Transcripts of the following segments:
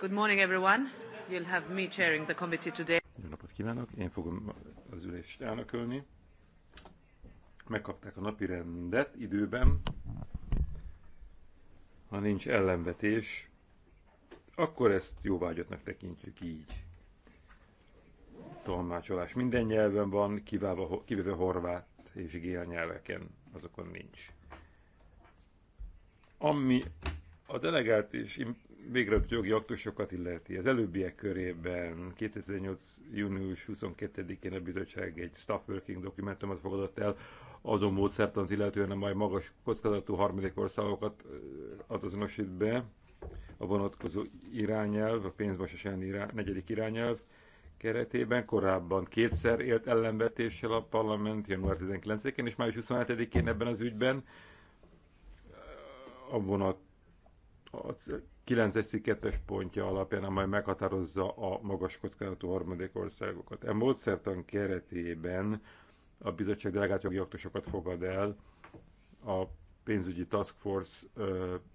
Good morning everyone. You'll have me chairing the committee today. Jó napot kívánok, én fogom az ülést elnökölni. Megkapták a napi rendet időben. Ha nincs ellenvetés, akkor ezt jóvágyottnak tekintjük így. Tolmácsolás minden nyelven van, kivéve horvát és gél nyelveken, azokon nincs. Ami a delegált és végrehajtott jogi aktusokat illeti. Az előbbiek körében 2018. június 22-én a bizottság egy staff working dokumentumot fogadott el, azon módszertant illetően a majd magas kockázatú harmadik országokat azonosít be, a vonatkozó irányelv, a pénzmosás elleni irány, negyedik irányelv keretében korábban kétszer élt ellenvetéssel a parlament, január 19-én és május 27-én ebben az ügyben a vonat a 9-es pontja alapján, amely meghatározza a magas kockázatú harmadik országokat. E módszertan keretében a bizottság delegált aktusokat fogad el a pénzügyi task force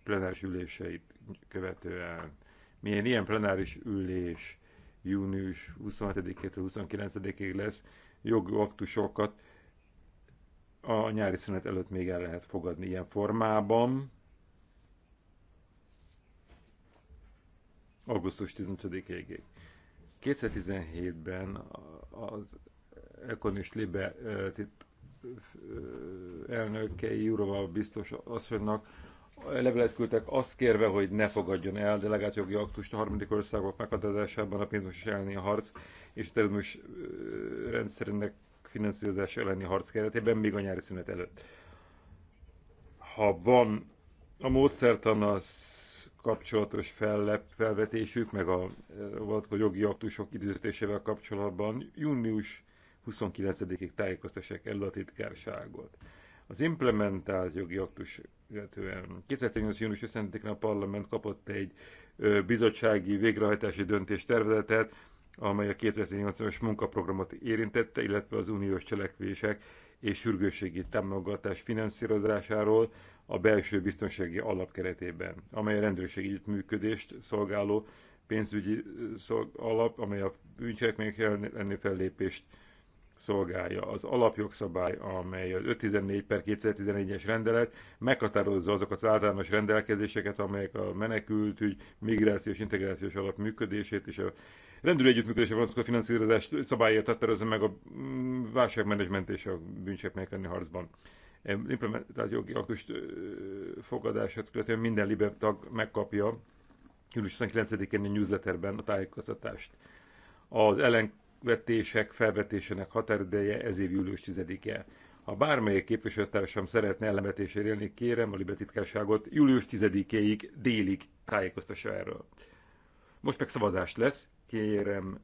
plenáris üléseit követően. Milyen ilyen plenáris ülés június 27 29-ig lesz, aktusokat a nyári szünet előtt még el lehet fogadni ilyen formában, augusztus 15-ig. 2017-ben az Ekonis Libe elnökei Jurova biztos asszonynak levelet küldtek azt kérve, hogy ne fogadjon el delegált jogi aktust a harmadik országok meghatározásában a pénzmosás elleni harc és a terülmös rendszerének finanszírozás elleni harc keretében még a nyári szünet előtt. Ha van a módszertan az kapcsolatos fellep, felvetésük, meg a eh, vonatkozó jogi aktusok időzítésével kapcsolatban június 29-ig tájékoztassák el a titkárságot. Az implementált jogi aktus, illetően 2018. június 20 én a parlament kapott egy bizottsági végrehajtási döntés tervezetet, amely a 2018-as munkaprogramot érintette, illetve az uniós cselekvések és sürgősségi támogatás finanszírozásáról, a belső biztonsági alapkeretében, amely a rendőrség együttműködést szolgáló pénzügyi szolg alap, amely a bűncselekmények elleni fellépést szolgálja. Az alapjogszabály, amely az 514 per 2011-es rendelet meghatározza azokat az általános rendelkezéseket, amelyek a ügy, migrációs, integrációs alap működését és a rendőri együttműködésre vonatkozó finanszírozást szabályért határozza meg a mm, válságmenedzsment és a bűncselekmények elleni harcban implementált jogi aktus fogadását követően minden liber tag megkapja július 29-én a newsletterben a tájékoztatást. Az ellenvetések felvetésének határideje ez év július 10-e. Ha bármelyik képviselőtársam szeretne ellenvetésére élni, kérem a libertitkárságot július 10-éig délig tájékoztassa erről. Most meg szavazás lesz, kérem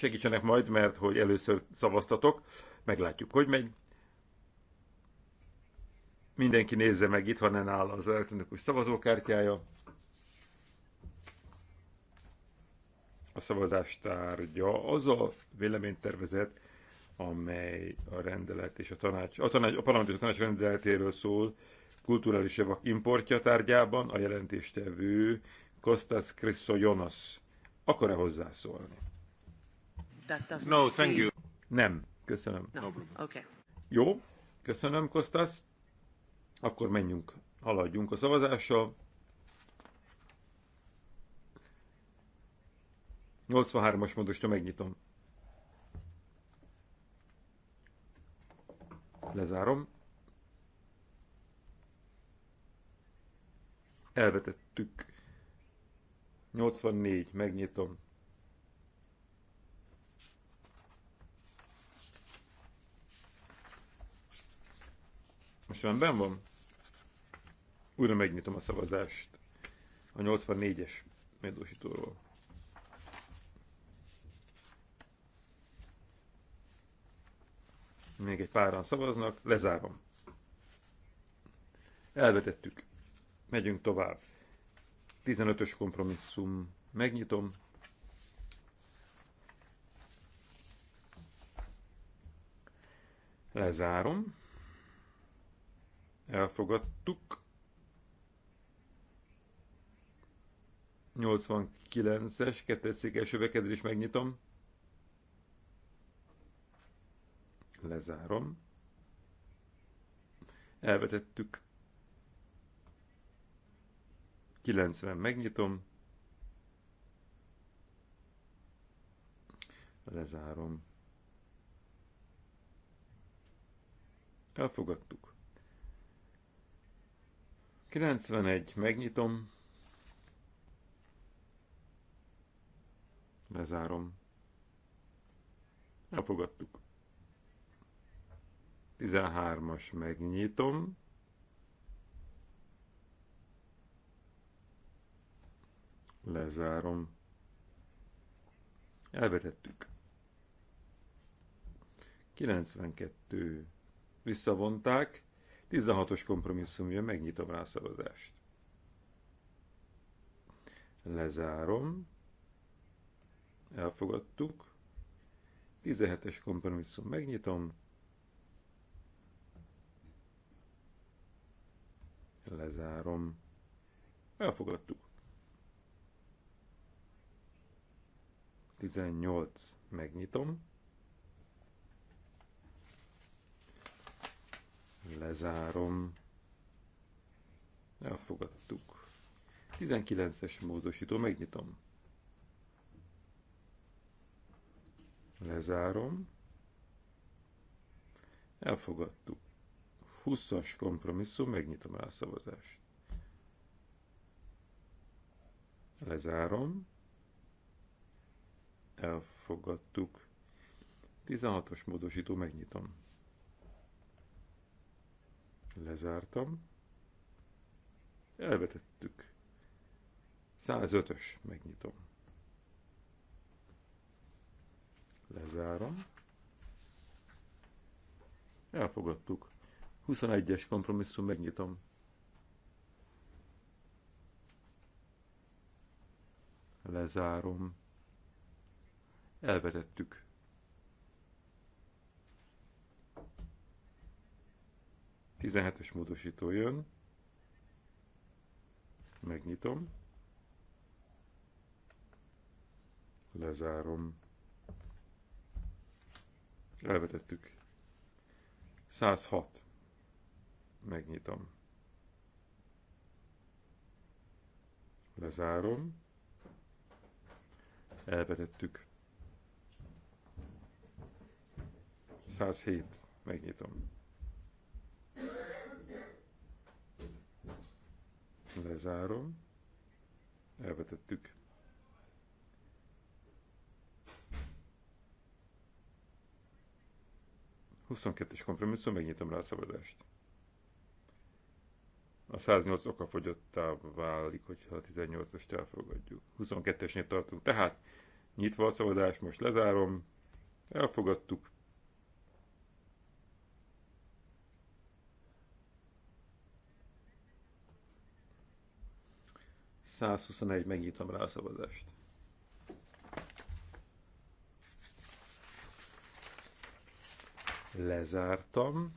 segítsenek majd, mert hogy először szavaztatok, meglátjuk, hogy megy. Mindenki nézze meg, itt van áll az elektronikus szavazókártyája. A szavazás tárgya az a véleménytervezet, amely a rendelet és a tanács, a, tanács, a parlament és a tanács rendeletéről szól, kulturális javak importja tárgyában, a jelentéstevő Kostas Jonas Akar-e hozzászólni? that No, thank you. Nem, köszönöm. No. no okay. Jó, köszönöm, Kostas. Akkor menjünk, haladjunk a szavazással. 83-as módosra megnyitom. Lezárom. Elvetettük. 84, megnyitom. Most rendben van? Újra megnyitom a szavazást a 84-es módosítóról. Még egy páran szavaznak, lezárom. Elvetettük. Megyünk tovább. 15-ös kompromisszum. Megnyitom. Lezárom elfogadtuk. 89-es, kettes székes is megnyitom. Lezárom. Elvetettük. 90 megnyitom. Lezárom. Elfogadtuk. 91, megnyitom. Lezárom. Elfogadtuk. 13-as megnyitom. Lezárom. Elvetettük. 92. Visszavonták. 16-os kompromisszum jön, megnyitom rá a szavazást. Lezárom. Elfogadtuk. 17-es kompromisszum megnyitom. Lezárom. Elfogadtuk. 18 megnyitom. Lezárom. Elfogadtuk. 19-es módosító, megnyitom. Lezárom. Elfogadtuk. 20-as kompromisszum, megnyitom el a szavazást. Lezárom. Elfogadtuk. 16-os módosító, megnyitom. Lezártam. Elvetettük. 105-ös. Megnyitom. Lezárom. Elfogadtuk. 21-es kompromisszum. Megnyitom. Lezárom. Elvetettük. 17-es módosító jön. Megnyitom. Lezárom. Elvetettük. 106. Megnyitom. Lezárom. Elvetettük. 107. Megnyitom Lezárom. Elvetettük. Huszonkettes kompromisszum, megnyitom rá a szabadást. A 108 oka fogyottá válik, hogyha a 18-ast elfogadjuk. 22-esnél tartunk, tehát nyitva a szabadást, most lezárom, elfogadtuk, 121, megnyitom rá a szavazást. Lezártam.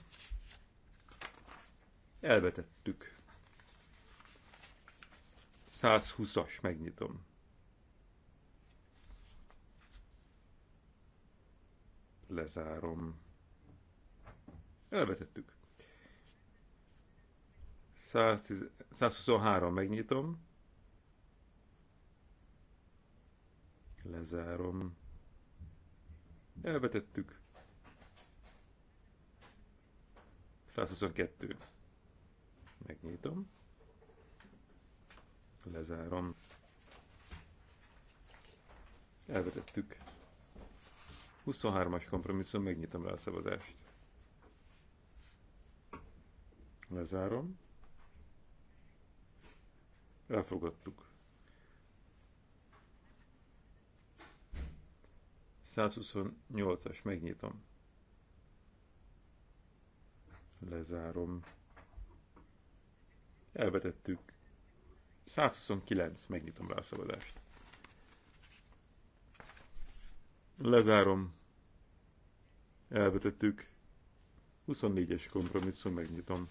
Elvetettük. 120-as, megnyitom. Lezárom. Elvetettük. 123, megnyitom. Lezárom. Elvetettük. 122. Megnyitom. Lezárom. Elvetettük. 23-as kompromisszum, megnyitom rá a szavazást. Lezárom. Elfogadtuk. 128-as, megnyitom. Lezárom. Elvetettük. 129, megnyitom rá a szabadást. Lezárom. Elvetettük. 24-es kompromisszum, megnyitom.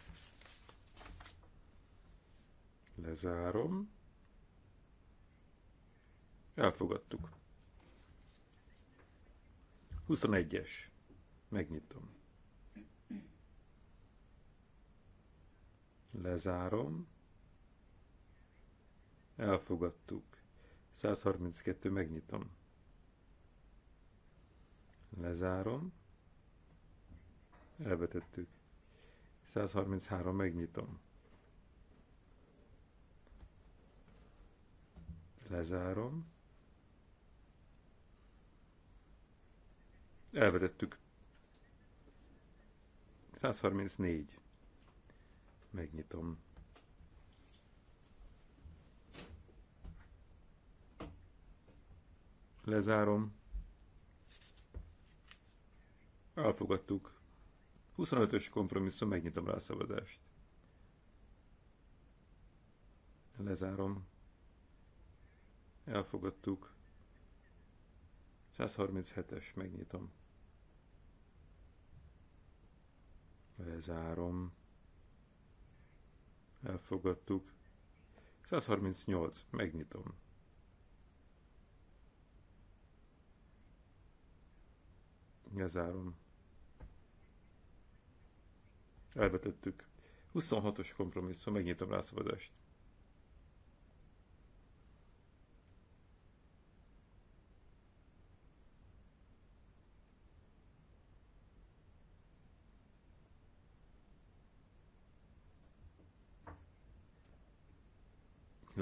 Lezárom. Elfogadtuk. 21-es. Megnyitom. Lezárom. Elfogadtuk. 132 megnyitom. Lezárom. Elvetettük. 133 megnyitom. Lezárom. Elvetettük. 134. Megnyitom. Lezárom. Elfogadtuk. 25-ös kompromisszum, megnyitom rá a szavazást. Lezárom. Elfogadtuk. 137-es, megnyitom. Lezárom. Elfogadtuk. 138. Megnyitom. Lezárom. Elvetettük. 26-os kompromisszum. Megnyitom rá a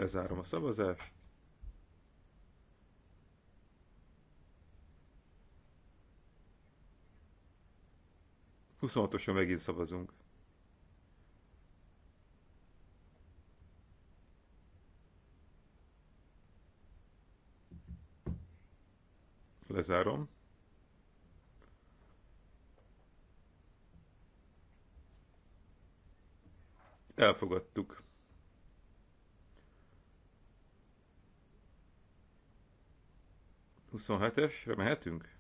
Lezárom a szavazást. Huszonhatosan megint szavazunk. Lezárom. Elfogadtuk. 27-esre mehetünk?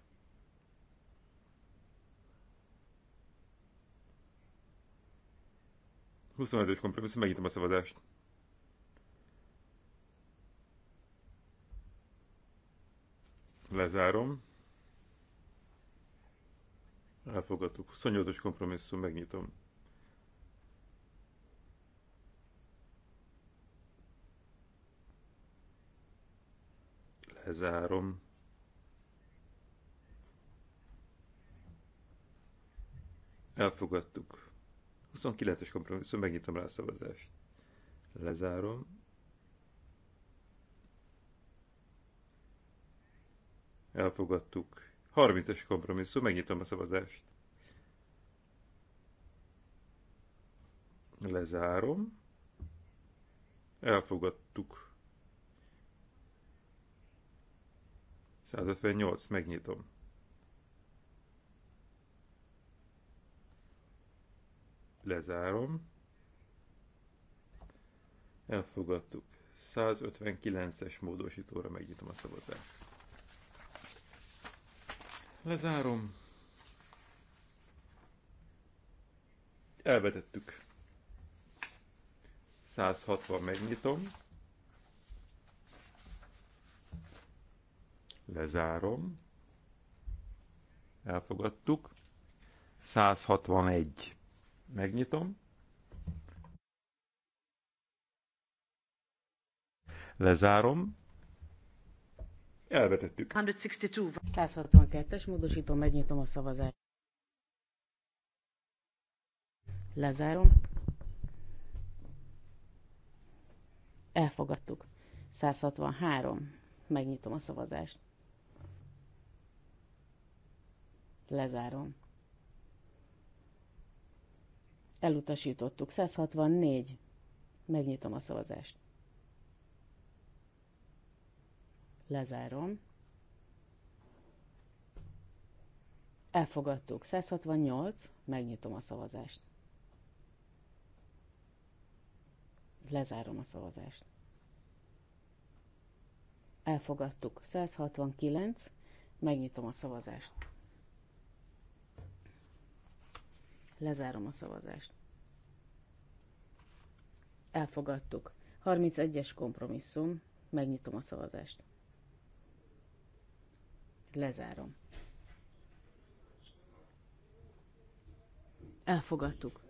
Huszonhetes kompromisszum, megnyitom a szavazást. Lezárom. Elfogadtuk. 28-as kompromisszum, megnyitom. Lezárom. Elfogadtuk. 29-es kompromisszum, megnyitom rá a szavazást. Lezárom. Elfogadtuk. 30-es kompromisszum, megnyitom a szavazást. Lezárom. Elfogadtuk. 158, megnyitom. Lezárom. Elfogadtuk. 159-es módosítóra megnyitom a szavazást. Lezárom. Elvetettük. 160 megnyitom. Lezárom. Elfogadtuk. 161. Megnyitom. Lezárom. Elvetettük. 162. 162-es módosítom, megnyitom a szavazást. Lezárom. Elfogadtuk. 163. Megnyitom a szavazást. Lezárom. Elutasítottuk. 164. Megnyitom a szavazást. Lezárom. Elfogadtuk. 168. Megnyitom a szavazást. Lezárom a szavazást. Elfogadtuk. 169. Megnyitom a szavazást. Lezárom a szavazást. Elfogadtuk. 31-es kompromisszum. Megnyitom a szavazást. Lezárom. Elfogadtuk.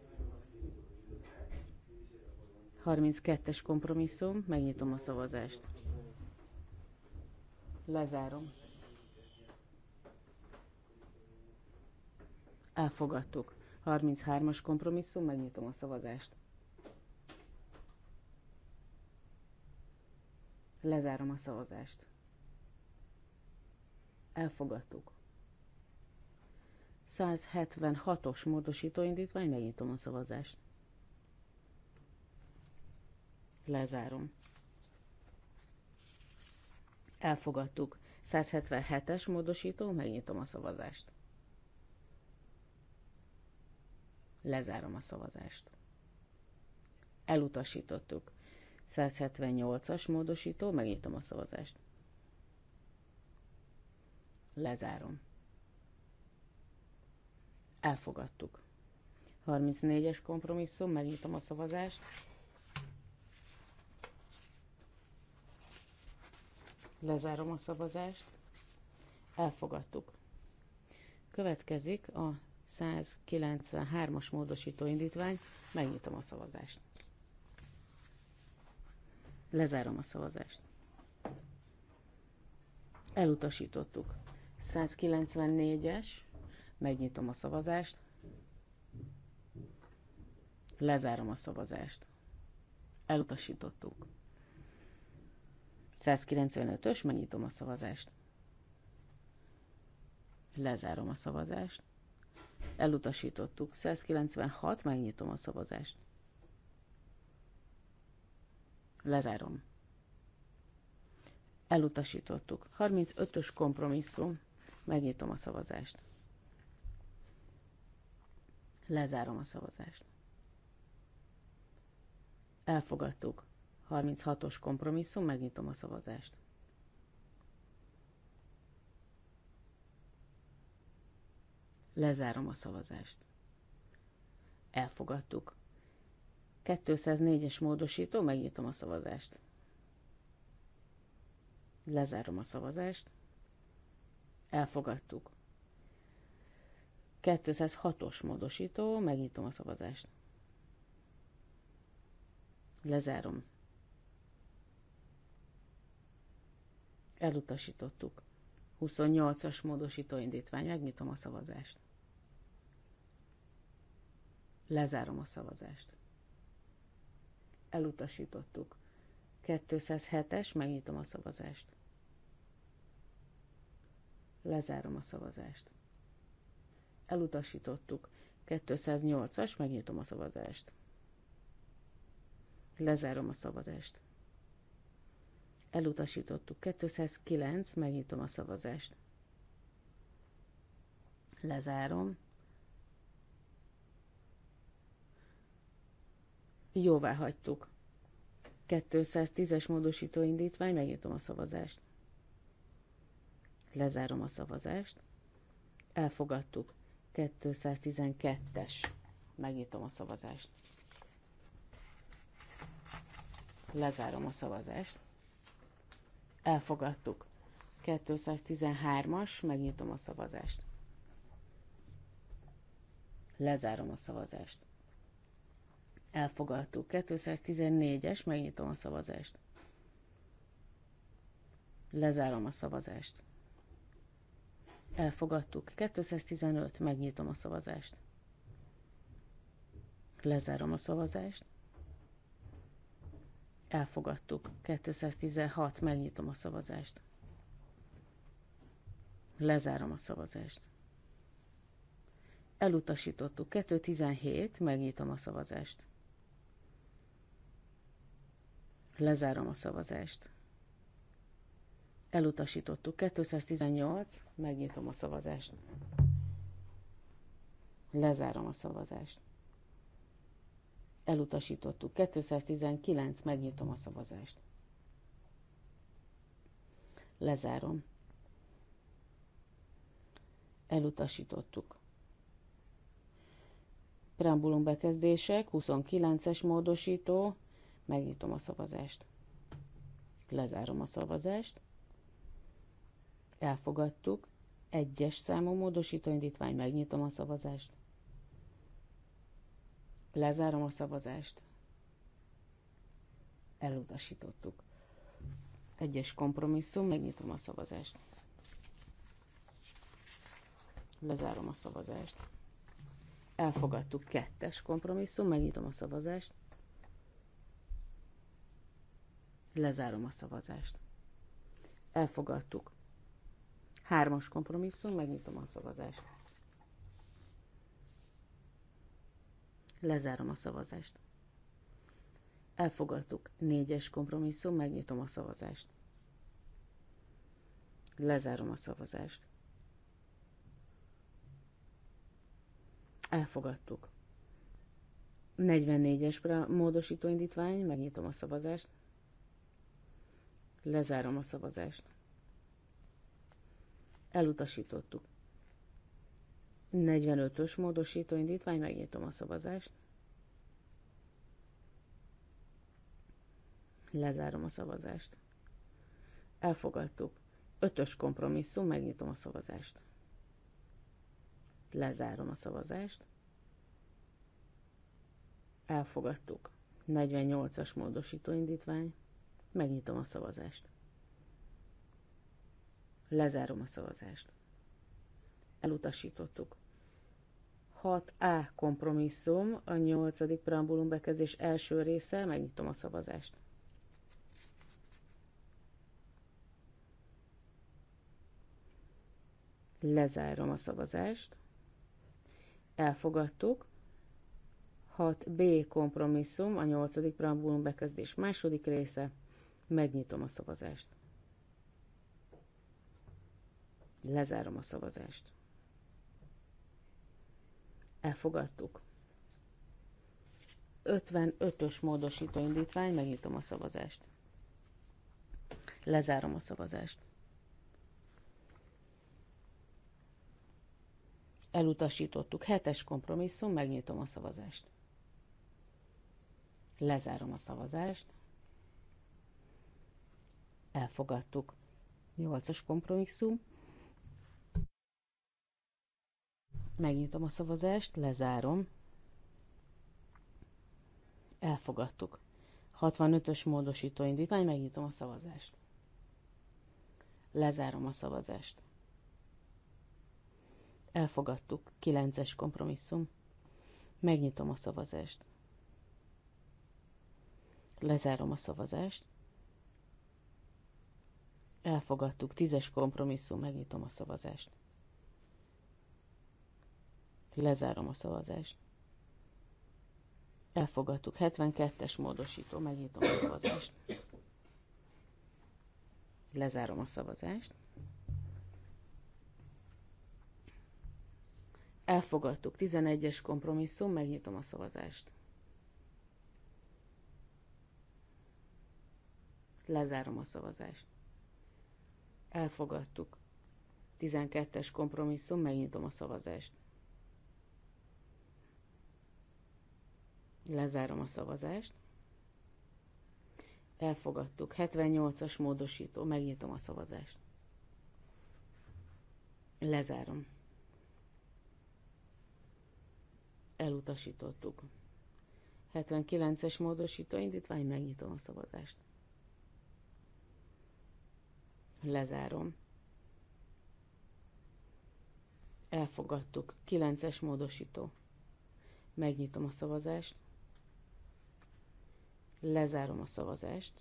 32-es kompromisszum, megnyitom a szavazást. Lezárom. Elfogadtuk. 33-as kompromisszum, megnyitom a szavazást. Lezárom a szavazást. Elfogadtuk. 176-os módosítóindítvány, megnyitom a szavazást. Lezárom. Elfogadtuk. 177-es módosító, megnyitom a szavazást. Lezárom a szavazást. Elutasítottuk. 178-as módosító, megnyitom a szavazást. Lezárom. Elfogadtuk. 34-es kompromisszum, megnyitom a szavazást. Lezárom a szavazást. Elfogadtuk. Következik a 193-as módosító indítvány. Megnyitom a szavazást. Lezárom a szavazást. Elutasítottuk. 194-es. Megnyitom a szavazást. Lezárom a szavazást. Elutasítottuk. 195-ös, megnyitom a szavazást. Lezárom a szavazást. Elutasítottuk. 196, megnyitom a szavazást. Lezárom. Elutasítottuk. 35-ös kompromisszum. Megnyitom a szavazást. Lezárom a szavazást. Elfogadtuk. 36-os kompromisszum, megnyitom a szavazást. Lezárom a szavazást. Elfogadtuk. 204-es módosító, megnyitom a szavazást. Lezárom a szavazást. Elfogadtuk. 206-os módosító, megnyitom a szavazást. Lezárom. Elutasítottuk. 28-as módosító indítvány, megnyitom a szavazást. Lezárom a szavazást. Elutasítottuk. 207-es, megnyitom a szavazást. Lezárom a szavazást. Elutasítottuk. 208-as, megnyitom a szavazást. Lezárom a szavazást. Elutasítottuk. 209, megnyitom a szavazást. Lezárom. Jóvá hagytuk. 210-es módosító indítvány, megnyitom a szavazást. Lezárom a szavazást. Elfogadtuk. 212-es. Megnyitom a szavazást. Lezárom a szavazást. Elfogadtuk. 213-as. Megnyitom a szavazást. Lezárom a szavazást. Elfogadtuk. 214-es, megnyitom a szavazást. Lezárom a szavazást. Elfogadtuk. 215, megnyitom a szavazást. Lezárom a szavazást. Elfogadtuk. 216, megnyitom a szavazást. Lezárom a szavazást. Elutasítottuk. 217, megnyitom a szavazást. Lezárom a szavazást. Elutasítottuk. 218. Megnyitom a szavazást. Lezárom a szavazást. Elutasítottuk. 219. Megnyitom a szavazást. Lezárom. Elutasítottuk. Preambulum bekezdések, 29-es módosító, Megnyitom a szavazást. Lezárom a szavazást. Elfogadtuk. Egyes számú módosító indítvány. Megnyitom a szavazást. Lezárom a szavazást. Elutasítottuk. Egyes kompromisszum. Megnyitom a szavazást. Lezárom a szavazást. Elfogadtuk kettes kompromisszum. Megnyitom a szavazást Lezárom a szavazást. Elfogadtuk. Hármas kompromisszum, megnyitom a szavazást. Lezárom a szavazást. Elfogadtuk. Négyes kompromisszum, megnyitom a szavazást. Lezárom a szavazást. Elfogadtuk. 44-es módosítóindítvány, indítvány, megnyitom a szavazást. Lezárom a szavazást. Elutasítottuk. 45-ös módosító indítvány, megnyitom a szavazást. Lezárom a szavazást. Elfogadtuk. 5ös kompromisszum, megnyitom a szavazást. Lezárom a szavazást. Elfogadtuk. 48-as módosító indítvány, Megnyitom a szavazást. Lezárom a szavazást. Elutasítottuk. 6A kompromisszum, a 8. preambulum bekezdés első része, megnyitom a szavazást. Lezárom a szavazást. Elfogadtuk. 6B kompromisszum, a 8. preambulum bekezdés második része. Megnyitom a szavazást. Lezárom a szavazást. Elfogadtuk. 55-ös módosító indítvány, megnyitom a szavazást. Lezárom a szavazást. Elutasítottuk. Hetes kompromisszum, megnyitom a szavazást. Lezárom a szavazást elfogadtuk. Nyolcas kompromisszum. Megnyitom a szavazást, lezárom. Elfogadtuk. 65-ös módosító indítvány, megnyitom a szavazást. Lezárom a szavazást. Elfogadtuk. 9-es kompromisszum. Megnyitom a szavazást. Lezárom a szavazást. Elfogadtuk. Tízes kompromisszum. Megnyitom a szavazást. Lezárom a szavazást. Elfogadtuk. 72-es módosító. Megnyitom a szavazást. Lezárom a szavazást. Elfogadtuk. 11-es kompromisszum. Megnyitom a szavazást. Lezárom a szavazást. Elfogadtuk. 12-es kompromisszum, megnyitom a szavazást. Lezárom a szavazást. Elfogadtuk. 78-as módosító, megnyitom a szavazást. Lezárom. Elutasítottuk. 79-es módosító indítvány, megnyitom a szavazást. Lezárom. Elfogadtuk. 9-es módosító. Megnyitom a szavazást. Lezárom a szavazást.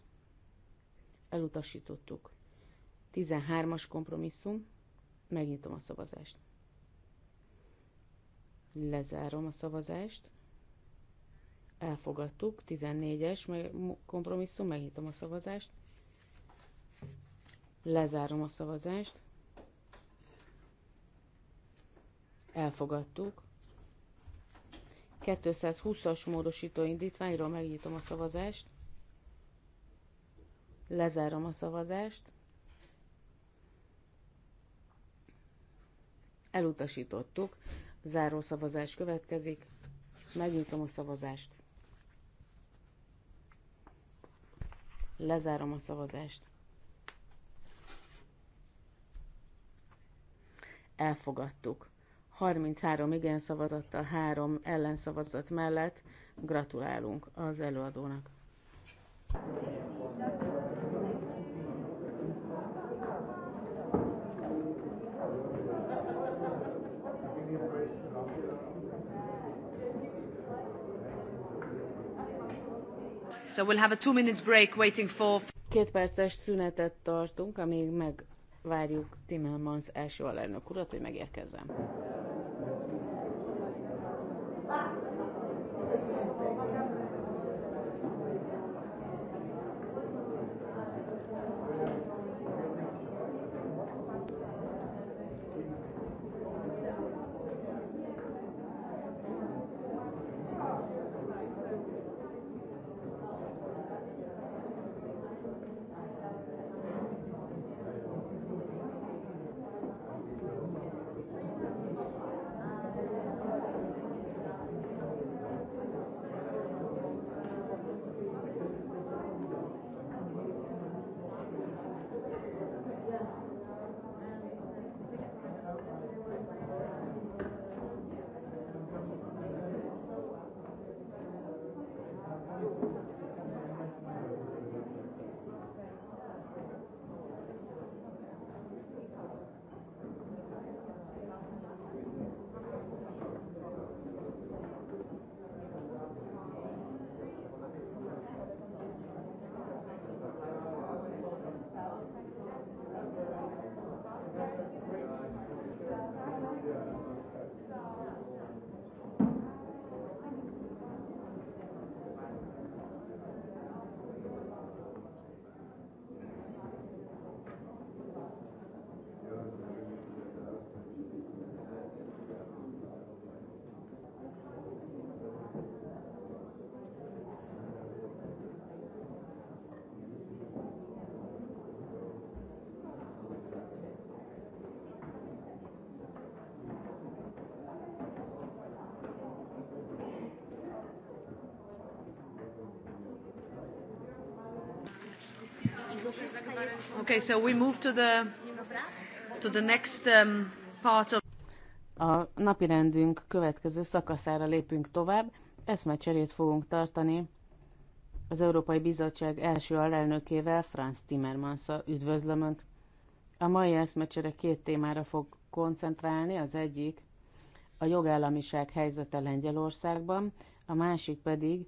Elutasítottuk. 13-as kompromisszum. Megnyitom a szavazást. Lezárom a szavazást. Elfogadtuk. 14-es kompromisszum. Megnyitom a szavazást. Lezárom a szavazást. Elfogadtuk. 220-as módosító indítványról megnyitom a szavazást. Lezárom a szavazást. Elutasítottuk. Záró szavazás következik. Megnyitom a szavazást. Lezárom a szavazást. Elfogadtuk. 33 igen szavazattal, 3 ellenszavazat mellett gratulálunk az előadónak. So we'll have a two minutes break waiting for... Két perces szünetet tartunk, amíg meg Várjuk Timmermans első alelnök urat, hogy megérkezzen. Okay, so we move to the, to the next um, part of... A rendünk következő szakaszára lépünk tovább. Eszmecserét fogunk tartani az Európai Bizottság első alelnökével, Franz timmermans -a. Üdvözlöm Önt! A mai eszmecsere két témára fog koncentrálni, az egyik a jogállamiság helyzete Lengyelországban, a másik pedig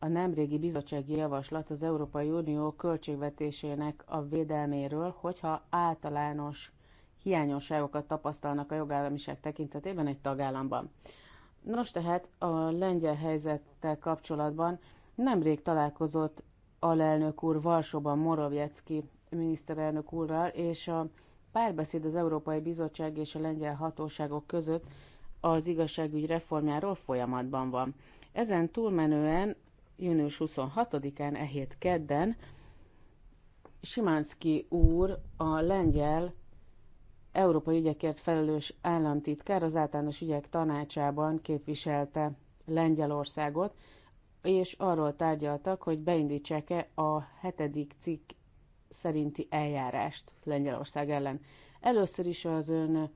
a nemrégi bizottsági javaslat az Európai Unió költségvetésének a védelméről, hogyha általános hiányosságokat tapasztalnak a jogállamiság tekintetében egy tagállamban. Nos tehát a lengyel helyzettel kapcsolatban nemrég találkozott alelnök úr Varsóban Morawiecki miniszterelnök úrral, és a párbeszéd az Európai Bizottság és a lengyel hatóságok között az igazságügy reformjáról folyamatban van. Ezen túlmenően június 26-án, e hét kedden, Simánszki úr, a lengyel európai ügyekért felelős államtitkár az általános ügyek tanácsában képviselte Lengyelországot, és arról tárgyaltak, hogy beindítsák-e a hetedik cikk szerinti eljárást Lengyelország ellen. Először is az ön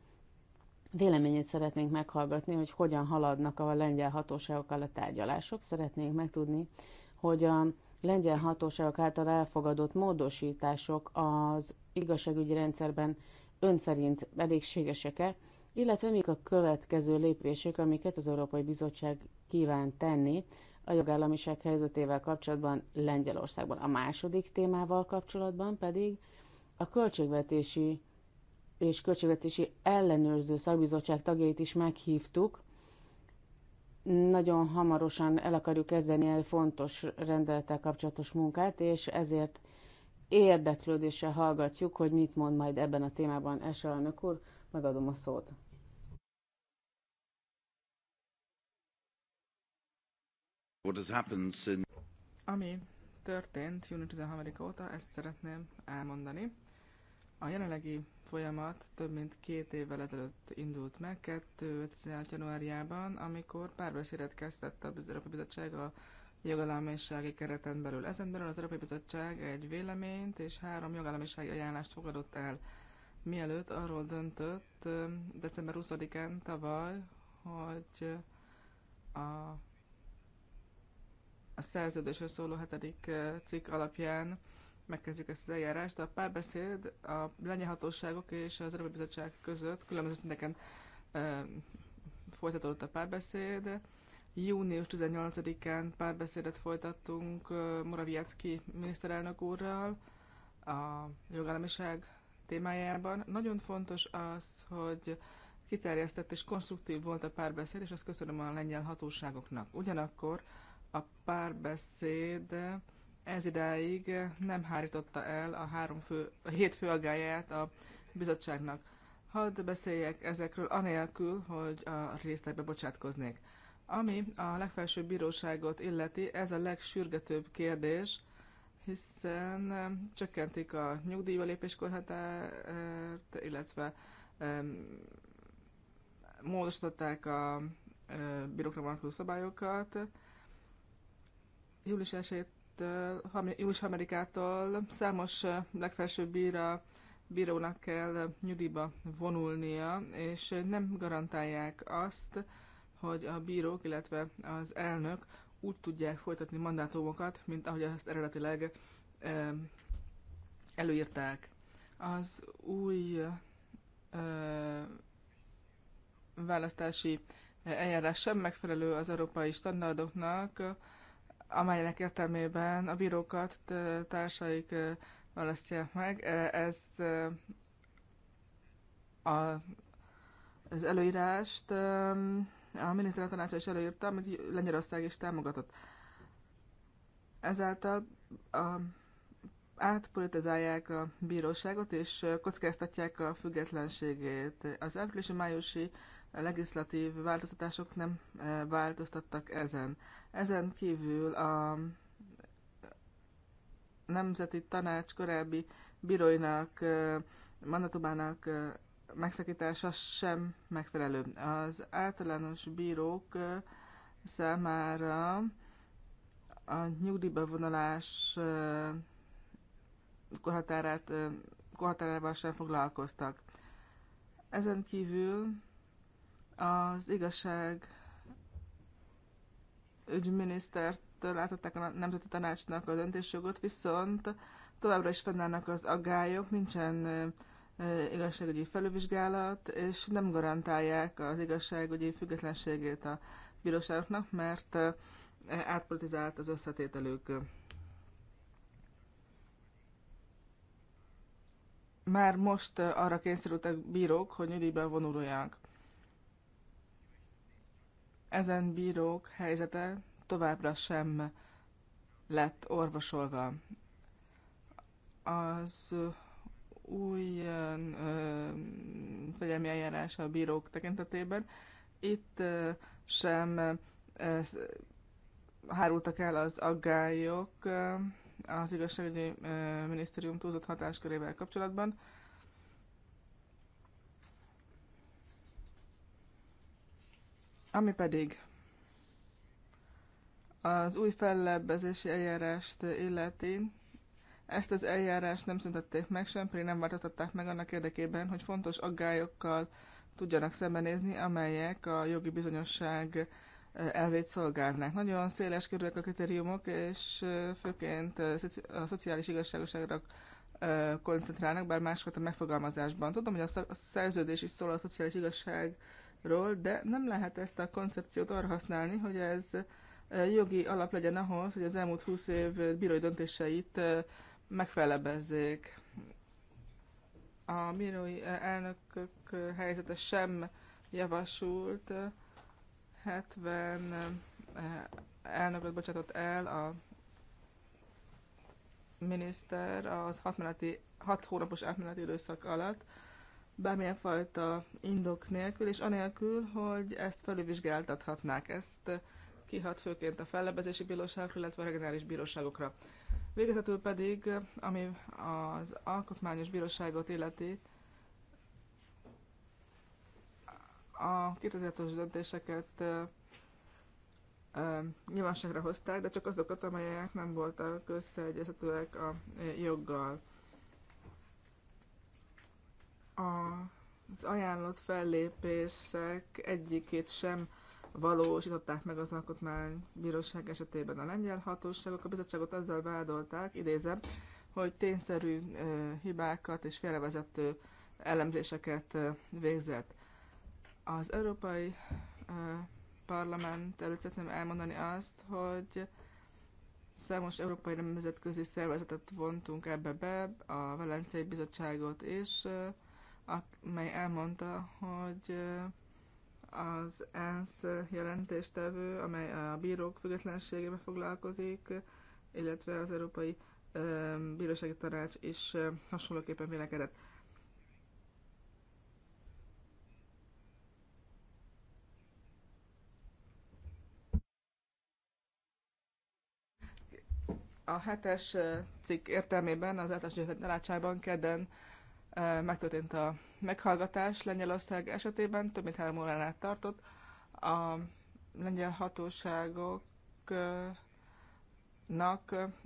Véleményét szeretnénk meghallgatni, hogy hogyan haladnak a lengyel hatóságokkal a tárgyalások. Szeretnénk megtudni, hogy a lengyel hatóságok által elfogadott módosítások az igazságügyi rendszerben ön szerint elégségesek-e, illetve mik a következő lépések, amiket az Európai Bizottság kíván tenni a jogállamiság helyzetével kapcsolatban Lengyelországban. A második témával kapcsolatban pedig a költségvetési és Költségvetési Ellenőrző Szakbizottság tagjait is meghívtuk. Nagyon hamarosan el akarjuk kezdeni el fontos rendelettel kapcsolatos munkát, és ezért érdeklődéssel hallgatjuk, hogy mit mond majd ebben a témában Esa elnök úr. Megadom a szót. What has happened since... Ami történt június 13 óta, ezt szeretném elmondani. A jelenlegi folyamat több mint két évvel ezelőtt indult meg, 2016. januárjában, amikor párbeszédet kezdett az Európai Bizottság a jogállamisági kereten belül. Ezen belül az Európai Bizottság egy véleményt és három jogállamisági ajánlást fogadott el, mielőtt arról döntött december 20-án tavaly, hogy a, a szerződésről szóló hetedik cikk alapján megkezdjük ezt az eljárást. A párbeszéd a lengyel és az Európai Bizottság között különböző szinteken e, folytatódott a párbeszéd. Június 18-án párbeszédet folytattunk Moraviecki miniszterelnök úrral a jogállamiság témájában. Nagyon fontos az, hogy kiterjesztett és konstruktív volt a párbeszéd, és azt köszönöm a lengyel hatóságoknak. Ugyanakkor a párbeszéd ez idáig nem hárította el a, három fő, a hét fő aggáját a bizottságnak. Hadd beszéljek ezekről anélkül, hogy a részletbe bocsátkoznék. Ami a legfelsőbb bíróságot illeti, ez a legsürgetőbb kérdés, hiszen csökkentik a nyugdíjba lépéskorhatárt, illetve módosították a bírókra vonatkozó szabályokat. Július július amerikától számos legfelsőbb bíra, bírónak kell nyugdíjba vonulnia, és nem garantálják azt, hogy a bírók, illetve az elnök úgy tudják folytatni mandátumokat, mint ahogy azt eredetileg előírták. Az új választási eljárás sem megfelelő az európai standardoknak, amelynek értelmében a bírókat társaik választják meg. Ez a, az előírást a miniszter tanácsa is előírta, amit Lengyelország is támogatott. Ezáltal a, átpolitizálják a bíróságot, és kockáztatják a függetlenségét. Az áprilisi-májusi legislatív változtatások nem eh, változtattak ezen. Ezen kívül a Nemzeti Tanács korábbi bíróinak eh, mandatumának eh, megszakítása sem megfelelő. Az általános bírók számára a nyugdíjba vonulás korhatárát, korhatárával sem foglalkoztak. Ezen kívül az igazság ügyminisztertől átadták a Nemzeti Tanácsnak a döntésjogot, viszont továbbra is fennállnak az aggályok, nincsen igazságügyi felülvizsgálat, és nem garantálják az igazságügyi függetlenségét a bíróságoknak, mert átpolitizált az összetételük. Már most arra kényszerültek bírók, hogy nyugdíjban vonuljanak ezen bírók helyzete továbbra sem lett orvosolva. Az új fegyelmi eljárás a bírók tekintetében itt sem hárultak el az aggályok az igazságügyi minisztérium túlzott hatáskörével kapcsolatban. Ami pedig az új fellebbezési eljárást illeti, ezt az eljárást nem szüntették meg sem, pedig nem változtatták meg annak érdekében, hogy fontos aggályokkal tudjanak szembenézni, amelyek a jogi bizonyosság eh, elvét szolgálnák. Nagyon széles körülök a kritériumok, és eh, főként eh, a szociális igazságoságra koncentrálnak, bár másokat a megfogalmazásban. Tudom, hogy a szerződés is szól a szociális igazság ról, de nem lehet ezt a koncepciót arra használni, hogy ez e, jogi alap legyen ahhoz, hogy az elmúlt 20 év bírói döntéseit e, megfelebezzék. A bírói e, elnökök helyzete sem javasult. 70 elnököt bocsátott el a miniszter az 6, meneti, hat hónapos átmeneti időszak alatt bármilyen fajta indok nélkül, és anélkül, hogy ezt felülvizsgáltathatnák. Ezt kihat főként a fellebezési bíróságokra, illetve a regionális bíróságokra. Végezetül pedig, ami az alkotmányos bíróságot illeti, a 2006-os döntéseket nyilvánosságra hozták, de csak azokat, amelyek nem voltak összeegyezhetőek a joggal az ajánlott fellépések egyikét sem valósították meg az alkotmánybíróság esetében a lengyel hatóságok. A bizottságot azzal vádolták, idézem, hogy tényszerű hibákat és félrevezető elemzéseket végzett. Az Európai Parlament előtt szeretném elmondani azt, hogy számos európai nemzetközi szervezetet vontunk ebbe be, a Velencei Bizottságot és amely elmondta, hogy az ENSZ jelentéstevő, amely a bírók függetlenségével foglalkozik, illetve az Európai Bírósági Tanács is hasonlóképpen vélekedett. A hetes cikk értelmében az általános tanácsában kedden megtörtént a meghallgatás Lengyelország esetében, több mint három órán át tartott. A lengyel hatóságoknak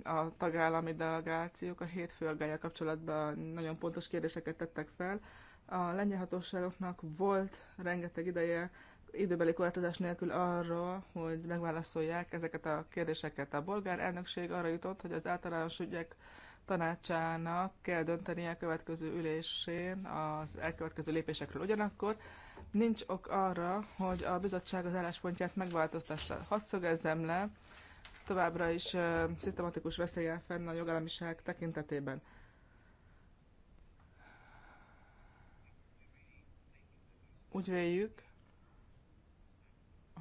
a tagállami delegációk a hétfő aggája kapcsolatban nagyon pontos kérdéseket tettek fel. A lengyel hatóságoknak volt rengeteg ideje időbeli korlátozás nélkül arra, hogy megválaszolják ezeket a kérdéseket. A bolgár elnökség arra jutott, hogy az általános ügyek tanácsának kell döntenie a következő ülésén az elkövetkező lépésekről. Ugyanakkor nincs ok arra, hogy a bizottság az álláspontját megváltoztassa. Hadd szögezzem le, továbbra is uh, szisztematikus veszélye fenn a jogállamiság tekintetében. Úgy véljük,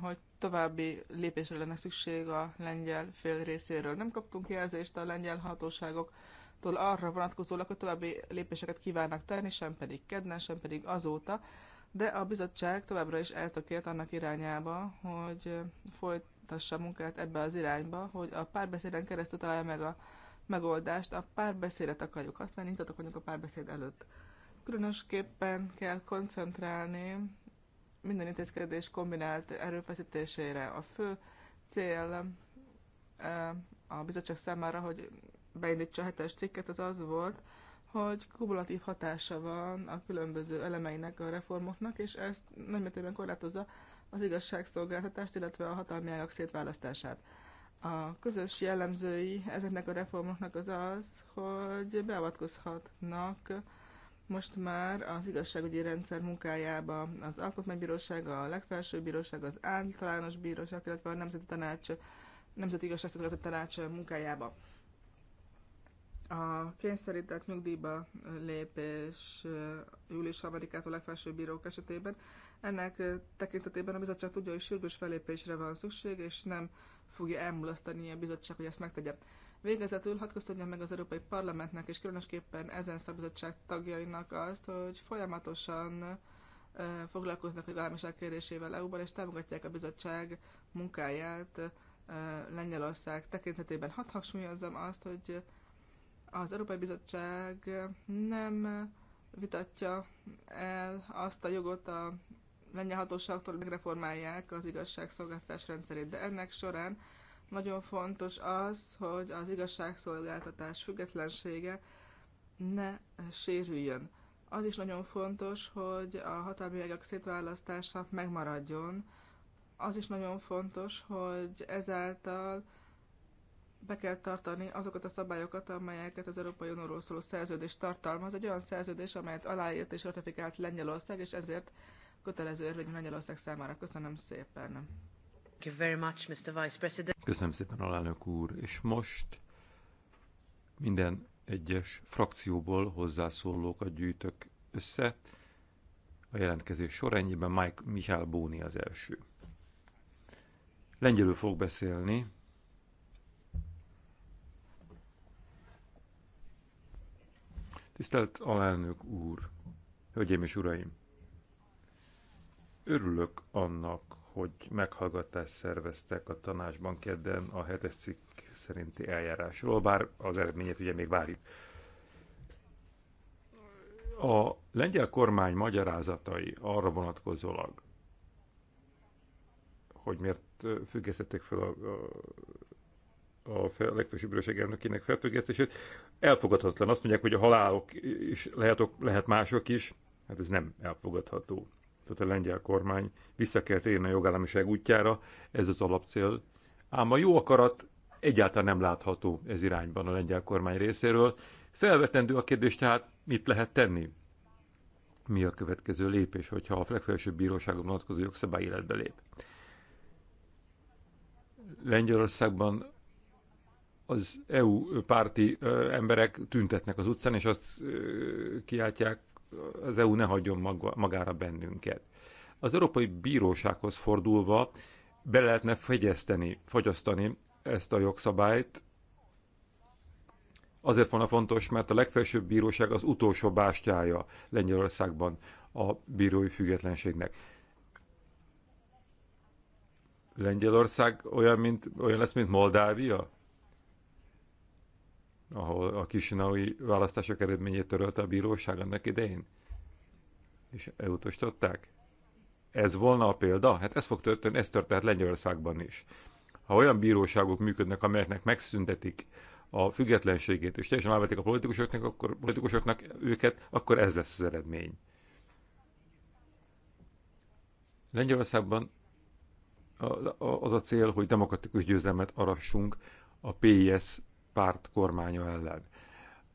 hogy további lépésre lenne szükség a lengyel fél részéről. Nem kaptunk jelzést a lengyel hatóságok tól arra vonatkozólag, hogy további lépéseket kívánnak tenni, sem pedig kedden, sem pedig azóta, de a bizottság továbbra is eltökélt annak irányába, hogy folytassa munkát ebbe az irányba, hogy a párbeszéden keresztül találja meg a megoldást, a párbeszédet akarjuk használni, nyitottak vagyunk a párbeszéd előtt. Különösképpen kell koncentrálni minden intézkedés kombinált erőfeszítésére. A fő cél eh, a bizottság számára, hogy beindítsa a hetes cikket, az az volt, hogy kumulatív hatása van a különböző elemeinek a reformoknak, és ezt nagymértékben korlátozza az igazságszolgáltatást, illetve a hatalmi ágak szétválasztását. A közös jellemzői ezeknek a reformoknak az az, hogy beavatkozhatnak most már az igazságügyi rendszer munkájába az Alkotmánybíróság, a legfelsőbb bíróság, az általános bíróság, illetve a Nemzeti Tanács, Nemzeti Igazságszolgáltató Tanács munkájába. A kényszerített nyugdíjba lépés július 3-ától legfelsőbb bírók esetében. Ennek tekintetében a bizottság tudja, hogy sürgős felépésre van szükség, és nem fogja elmulasztani a bizottság, hogy ezt megtegye. Végezetül hadd köszönjem meg az Európai Parlamentnek, és különösképpen ezen szabizottság tagjainak azt, hogy folyamatosan foglalkoznak a jogállamiság kérésével EU-ban, és támogatják a bizottság munkáját Lengyelország tekintetében. Hadd hasonlózzam azt, hogy az Európai Bizottság nem vitatja el azt a jogot a lengyel hatóságtól, hogy megreformálják az igazságszolgáltatás rendszerét. De ennek során nagyon fontos az, hogy az igazságszolgáltatás függetlensége ne sérüljön. Az is nagyon fontos, hogy a hatalmi ágak szétválasztása megmaradjon. Az is nagyon fontos, hogy ezáltal be kell tartani azokat a szabályokat, amelyeket az Európai Unióról szóló szerződés tartalmaz. Egy olyan szerződés, amelyet aláírt és ratifikált Lengyelország, és ezért kötelező érvényű Lengyelország számára. Köszönöm szépen. Köszönöm szépen, alelnök úr. És most minden egyes frakcióból hozzászólókat gyűjtök össze. A jelentkezés sorrendjében Mike Michael Bóni az első. Lengyelül fog beszélni, Tisztelt alelnök úr, hölgyeim és uraim! Örülök annak, hogy meghallgatást szerveztek a tanácsban kedden a hetes cikk szerinti eljárásról, bár az eredményét ugye még várjuk. A lengyel kormány magyarázatai arra vonatkozólag, hogy miért függesztették fel a, a a fel, legfősebb bíróság elnökének felfüggesztését. Elfogadhatatlan. Azt mondják, hogy a halálok is lehet, lehet mások is. Hát ez nem elfogadható. Tehát a lengyel kormány vissza kell térni a jogállamiság útjára, ez az alapcél. Ám a jó akarat egyáltalán nem látható ez irányban a lengyel kormány részéről. Felvetendő a kérdés, tehát mit lehet tenni? Mi a következő lépés, hogyha a legfelsőbb bíróságon vonatkozó jogszabály életbe lép? Lengyelországban az EU párti emberek tüntetnek az utcán, és azt kiáltják, az EU ne hagyjon maga, magára bennünket. Az Európai Bírósághoz fordulva be lehetne fegyeszteni, fogyasztani ezt a jogszabályt. Azért a fontos, mert a legfelsőbb bíróság az utolsó bástyája Lengyelországban a bírói függetlenségnek. Lengyelország olyan, mint, olyan lesz, mint Moldávia? ahol a kisinaui választások eredményét törölte a bíróság annak idején? És elutasították? Ez volna a példa? Hát ez fog történni, ez történt Lengyelországban is. Ha olyan bíróságok működnek, amelyeknek megszüntetik a függetlenségét, és teljesen elvetik a politikusoknak, akkor, politikusoknak őket, akkor ez lesz az eredmény. Lengyelországban az a cél, hogy demokratikus győzelmet arassunk a PIS párt kormánya ellen.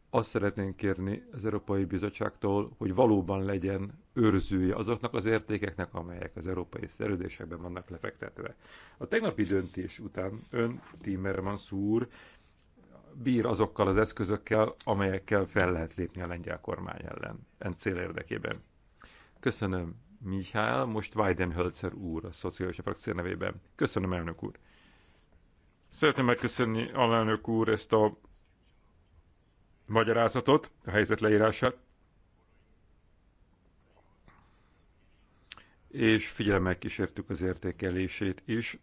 Azt szeretnénk kérni az Európai Bizottságtól, hogy valóban legyen őrzője azoknak az értékeknek, amelyek az európai szerződésekben vannak lefektetve. A tegnapi döntés után ön, Timmermans úr, bír azokkal az eszközökkel, amelyekkel fel lehet lépni a lengyel kormány ellen, en cél érdekében. Köszönöm, Mihály, most Weidenhölzer úr, a szociális frakció nevében. Köszönöm, elnök úr. Szeretném megköszönni alelnök úr ezt a magyarázatot, a helyzet leírását, és figyelemmel kísértük az értékelését is.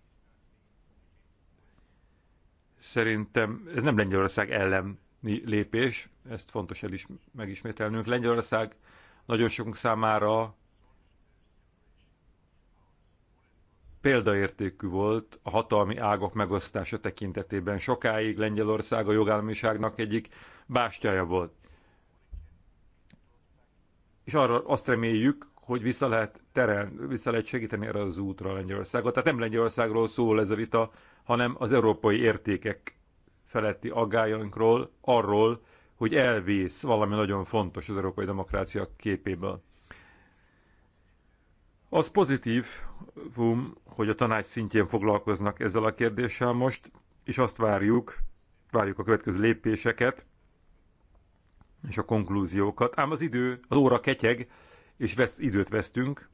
Szerintem ez nem Lengyelország elleni lépés, ezt fontos el is megismételnünk. Lengyelország nagyon sokunk számára példaértékű volt a hatalmi ágok megosztása tekintetében. Sokáig Lengyelország a jogállamiságnak egyik bástyaja volt. És arra azt reméljük, hogy vissza lehet terel, vissza lehet segíteni erre az útra Lengyelországot. Tehát nem Lengyelországról szól ez a vita, hanem az európai értékek feletti aggájainkról, arról, hogy elvész valami nagyon fontos az európai demokrácia képéből. Az pozitív, hogy a tanács szintjén foglalkoznak ezzel a kérdéssel most, és azt várjuk, várjuk a következő lépéseket és a konklúziókat. Ám az idő, az óra ketyeg, és vesz, időt vesztünk.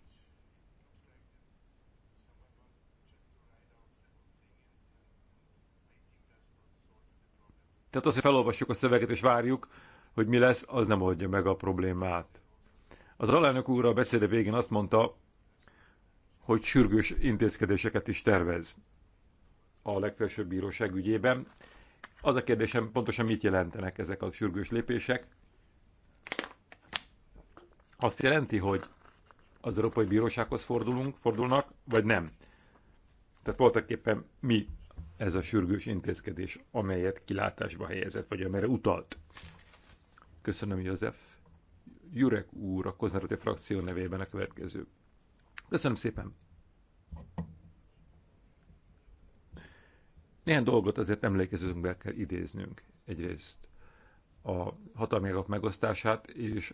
Tehát az, hogy felolvassuk a szöveget és várjuk, hogy mi lesz, az nem oldja meg a problémát. Az alelnök úr a beszéde végén azt mondta, hogy sürgős intézkedéseket is tervez a legfelsőbb bíróság ügyében. Az a kérdésem, pontosan mit jelentenek ezek a sürgős lépések? Azt jelenti, hogy az Európai Bírósághoz fordulunk, fordulnak, vagy nem? Tehát voltak éppen mi ez a sürgős intézkedés, amelyet kilátásba helyezett, vagy amelyre utalt. Köszönöm, József. Jurek úr a konzervatív frakció nevében a következő Köszönöm szépen! Néhány dolgot azért emlékezőnkbe kell idéznünk. Egyrészt a hatalmi megosztását és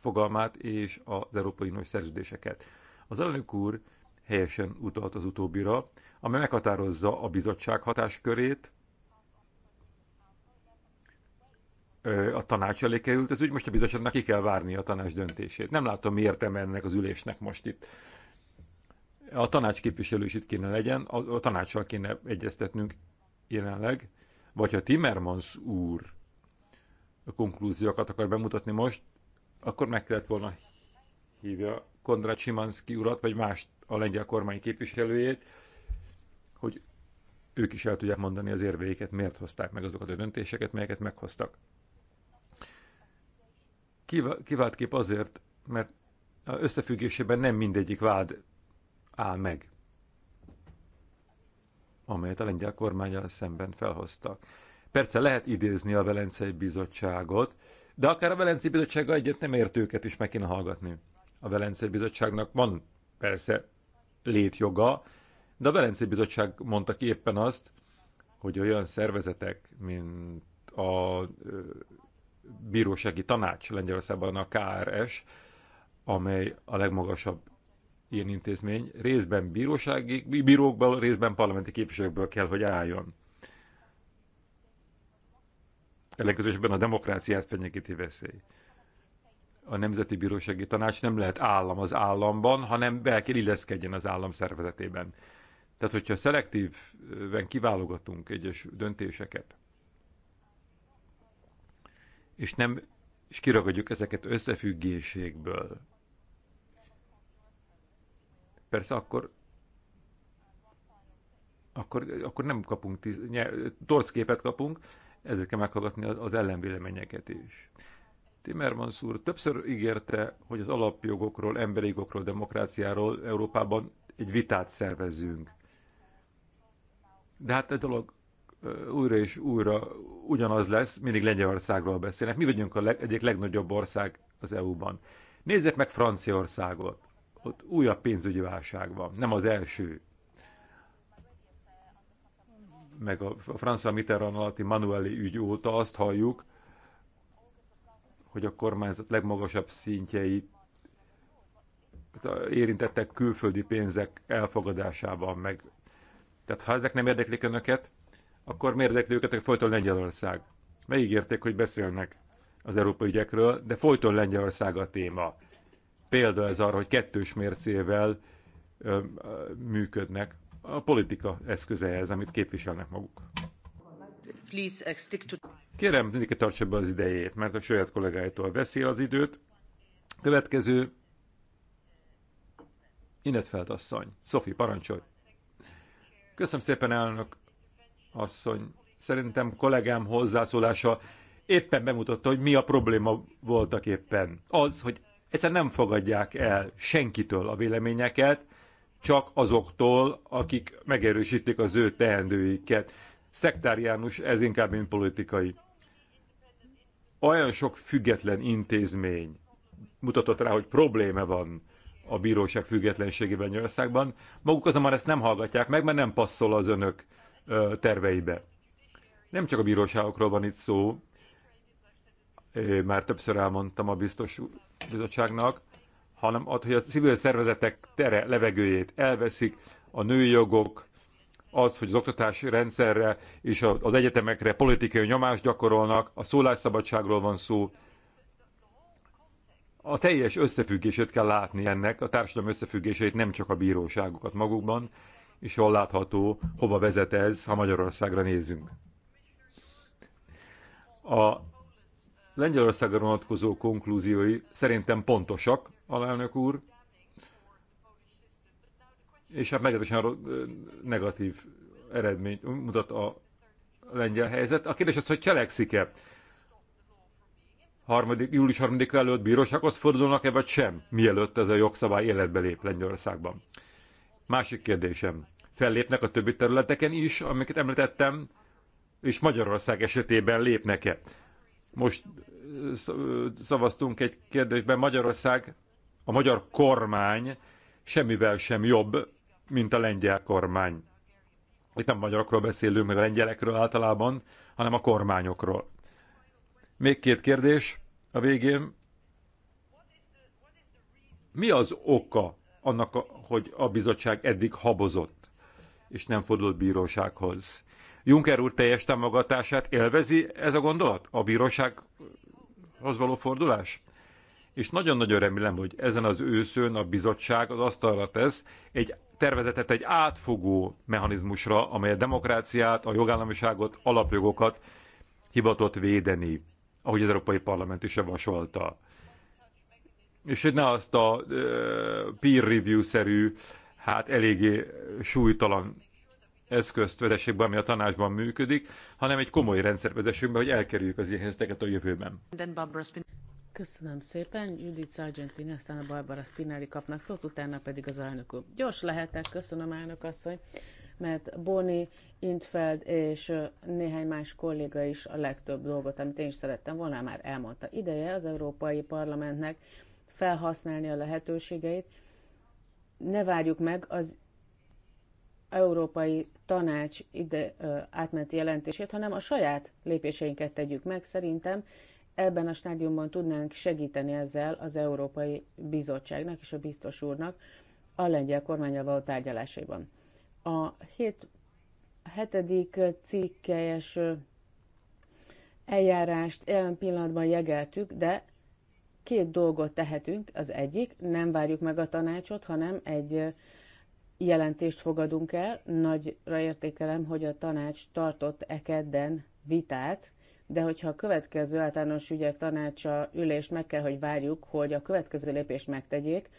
fogalmát és az Európai Uniós szerződéseket. Az elnök úr helyesen utalt az utóbbira, amely meghatározza a bizottság hatáskörét, a tanács elé került ez ügy, most a bizottságnak ki kell várni a tanács döntését. Nem látom, miért ennek az ülésnek most itt. A tanács képviselő is itt kéne legyen, a, a tanácssal kéne egyeztetnünk jelenleg, vagy ha Timmermans úr a konklúziókat akar bemutatni most, akkor meg kellett volna hívja Kondrát Simanszki urat, vagy más a lengyel kormány képviselőjét, hogy ők is el tudják mondani az érveiket, miért hozták meg azokat a döntéseket, melyeket meghoztak kép azért, mert összefüggésében nem mindegyik vád áll meg, amelyet a lengyel kormányal szemben felhoztak. Persze lehet idézni a Velencei Bizottságot, de akár a Velencei Bizottsága egyet nem értőket is meg kéne hallgatni. A Velencei Bizottságnak van persze létjoga, de a Velencei Bizottság mondta ki éppen azt, hogy olyan szervezetek, mint a bírósági tanács Lengyelországban a KRS, amely a legmagasabb ilyen intézmény, részben bírósági, bírókból, részben parlamenti képviselőkből kell, hogy álljon. Ellenkezősben a demokráciát fenyegeti veszély. A Nemzeti Bírósági Tanács nem lehet állam az államban, hanem be kell illeszkedjen az állam szervezetében. Tehát, hogyha szelektívben kiválogatunk egyes döntéseket, és nem és kiragadjuk ezeket összefüggéségből. Persze akkor akkor, akkor nem kapunk, tíz, képet kapunk, ezért kell meghallgatni az ellenvéleményeket is. Timmermans úr többször ígérte, hogy az alapjogokról, emberi jogokról, demokráciáról Európában egy vitát szervezünk. De hát egy dolog újra és újra ugyanaz lesz, mindig Lengyelországról beszélnek. Mi vagyunk a leg, egyik legnagyobb ország az EU-ban. Nézzék meg Franciaországot. Ott újabb pénzügyi válság van. Nem az első. Meg a, a Francia Mitterrand alatti Manueli ügy óta azt halljuk, hogy a kormányzat legmagasabb szintjei érintettek külföldi pénzek elfogadásában meg. Tehát ha ezek nem érdeklik önöket, akkor mérdekli őket, hogy folyton Lengyelország. Megígérték, hogy beszélnek az európai ügyekről, de folyton Lengyelország a téma. Példa ez arra, hogy kettős mércével ö, ö, működnek a politika ez, amit képviselnek maguk. Uh, Kérem, mindenki tartsa be az idejét, mert a saját kollégáitól veszi az időt. Következő Inetfeld asszony. Szofi, parancsolj! Köszönöm szépen, elnök asszony, szerintem kollégám hozzászólása éppen bemutatta, hogy mi a probléma voltak éppen. Az, hogy egyszerűen nem fogadják el senkitől a véleményeket, csak azoktól, akik megerősítik az ő teendőiket. Szektáriánus, ez inkább mint politikai. Olyan sok független intézmény mutatott rá, hogy probléma van a bíróság függetlenségében Nyilországban. Maguk azonban ezt nem hallgatják meg, mert nem passzol az önök terveibe. Nem csak a bíróságokról van itt szó, már többször elmondtam a biztos bizottságnak, hanem az, hogy a civil szervezetek tere levegőjét elveszik, a női jogok, az, hogy az oktatási rendszerre és az egyetemekre politikai nyomást gyakorolnak, a szólásszabadságról van szó. A teljes összefüggését kell látni ennek, a társadalom összefüggéseit, nem csak a bíróságokat magukban, és jól látható, hova vezet ez, ha Magyarországra nézünk. A Lengyelországra vonatkozó konklúziói szerintem pontosak, alelnök úr, és hát meglehetősen negatív eredményt mutat a lengyel helyzet. A kérdés az, hogy cselekszik-e? Harmadik, július 3 előtt bírósághoz fordulnak-e, vagy sem, mielőtt ez a jogszabály életbe lép Lengyelországban? Másik kérdésem fellépnek a többi területeken is, amiket említettem, és Magyarország esetében lépnek-e. Most szavaztunk egy kérdésben, Magyarország, a magyar kormány semmivel sem jobb, mint a lengyel kormány. Itt nem magyarokról beszélünk, meg a lengyelekről általában, hanem a kormányokról. Még két kérdés a végén. Mi az oka annak, hogy a bizottság eddig habozott? és nem fordult bírósághoz. Juncker úr teljes támogatását élvezi ez a gondolat? A bírósághoz való fordulás? És nagyon-nagyon remélem, hogy ezen az őszön a bizottság az asztalra tesz egy tervezetet egy átfogó mechanizmusra, amely a demokráciát, a jogállamiságot, alapjogokat hivatott védeni, ahogy az Európai Parlament is javasolta. És hogy ne azt a peer review-szerű hát eléggé súlytalan eszközt vezessék be, ami a tanácsban működik, hanem egy komoly rendszer vezessünk be, hogy elkerüljük az ilyen helyzeteket a jövőben. Köszönöm szépen. Judith Sargentini, aztán a Barbara Spinelli kapnak szót, utána pedig az elnök úr. Gyors lehetek, köszönöm elnök asszony, mert Boni, Intfeld és néhány más kolléga is a legtöbb dolgot, amit én is szerettem volna, már elmondta. Ideje az Európai Parlamentnek felhasználni a lehetőségeit, ne várjuk meg az Európai Tanács ide ö, átmenti jelentését, hanem a saját lépéseinket tegyük meg. Szerintem ebben a stádiumban tudnánk segíteni ezzel az Európai Bizottságnak és a biztos úrnak a lengyel kormányával tárgyalásaiban. A hét, hetedik cikkelyes eljárást jelen pillanatban jegeltük, de Két dolgot tehetünk, az egyik, nem várjuk meg a tanácsot, hanem egy jelentést fogadunk el. Nagyra értékelem, hogy a tanács tartott ekedden vitát, de hogyha a következő általános ügyek tanácsa ülést meg kell, hogy várjuk, hogy a következő lépést megtegyék,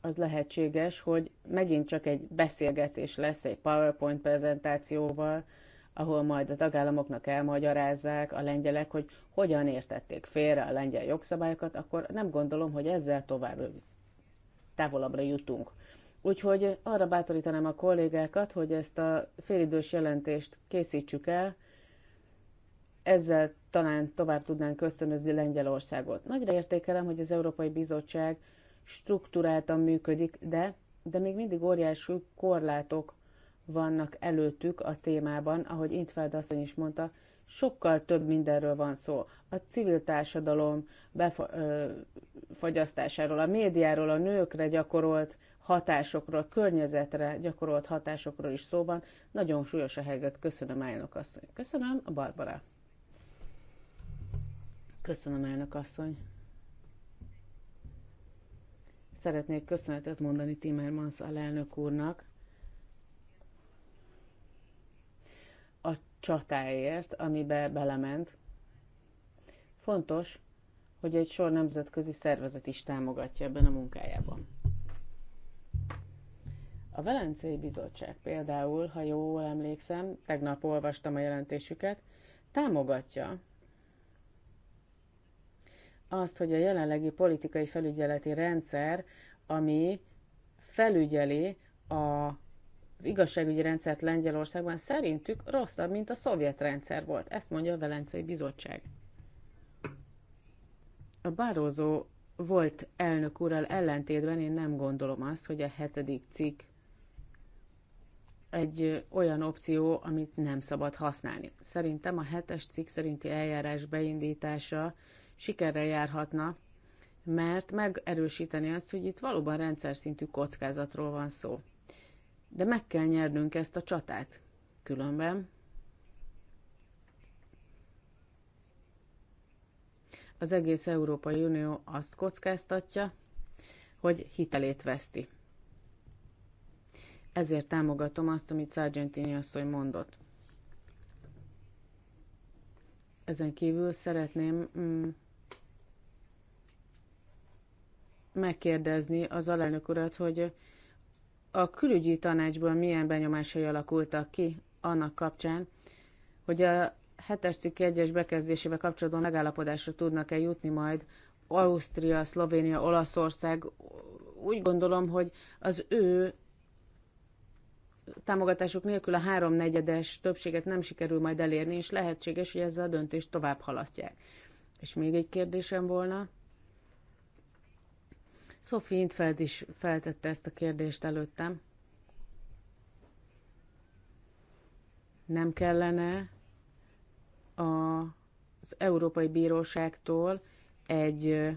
az lehetséges, hogy megint csak egy beszélgetés lesz egy PowerPoint prezentációval, ahol majd a tagállamoknak elmagyarázzák a lengyelek, hogy hogyan értették félre a lengyel jogszabályokat, akkor nem gondolom, hogy ezzel tovább távolabbra jutunk. Úgyhogy arra bátorítanám a kollégákat, hogy ezt a félidős jelentést készítsük el, ezzel talán tovább tudnánk köszönözni Lengyelországot. Nagyra értékelem, hogy az Európai Bizottság struktúráltan működik, de, de még mindig óriási korlátok vannak előttük a témában, ahogy Intfeld asszony is mondta, sokkal több mindenről van szó. A civil társadalom befagyasztásáról, a médiáról, a nőkre gyakorolt hatásokról, a környezetre gyakorolt hatásokról is szó van. Nagyon súlyos a helyzet. Köszönöm, elnök asszony. Köszönöm, a Barbara. Köszönöm, elnök asszony. Szeretnék köszönetet mondani Timmermans alelnök úrnak csatáért, amibe belement. Fontos, hogy egy sor nemzetközi szervezet is támogatja ebben a munkájában. A Velencei Bizottság például, ha jól emlékszem, tegnap olvastam a jelentésüket, támogatja azt, hogy a jelenlegi politikai felügyeleti rendszer, ami felügyeli a az igazságügyi rendszert Lengyelországban szerintük rosszabb, mint a szovjet rendszer volt. Ezt mondja a Velencei Bizottság. A Bározó volt elnök úrral ellentétben én nem gondolom azt, hogy a hetedik cikk egy olyan opció, amit nem szabad használni. Szerintem a hetes cikk szerinti eljárás beindítása sikerre járhatna, mert megerősíteni azt, hogy itt valóban rendszer szintű kockázatról van szó. De meg kell nyernünk ezt a csatát. Különben az egész Európai Unió azt kockáztatja, hogy hitelét veszti. Ezért támogatom azt, amit Sargentini asszony mondott. Ezen kívül szeretném mm, megkérdezni az alelnök urat, hogy a külügyi tanácsból milyen benyomásai alakultak ki annak kapcsán, hogy a hetes cikk egyes bekezdésével kapcsolatban megállapodásra tudnak-e jutni majd Ausztria, Szlovénia, Olaszország. Úgy gondolom, hogy az ő támogatások nélkül a háromnegyedes többséget nem sikerül majd elérni, és lehetséges, hogy ezzel a döntést tovább halasztják. És még egy kérdésem volna, Sophie Intfeld is feltette ezt a kérdést előttem. Nem kellene a, az Európai Bíróságtól egy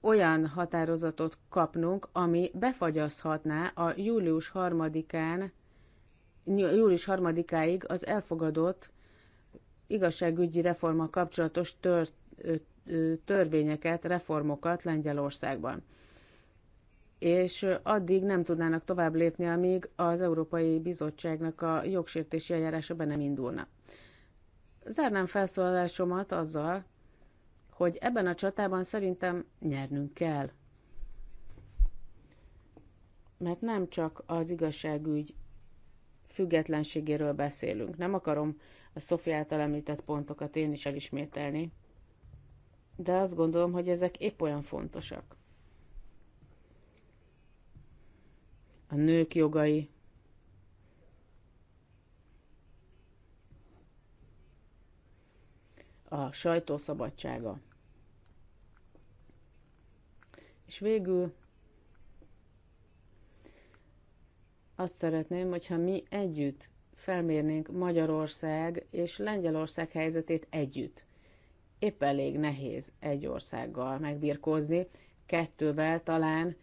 olyan határozatot kapnunk, ami befagyaszthatná a július harmadikán, július harmadikáig az elfogadott igazságügyi reforma kapcsolatos tört, törvényeket, reformokat Lengyelországban. És addig nem tudnának tovább lépni, amíg az Európai Bizottságnak a jogsértési eljárása be nem indulna. Zárnám felszólalásomat azzal, hogy ebben a csatában szerintem nyernünk kell. Mert nem csak az igazságügy függetlenségéről beszélünk. Nem akarom a Szofi által említett pontokat én is elismételni, de azt gondolom, hogy ezek épp olyan fontosak. A nők jogai, a sajtó szabadsága. És végül azt szeretném, hogyha mi együtt felmérnénk Magyarország és Lengyelország helyzetét együtt épp elég nehéz egy országgal megbirkózni, kettővel talán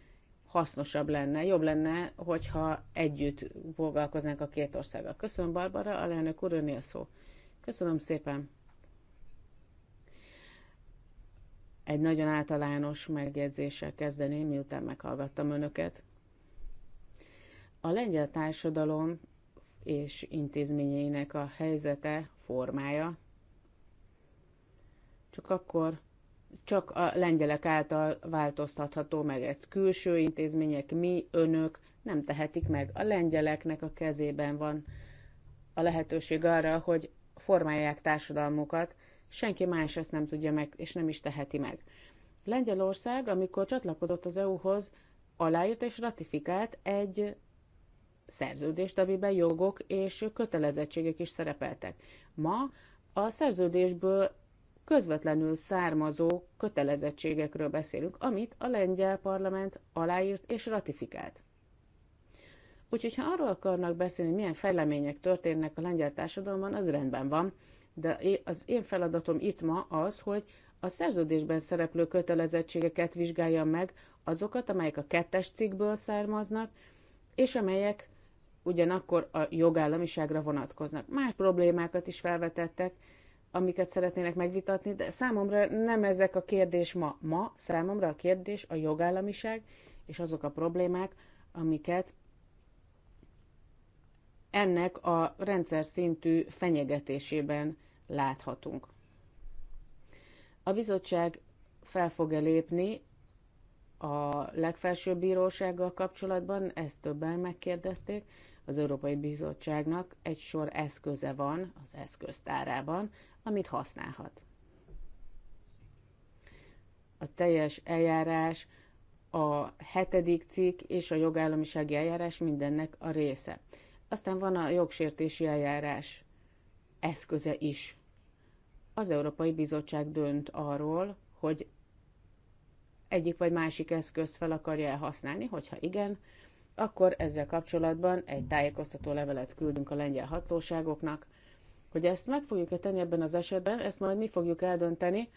hasznosabb lenne, jobb lenne, hogyha együtt foglalkoznánk a két országgal. Köszönöm, Barbara, a lelnök úr, a szó. Köszönöm szépen. Egy nagyon általános megjegyzéssel kezdeném, miután meghallgattam önöket. A lengyel társadalom és intézményeinek a helyzete, formája csak akkor csak a lengyelek által változtatható meg ezt. Külső intézmények, mi, önök nem tehetik meg. A lengyeleknek a kezében van a lehetőség arra, hogy formálják társadalmukat, senki más ezt nem tudja meg, és nem is teheti meg. Lengyelország, amikor csatlakozott az EU-hoz, aláírt és ratifikált egy szerződést, amiben jogok és kötelezettségek is szerepeltek. Ma a szerződésből közvetlenül származó kötelezettségekről beszélünk, amit a lengyel parlament aláírt és ratifikált. Úgyhogy ha arról akarnak beszélni, hogy milyen fejlemények történnek a lengyel társadalomban, az rendben van, de az én feladatom itt ma az, hogy a szerződésben szereplő kötelezettségeket vizsgáljam meg, azokat, amelyek a kettes cikkből származnak, és amelyek ugyanakkor a jogállamiságra vonatkoznak. Más problémákat is felvetettek, amiket szeretnének megvitatni, de számomra nem ezek a kérdés ma. Ma számomra a kérdés a jogállamiság és azok a problémák, amiket ennek a rendszer szintű fenyegetésében láthatunk. A bizottság fel fog-e lépni a legfelsőbb bírósággal kapcsolatban, ezt többen megkérdezték, az Európai Bizottságnak egy sor eszköze van az eszköztárában, amit használhat. A teljes eljárás, a hetedik cikk és a jogállamisági eljárás mindennek a része. Aztán van a jogsértési eljárás eszköze is. Az Európai Bizottság dönt arról, hogy egyik vagy másik eszközt fel akarja használni, hogyha igen, akkor ezzel kapcsolatban egy tájékoztató levelet küldünk a lengyel hatóságoknak, hogy ezt meg fogjuk-e tenni ebben az esetben, ezt majd mi fogjuk eldönteni,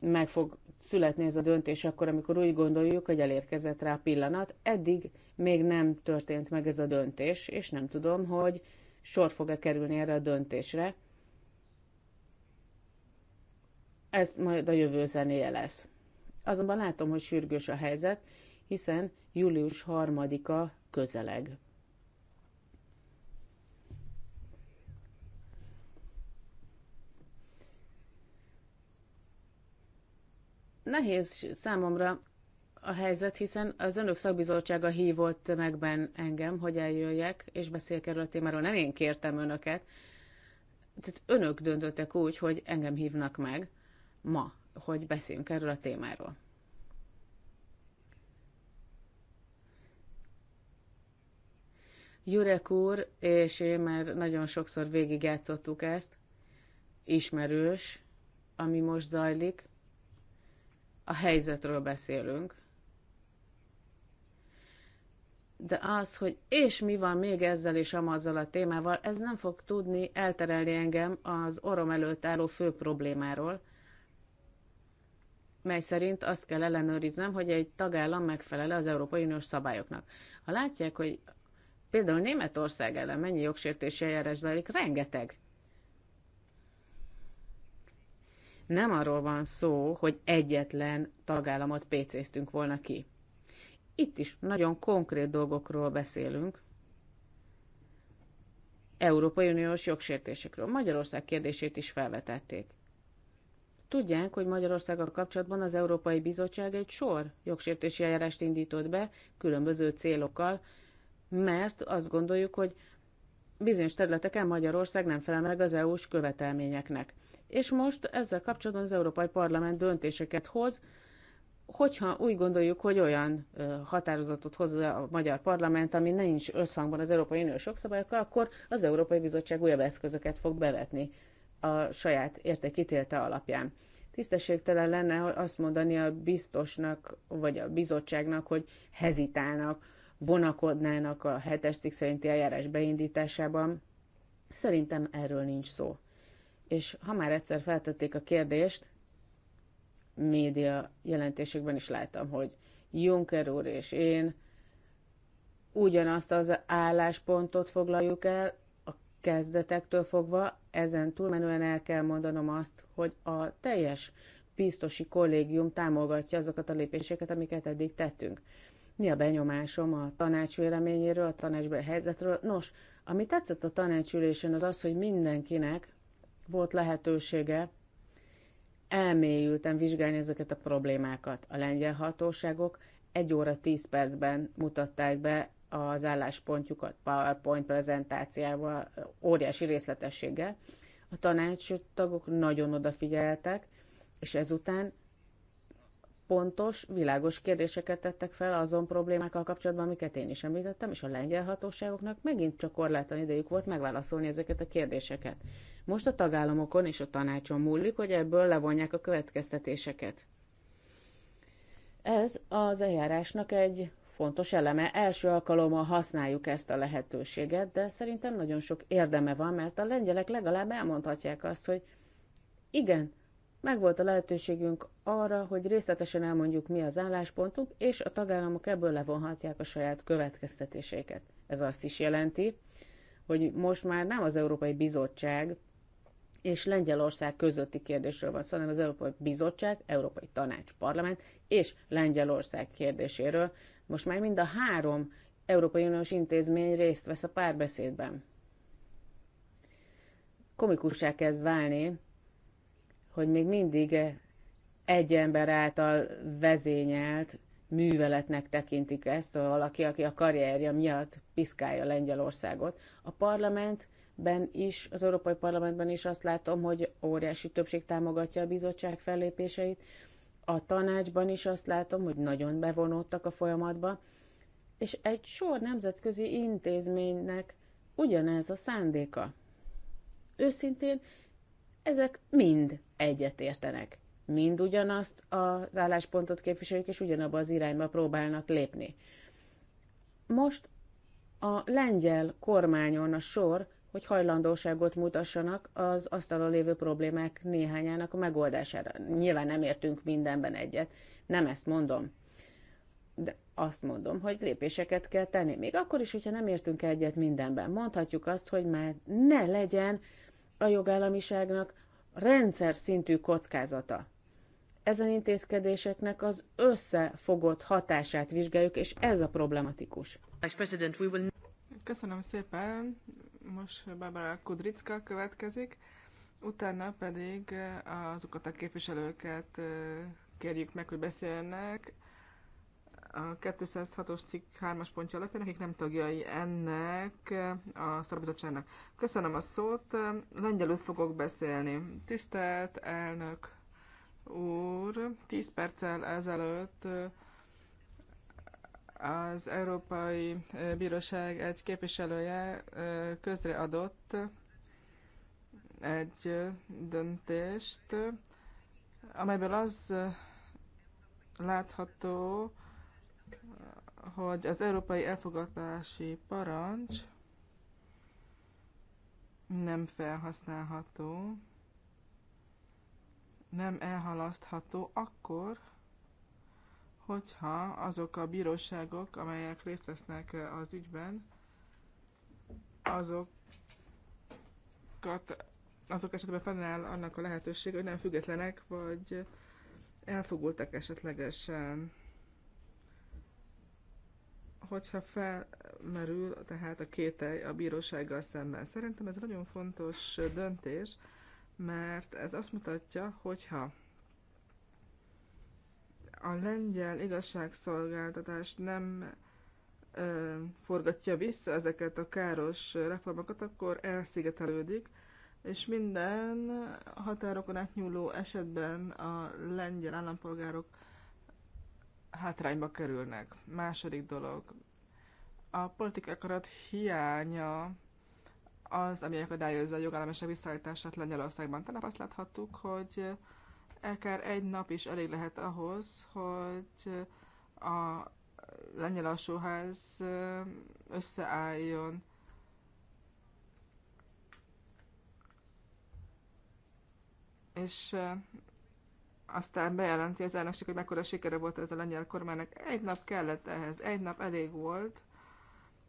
meg fog születni ez a döntés akkor, amikor úgy gondoljuk, hogy elérkezett rá a pillanat. Eddig még nem történt meg ez a döntés, és nem tudom, hogy sor fog-e kerülni erre a döntésre. Ez majd a jövő zenéje lesz. Azonban látom, hogy sürgős a helyzet, hiszen július harmadika közeleg. Nehéz számomra a helyzet, hiszen az önök szakbizottsága hívott meg engem, hogy eljöjjek, és beszéljek erről a témáról. Nem én kértem önöket. Tehát önök döntöttek úgy, hogy engem hívnak meg ma, hogy beszéljünk erről a témáról. Jurek úr és én már nagyon sokszor végigjátszottuk ezt, ismerős, ami most zajlik. A helyzetről beszélünk. De az, hogy és mi van még ezzel és amazzal a témával, ez nem fog tudni elterelni engem az orom előtt álló fő problémáról, mely szerint azt kell ellenőriznem, hogy egy tagállam megfelele az Európai Uniós szabályoknak. Ha látják, hogy Például Németország ellen mennyi jogsértési eljárás zajlik? Rengeteg. Nem arról van szó, hogy egyetlen tagállamot pécéztünk volna ki. Itt is nagyon konkrét dolgokról beszélünk, Európai Uniós jogsértésekről. Magyarország kérdését is felvetették. Tudják, hogy Magyarországgal kapcsolatban az Európai Bizottság egy sor jogsértési eljárást indított be különböző célokkal, mert azt gondoljuk, hogy bizonyos területeken Magyarország nem felel meg az EU-s követelményeknek. És most ezzel kapcsolatban az Európai Parlament döntéseket hoz, hogyha úgy gondoljuk, hogy olyan határozatot hoz a magyar parlament, ami nincs összhangban az Európai Unió szabályokkal, akkor az Európai Bizottság újabb eszközöket fog bevetni a saját értékítélte alapján. Tisztességtelen lenne azt mondani a biztosnak, vagy a bizottságnak, hogy hezitálnak, vonakodnának a hetes cikk szerinti eljárás beindításában. Szerintem erről nincs szó. És ha már egyszer feltették a kérdést, média jelentésekben is láttam, hogy Juncker úr és én ugyanazt az álláspontot foglaljuk el a kezdetektől fogva, ezen túlmenően el kell mondanom azt, hogy a teljes biztosi kollégium támogatja azokat a lépéseket, amiket eddig tettünk mi a benyomásom a tanács véleményéről, a tanácsbeli helyzetről. Nos, ami tetszett a tanácsülésen az az, hogy mindenkinek volt lehetősége elmélyülten vizsgálni ezeket a problémákat. A lengyel hatóságok egy óra 10 percben mutatták be az álláspontjukat PowerPoint prezentáciával, óriási részletességgel. A tanács nagyon odafigyeltek, és ezután pontos, világos kérdéseket tettek fel azon problémákkal kapcsolatban, amiket én is említettem, és a lengyel hatóságoknak megint csak korlátlan idejük volt megválaszolni ezeket a kérdéseket. Most a tagállamokon és a tanácson múlik, hogy ebből levonják a következtetéseket. Ez az eljárásnak egy fontos eleme. Első alkalommal használjuk ezt a lehetőséget, de szerintem nagyon sok érdeme van, mert a lengyelek legalább elmondhatják azt, hogy igen, Megvolt a lehetőségünk arra, hogy részletesen elmondjuk, mi az álláspontunk, és a tagállamok ebből levonhatják a saját következtetéseiket. Ez azt is jelenti, hogy most már nem az Európai Bizottság és Lengyelország közötti kérdésről van szó, hanem az Európai Bizottság, Európai Tanács, Parlament és Lengyelország kérdéséről. Most már mind a három Európai Uniós intézmény részt vesz a párbeszédben. Komikussá kezd válni, hogy még mindig egy ember által vezényelt műveletnek tekintik ezt, valaki, aki a karrierja miatt piszkálja Lengyelországot. A parlamentben is, az Európai Parlamentben is azt látom, hogy óriási többség támogatja a bizottság fellépéseit, a tanácsban is azt látom, hogy nagyon bevonódtak a folyamatba, és egy sor nemzetközi intézménynek ugyanez a szándéka. Őszintén ezek mind egyet értenek. Mind ugyanazt az álláspontot képviselik, és ugyanabba az irányba próbálnak lépni. Most a lengyel kormányon a sor, hogy hajlandóságot mutassanak az asztalon lévő problémák néhányának a megoldására. Nyilván nem értünk mindenben egyet, nem ezt mondom. De azt mondom, hogy lépéseket kell tenni. Még akkor is, hogyha nem értünk egyet mindenben. Mondhatjuk azt, hogy már ne legyen a jogállamiságnak rendszer szintű kockázata. Ezen intézkedéseknek az összefogott hatását vizsgáljuk, és ez a problematikus. Köszönöm szépen. Most Barbara Kudricka következik, utána pedig azokat a képviselőket kérjük meg, hogy beszélnek a 206-os cikk 3-as pontja alapján, akik nem tagjai ennek a szabadságnak. Köszönöm a szót, lengyelül fogok beszélni. Tisztelt elnök úr, 10 perccel ezelőtt az Európai Bíróság egy képviselője közreadott egy döntést, amelyből az látható, hogy az európai elfogadási parancs nem felhasználható, nem elhalasztható akkor, hogyha azok a bíróságok, amelyek részt vesznek eh, az ügyben, azokat, azok esetben fennáll annak a lehetőség, hogy nem függetlenek, vagy elfogultak esetlegesen hogyha felmerül tehát a kételj a bírósággal szemben. Szerintem ez nagyon fontos döntés, mert ez azt mutatja, hogyha a lengyel igazságszolgáltatás nem ö, forgatja vissza ezeket a káros reformokat, akkor elszigetelődik, és minden határokon átnyúló esetben a lengyel állampolgárok hátrányba kerülnek. Második dolog, a politikai akarat hiánya az, ami akadályozza a jogállamiság visszaállítását Lengyelországban. Tegnap azt láthattuk, hogy akár egy nap is elég lehet ahhoz, hogy a lengyel alsóház összeálljon. És aztán bejelenti az elnökség, hogy mekkora sikere volt ez a lengyel kormánynak. Egy nap kellett ehhez, egy nap elég volt,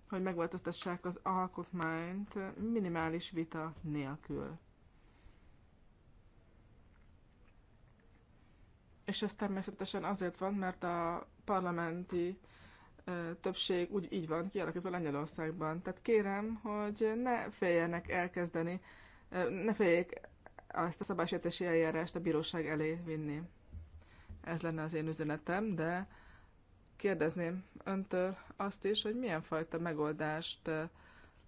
hogy megváltoztassák az alkotmányt minimális vita nélkül. És ez természetesen azért van, mert a parlamenti többség úgy így van kialakítva Lengyelországban. Tehát kérem, hogy ne féljenek elkezdeni, ne féljék azt a szabálysértési eljárást a bíróság elé vinni. Ez lenne az én üzenetem, de kérdezném öntől azt is, hogy milyen fajta megoldást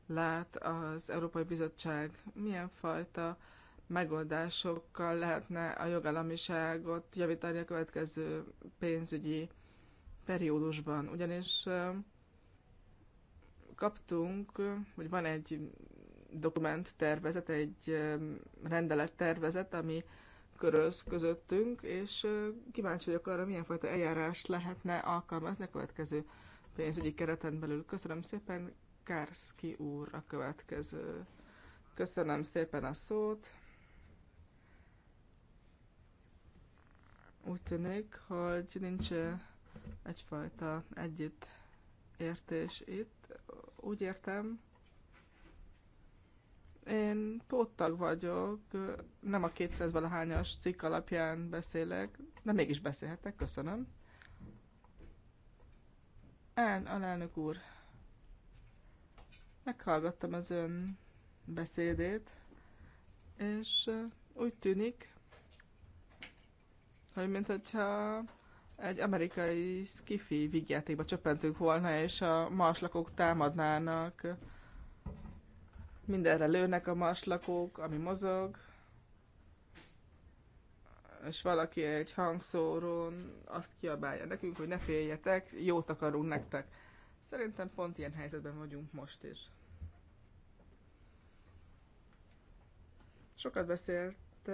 lát az Európai Bizottság, milyen fajta megoldásokkal lehetne a jogállamiságot javítani a következő pénzügyi periódusban. Ugyanis kaptunk, vagy van egy dokument tervezet, egy rendelet tervezet, ami köröz közöttünk, és kíváncsi vagyok arra, milyen fajta eljárást lehetne alkalmazni a következő pénzügyi kereten belül. Köszönöm szépen, Kárszki úr a következő. Köszönöm szépen a szót. Úgy tűnik, hogy nincs egyfajta együttértés itt. Úgy értem, én póttag vagyok, nem a 200 valahányas cikk alapján beszélek, de mégis beszélhetek, köszönöm. Én alelnök úr, meghallgattam az ön beszédét, és úgy tűnik, hogy mintha egy amerikai skifi vigyátékba csöppentünk volna, és a marslakok támadnának mindenre lőnek a marslakók, ami mozog, és valaki egy hangszórón azt kiabálja nekünk, hogy ne féljetek, jót akarunk nektek. Szerintem pont ilyen helyzetben vagyunk most is. Sokat beszélt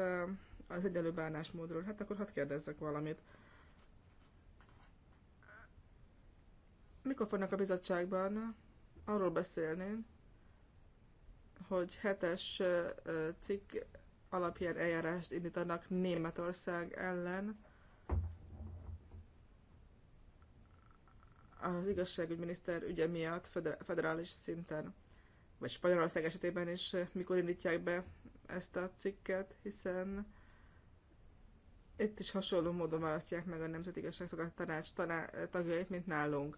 az egyenlő bánásmódról. Hát akkor hadd kérdezzek valamit. Mikor fognak a bizottságban arról beszélni, hogy hetes cikk alapján eljárást indítanak Németország ellen. Az igazságügyminiszter ügye miatt federális szinten, vagy Spanyolország esetében is mikor indítják be ezt a cikket, hiszen itt is hasonló módon választják meg a Nemzeti Igazságszolgálat Tanács taná- tagjait, mint nálunk.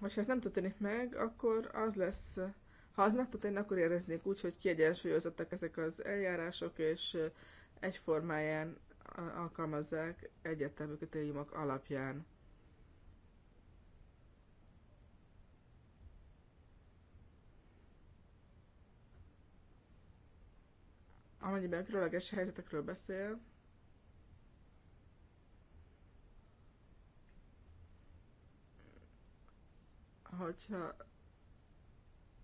ha ez nem történik meg, akkor az lesz ha az megtörténne, akkor éreznék úgy, hogy kiegyensúlyozottak ezek az eljárások, és egyformáján alkalmazzák egyértelmű kritériumok alapján. amennyiben különleges helyzetekről beszél. Hogyha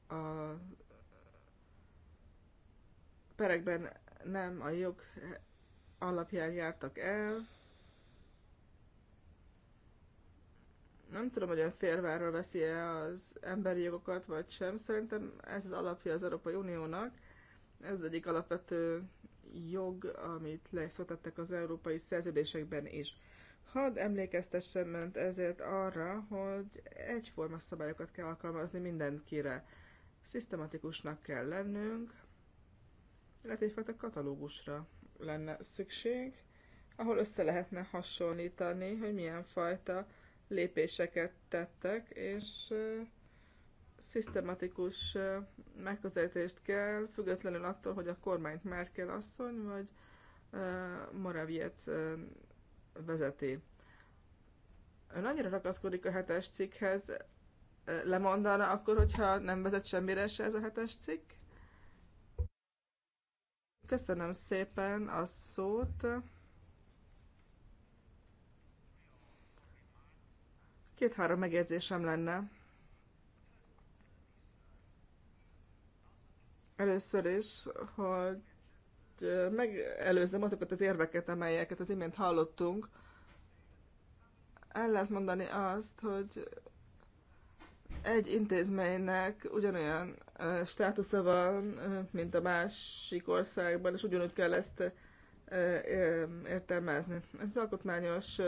a perekben nem a jog alapján jártak el. Nem tudom, hogy a férvárról veszi -e az emberi jogokat, vagy sem. Szerintem ez az alapja az Európai Uniónak. Ez az egyik alapvető jog, amit leszoktattak az európai szerződésekben is. Hadd emlékeztessem ment ezért arra, hogy egyforma szabályokat kell alkalmazni mindenkire szisztematikusnak kell lennünk, illetve egyfajta katalógusra lenne szükség, ahol össze lehetne hasonlítani, hogy milyen fajta lépéseket tettek, és szisztematikus megközelítést kell, függetlenül attól, hogy a kormányt Merkel asszony vagy Moraviec vezeti. Ön annyira ragaszkodik a hetes cikkhez, lemondana akkor, hogyha nem vezet semmire se ez a hetes cikk? Köszönöm szépen a szót. Két-három megjegyzésem lenne. Először is, hogy megelőzzem azokat az érveket, amelyeket az imént hallottunk. El lehet mondani azt, hogy egy intézménynek ugyanolyan státusza van, mint a másik országban, és ugyanúgy kell ezt értelmezni. Ez az alkotmányos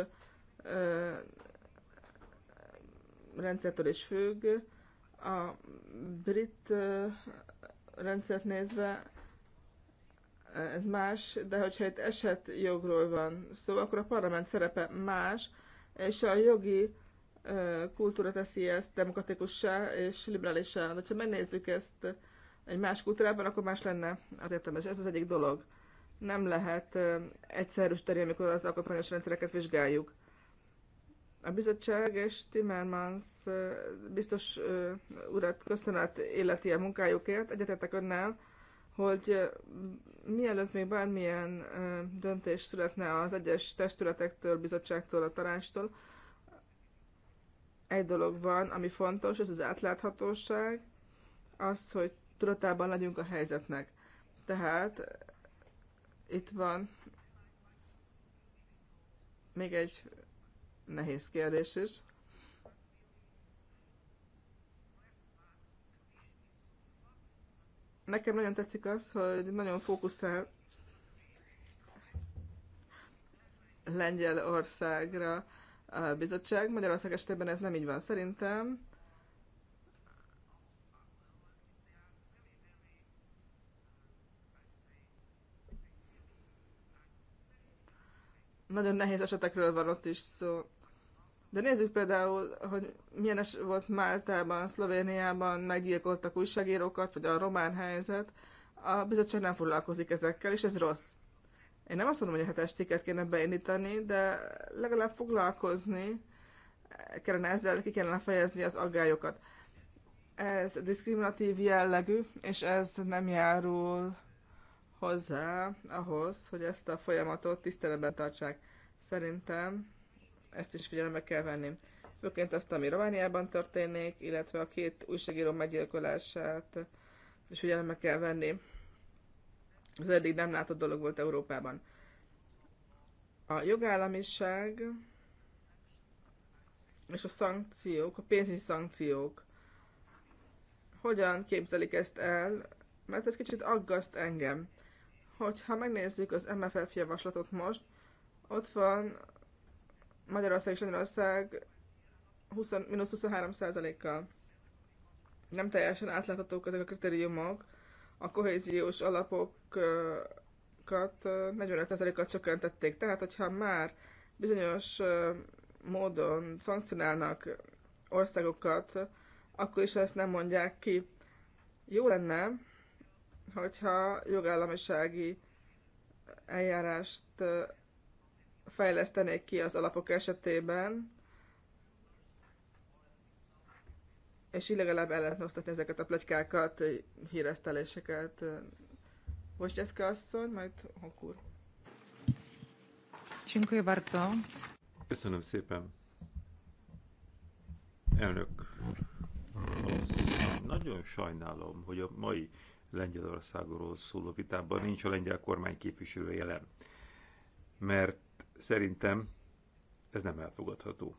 rendszertől is függ. A brit rendszert nézve ez más, de hogyha itt esetjogról van szó, szóval akkor a parlament szerepe más, és a jogi kultúra teszi ezt demokratikussá és liberálisá. De ha megnézzük ezt egy más kultúrában, akkor más lenne az értelmes. Ez az egyik dolog. Nem lehet terén, amikor az alkotmányos rendszereket vizsgáljuk. A bizottság és Timmermans biztos urat köszönet életi a munkájukért. Egyetettek önnel, hogy mielőtt még bármilyen döntés születne az egyes testületektől, bizottságtól, a tanástól, egy dolog van, ami fontos, ez az átláthatóság, az, hogy tudatában legyünk a helyzetnek. Tehát itt van még egy nehéz kérdés is. Nekem nagyon tetszik az, hogy nagyon fókuszál Lengyelországra, a bizottság. Magyarország esetében ez nem így van szerintem. Nagyon nehéz esetekről van ott is szó. De nézzük például, hogy milyen es volt Máltában, Szlovéniában, meggyilkoltak újságírókat, vagy a román helyzet. A bizottság nem foglalkozik ezekkel, és ez rossz. Én nem azt mondom, hogy a hetes cikket kéne beindítani, de legalább foglalkozni kellene ezzel, ki kellene fejezni az aggályokat. Ez diszkriminatív jellegű, és ez nem járul hozzá ahhoz, hogy ezt a folyamatot tiszteletben tartsák. Szerintem ezt is figyelembe kell venni. Főként azt, ami Romániában történik, illetve a két újságíró meggyilkolását is figyelembe kell venni az eddig nem látott dolog volt Európában. A jogállamiság és a szankciók, a pénzügyi szankciók. Hogyan képzelik ezt el? Mert ez kicsit aggaszt engem. Hogyha megnézzük az MFF javaslatot most, ott van Magyarország és Lengyelország 20, 23 kal Nem teljesen átláthatók ezek a kritériumok, a kohéziós alapokat 45%-kal csökkentették. Tehát, hogyha már bizonyos módon szankcionálnak országokat, akkor is ezt nem mondják ki. Jó lenne, hogyha jogállamisági eljárást fejlesztenék ki az alapok esetében, és így legalább el lehetne osztatni ezeket a plegykákat, híreszteléseket. Most Eszke asszony, majd Hokur. Dziękuję bardzo. Köszönöm szépen. Elnök, nagyon sajnálom, hogy a mai Lengyelországról szóló vitában nincs a lengyel kormány képviselő jelen. Mert szerintem ez nem elfogadható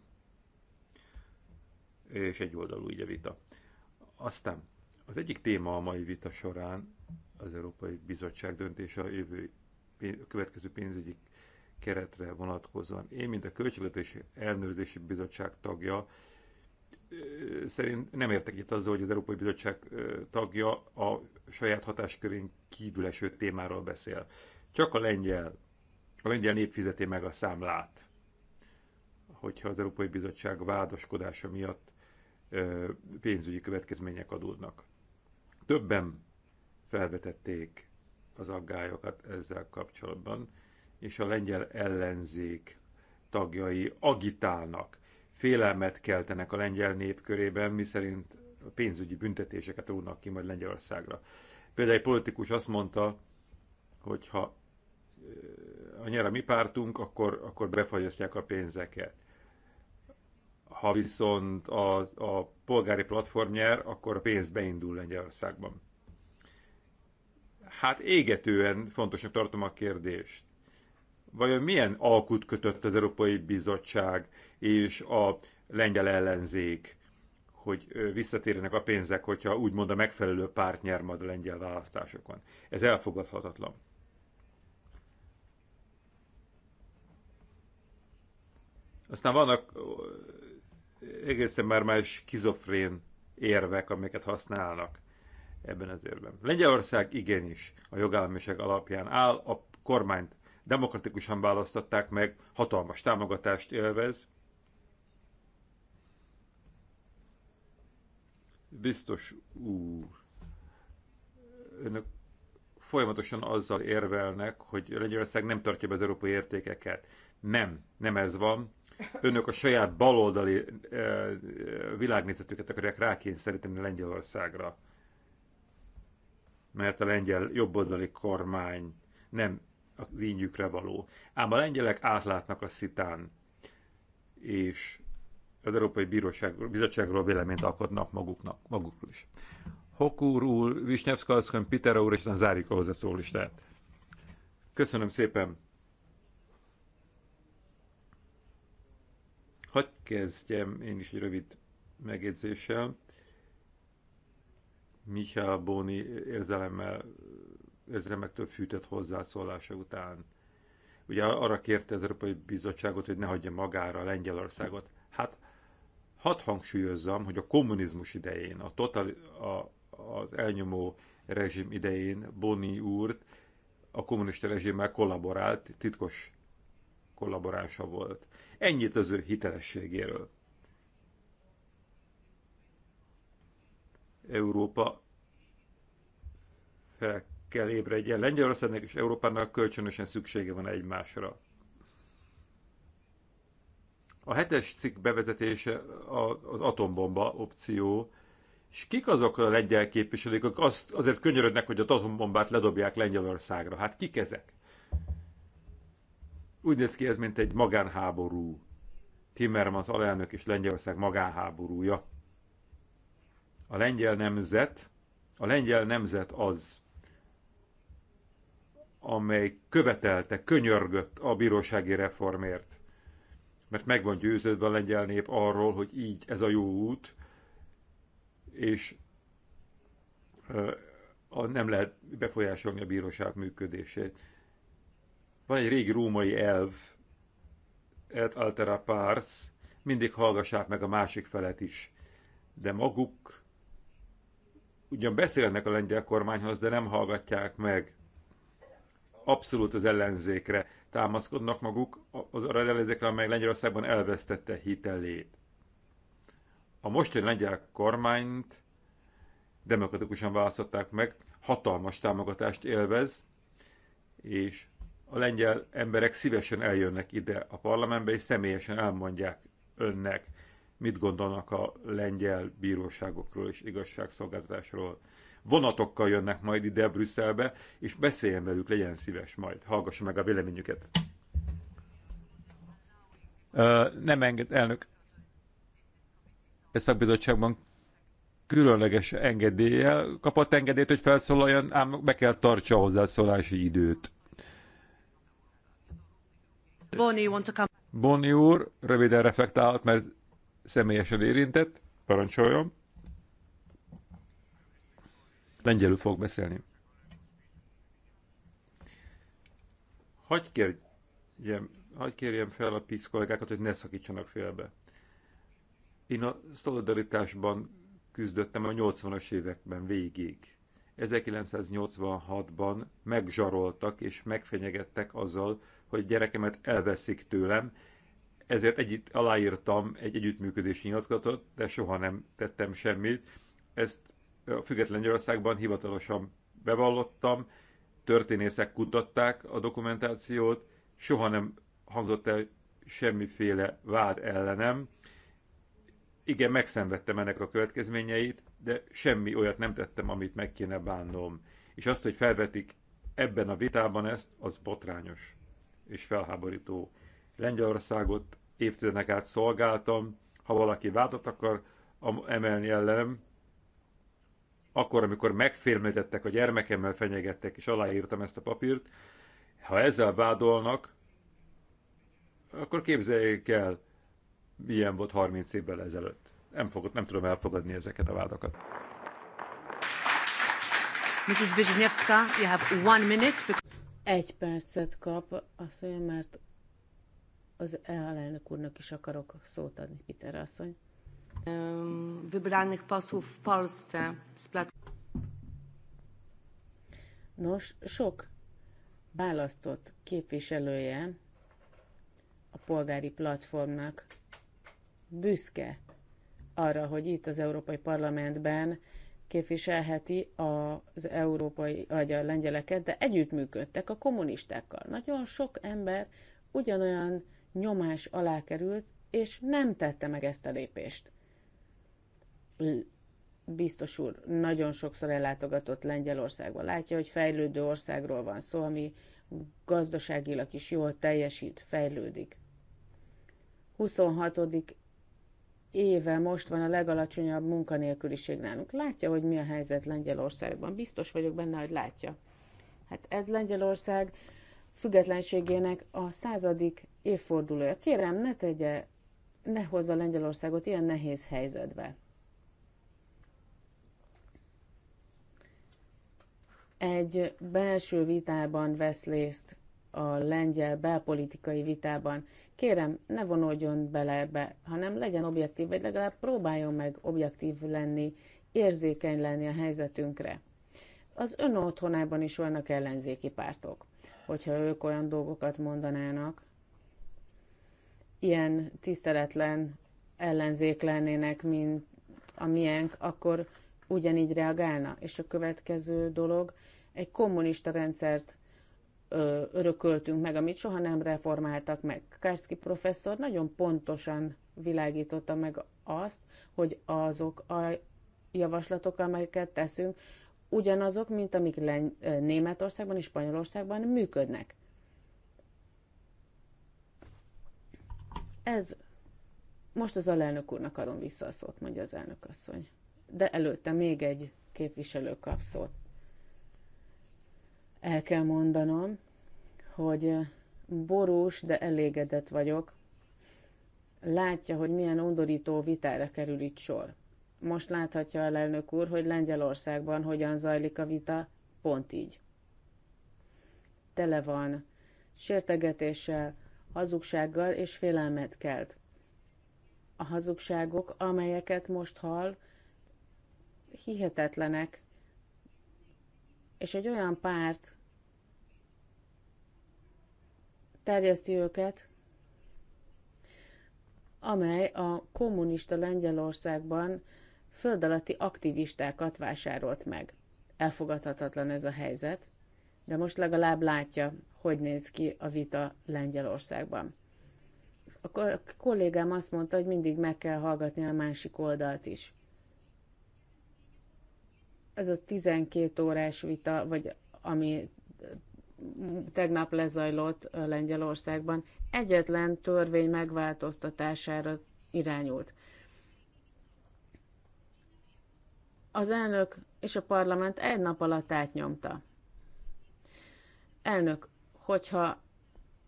és egy oldalú ugye vita. Aztán az egyik téma a mai vita során az Európai Bizottság döntése a jövő a következő pénzügyi keretre vonatkozóan. Én, mint a Költségvetési Elnőrzési Bizottság tagja, szerint nem értek itt azzal, hogy az Európai Bizottság tagja a saját hatáskörén kívül eső témáról beszél. Csak a lengyel, a lengyel nép fizeti meg a számlát, hogyha az Európai Bizottság vádaskodása miatt pénzügyi következmények adódnak. Többen felvetették az aggályokat ezzel kapcsolatban, és a lengyel ellenzék tagjai agitálnak, félelmet keltenek a lengyel nép körében, miszerint pénzügyi büntetéseket rónak ki majd Lengyelországra. Például egy politikus azt mondta, hogy ha a nyer a mi pártunk, akkor, akkor befagyasztják a pénzeket. Ha viszont a, a polgári platform nyer, akkor a pénz beindul Lengyelországban. Hát égetően fontosnak tartom a kérdést. Vajon milyen alkut kötött az Európai Bizottság és a lengyel ellenzék, hogy visszatérjenek a pénzek, hogyha úgymond a megfelelő párt nyer majd a lengyel választásokon? Ez elfogadhatatlan. Aztán vannak egészen már más kizofrén érvek, amiket használnak ebben az érben. Lengyelország igenis a jogállamiság alapján áll, a kormányt demokratikusan választották meg, hatalmas támogatást élvez. Biztos úr, önök folyamatosan azzal érvelnek, hogy Lengyelország nem tartja be az európai értékeket. Nem, nem ez van önök a saját baloldali eh, világnézetüket akarják rákényszeríteni Lengyelországra. Mert a lengyel jobboldali kormány nem az ínyükre való. Ám a lengyelek átlátnak a szitán, és az Európai Bíróság, Bizottságról véleményt alkotnak maguknak, magukról is. Hokúr úr, Visnyevszka asszony, úr, és aztán zárjuk a hozzászólistát. Köszönöm szépen! Hadd kezdjem én is egy rövid megjegyzéssel. Michel Boni érzelemmel, érzelemektől fűtett hozzászólása után. Ugye arra kérte az Európai Bizottságot, hogy ne hagyja magára Lengyelországot. Hát hadd hangsúlyozzam, hogy a kommunizmus idején, a total, a, az elnyomó rezsim idején Boni úrt a kommunista rezsimmel kollaborált titkos kollaboránsa volt. Ennyit az ő hitelességéről. Európa fel kell ébredjen. Lengyelországnak és Európának kölcsönösen szüksége van egymásra. A hetes cikk bevezetése az atombomba opció, és kik azok a lengyel képviselők, akik azt, azért könyörödnek, hogy az atombombát ledobják Lengyelországra? Hát kik ezek? Úgy néz ki ez, mint egy magánháború. Timmermans alelnök és Lengyelország magánháborúja. A lengyel nemzet, a lengyel nemzet az, amely követelte, könyörgött a bírósági reformért. Mert meg van győződve a lengyel nép arról, hogy így ez a jó út, és a, nem lehet befolyásolni a bíróság működését. Van egy régi római elv, et altera pars, mindig hallgassák meg a másik felet is. De maguk ugyan beszélnek a lengyel kormányhoz, de nem hallgatják meg. Abszolút az ellenzékre támaszkodnak maguk, az arra ellenzékre, amely Lengyelországban elvesztette hitelét. A mostani lengyel kormányt demokratikusan választották meg, hatalmas támogatást élvez, és a lengyel emberek szívesen eljönnek ide a parlamentbe, és személyesen elmondják önnek, mit gondolnak a lengyel bíróságokról és igazságszolgáltatásról. Vonatokkal jönnek majd ide Brüsszelbe, és beszéljen velük, legyen szíves majd, hallgassa meg a véleményüket. nem enged, elnök. E a bizottságban különleges engedéllyel kapott engedélyt, hogy felszólaljon, ám be kell tartsa a hozzászólási időt. Bonnie úr, röviden reflektált, mert személyesen érintett, parancsoljon. Lengyelül fog beszélni. Hogy kérjem, hogy kérjem fel a PISZ kollégákat, hogy ne szakítsanak félbe. Én a szolidaritásban küzdöttem a 80-as években végig. 1986-ban megzsaroltak és megfenyegettek azzal, hogy gyerekemet elveszik tőlem, ezért együtt aláírtam egy együttműködési nyilatkozatot, de soha nem tettem semmit. Ezt a független Gyarországban hivatalosan bevallottam, történészek kutatták a dokumentációt, soha nem hangzott el semmiféle vád ellenem. Igen, megszenvedtem ennek a következményeit, de semmi olyat nem tettem, amit meg kéne bánnom. És azt, hogy felvetik ebben a vitában ezt, az botrányos és felháborító. Lengyelországot évtizedek át szolgáltam, ha valaki vádat akar emelni ellenem, akkor, amikor megfélemlítettek, a gyermekemmel fenyegettek, és aláírtam ezt a papírt, ha ezzel vádolnak, akkor képzeljék el, milyen volt 30 évvel ezelőtt. Nem, fogod, nem tudom elfogadni ezeket a vádakat. Mrs. Vizsnyevska, you have one minute. Egy percet kap, azért, mert az elnök úrnak is akarok szót adni, Peter asszony. Wybranych posłów w Polsce z Nos, sok választott képviselője a polgári platformnak büszke arra, hogy itt az Európai Parlamentben képviselheti az európai vagy a lengyeleket, de együttműködtek a kommunistákkal. Nagyon sok ember ugyanolyan nyomás alá került, és nem tette meg ezt a lépést. Biztos úr nagyon sokszor ellátogatott Lengyelországba. Látja, hogy fejlődő országról van szó, ami gazdaságilag is jól teljesít, fejlődik. 26 éve most van a legalacsonyabb munkanélküliség nálunk. Látja, hogy mi a helyzet Lengyelországban. Biztos vagyok benne, hogy látja. Hát ez Lengyelország függetlenségének a századik évfordulója. Kérem, ne tegye, ne hozza Lengyelországot ilyen nehéz helyzetbe. Egy belső vitában vesz részt a lengyel belpolitikai vitában. Kérem, ne vonódjon bele ebbe, hanem legyen objektív, vagy legalább próbáljon meg objektív lenni, érzékeny lenni a helyzetünkre. Az ön otthonában is vannak ellenzéki pártok. Hogyha ők olyan dolgokat mondanának, ilyen tiszteletlen ellenzék lennének, mint a miénk, akkor ugyanígy reagálna. És a következő dolog, egy kommunista rendszert ö, örököltünk meg, amit soha nem reformáltak meg. Kárszki professzor nagyon pontosan világította meg azt, hogy azok a javaslatok, amelyeket teszünk, ugyanazok, mint amik Len- Németországban és Spanyolországban működnek. Ez most az alelnök úrnak adom vissza a szót, mondja az elnök asszony. De előtte még egy képviselő kap szót. El kell mondanom, hogy eh, borús, de elégedett vagyok. Látja, hogy milyen undorító vitára kerül itt sor. Most láthatja a lelnök úr, hogy Lengyelországban hogyan zajlik a vita, pont így. Tele van sértegetéssel, hazugsággal és félelmet kelt. A hazugságok, amelyeket most hall, hihetetlenek, és egy olyan párt terjeszti őket, amely a kommunista Lengyelországban föld alatti aktivistákat vásárolt meg. Elfogadhatatlan ez a helyzet, de most legalább látja, hogy néz ki a vita Lengyelországban. A kollégám azt mondta, hogy mindig meg kell hallgatni a másik oldalt is. Ez a 12 órás vita, vagy ami tegnap lezajlott Lengyelországban, egyetlen törvény megváltoztatására irányult. Az elnök és a parlament egy nap alatt átnyomta. Elnök, hogyha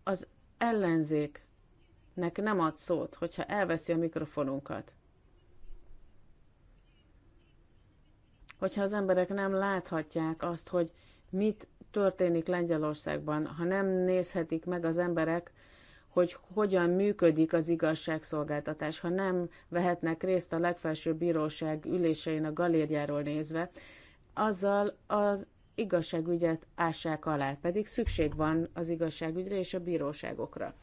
az ellenzéknek nem ad szót, hogyha elveszi a mikrofonunkat, hogyha az emberek nem láthatják azt, hogy mit történik Lengyelországban, ha nem nézhetik meg az emberek, hogy hogyan működik az igazságszolgáltatás, ha nem vehetnek részt a legfelsőbb bíróság ülésein a galériáról nézve, azzal az igazságügyet ássák alá, pedig szükség van az igazságügyre és a bíróságokra.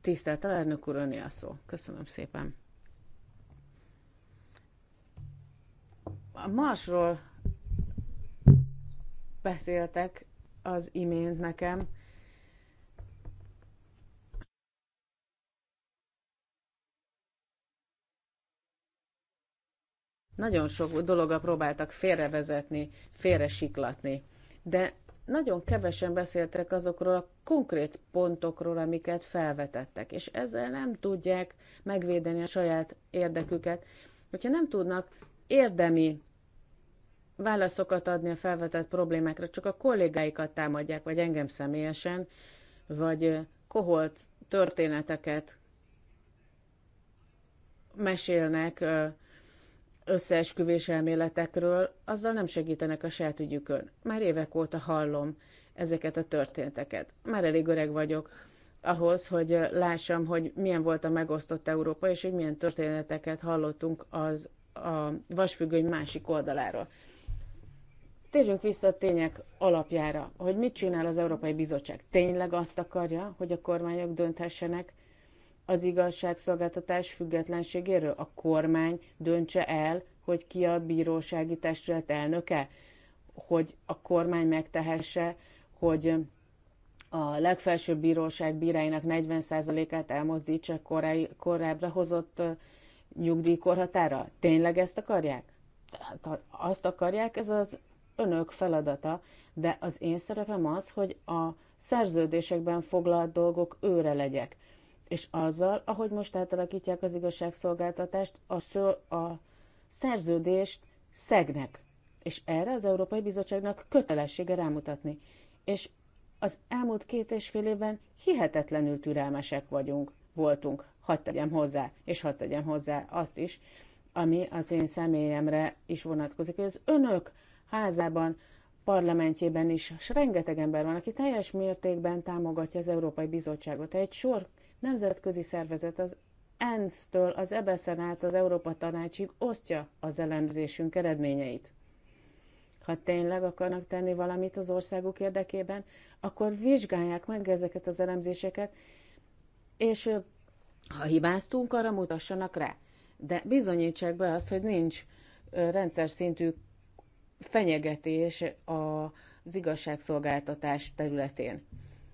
Tisztelt elnök úr, a szó. Köszönöm szépen. A Marsról beszéltek az imént nekem. Nagyon sok dologra próbáltak félrevezetni, félresiklatni, de nagyon kevesen beszéltek azokról a konkrét pontokról, amiket felvetettek, és ezzel nem tudják megvédeni a saját érdeküket. Hogyha nem tudnak érdemi válaszokat adni a felvetett problémákra, csak a kollégáikat támadják, vagy engem személyesen, vagy koholt történeteket mesélnek összeesküvés elméletekről, azzal nem segítenek a saját ügyükön. Már évek óta hallom ezeket a történeteket. Már elég öreg vagyok ahhoz, hogy lássam, hogy milyen volt a megosztott Európa, és hogy milyen történeteket hallottunk az a vasfüggöny másik oldaláról. Térjünk vissza a tények alapjára, hogy mit csinál az Európai Bizottság. Tényleg azt akarja, hogy a kormányok dönthessenek az igazságszolgáltatás függetlenségéről? A kormány döntse el, hogy ki a bírósági testület elnöke? Hogy a kormány megtehesse, hogy a legfelsőbb bíróság bíráinak 40%-át elmozdítsa korábbra hozott nyugdíjkorhatára? Tényleg ezt akarják? Tehát azt akarják, ez az önök feladata, de az én szerepem az, hogy a szerződésekben foglalt dolgok őre legyek. És azzal, ahogy most átalakítják az igazságszolgáltatást, a, ször, a szerződést szegnek. És erre az Európai Bizottságnak kötelessége rámutatni. És az elmúlt két és fél évben hihetetlenül türelmesek vagyunk, voltunk hadd tegyem hozzá, és hadd tegyem hozzá azt is, ami az én személyemre is vonatkozik, hogy az önök házában, parlamentjében is és rengeteg ember van, aki teljes mértékben támogatja az Európai Bizottságot. Egy sor nemzetközi szervezet az ENSZ-től az EBSZ-en át az Európa Tanácsig osztja az elemzésünk eredményeit. Ha tényleg akarnak tenni valamit az országuk érdekében, akkor vizsgálják meg ezeket az elemzéseket, és ha hibáztunk, arra mutassanak rá. De bizonyítsák be azt, hogy nincs rendszer szintű fenyegetés az igazságszolgáltatás területén.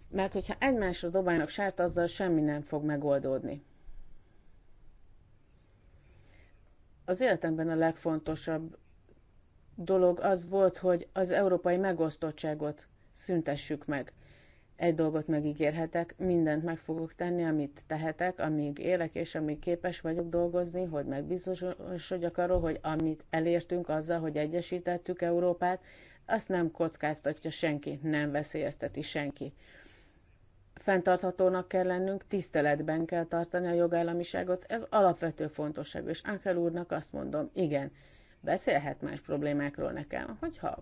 Mert hogyha egymásra dobálnak sárt, azzal semmi nem fog megoldódni. Az életemben a legfontosabb dolog az volt, hogy az európai megosztottságot szüntessük meg. Egy dolgot megígérhetek, mindent meg fogok tenni, amit tehetek, amíg élek és amíg képes vagyok dolgozni, hogy megbizonyosodjak arról, hogy amit elértünk azzal, hogy egyesítettük Európát, azt nem kockáztatja senki, nem veszélyezteti senki. Fentarthatónak kell lennünk, tiszteletben kell tartani a jogállamiságot, ez alapvető fontosság, és Ángel úrnak azt mondom, igen, beszélhet más problémákról nekem, hogyha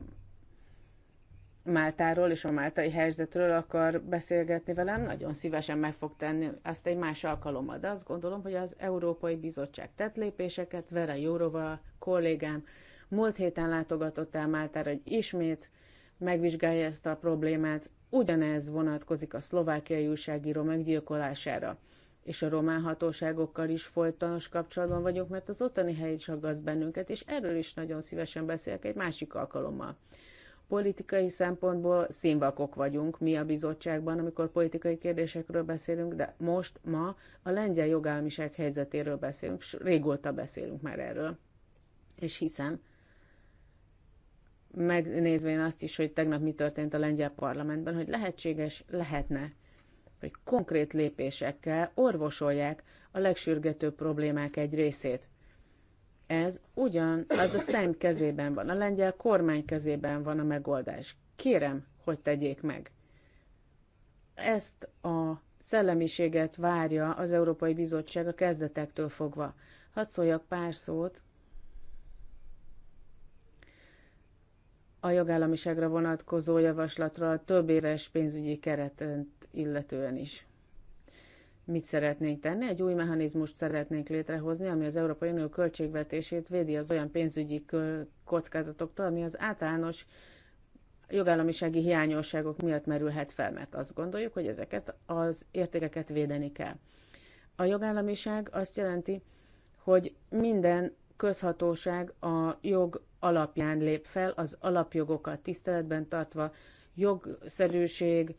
Máltáról és a máltai helyzetről akar beszélgetni velem, nagyon szívesen meg fog tenni azt egy más alkalommal. De azt gondolom, hogy az Európai Bizottság tett lépéseket, Vera Jórova kollégám múlt héten látogatott el Máltára, hogy ismét megvizsgálja ezt a problémát. Ugyanez vonatkozik a szlovákiai újságíró meggyilkolására és a román hatóságokkal is folytonos kapcsolatban vagyunk, mert az ottani hely is aggaszt bennünket, és erről is nagyon szívesen beszélek egy másik alkalommal. Politikai szempontból színvakok vagyunk mi a bizottságban, amikor politikai kérdésekről beszélünk, de most, ma a lengyel jogállamiság helyzetéről beszélünk, és régóta beszélünk már erről. És hiszem, megnézvén azt is, hogy tegnap mi történt a lengyel parlamentben, hogy lehetséges lehetne, hogy konkrét lépésekkel orvosolják a legsürgetőbb problémák egy részét. Ez ugyan, az a szem kezében van, a lengyel kormány kezében van a megoldás. Kérem, hogy tegyék meg. Ezt a szellemiséget várja az Európai Bizottság a kezdetektől fogva. Hadd szóljak pár szót a jogállamiságra vonatkozó a több éves pénzügyi keretet illetően is mit szeretnénk tenni. Egy új mechanizmust szeretnénk létrehozni, ami az Európai Unió költségvetését védi az olyan pénzügyi kockázatoktól, ami az általános jogállamisági hiányosságok miatt merülhet fel, mert azt gondoljuk, hogy ezeket az értékeket védeni kell. A jogállamiság azt jelenti, hogy minden közhatóság a jog alapján lép fel, az alapjogokat tiszteletben tartva, jogszerűség,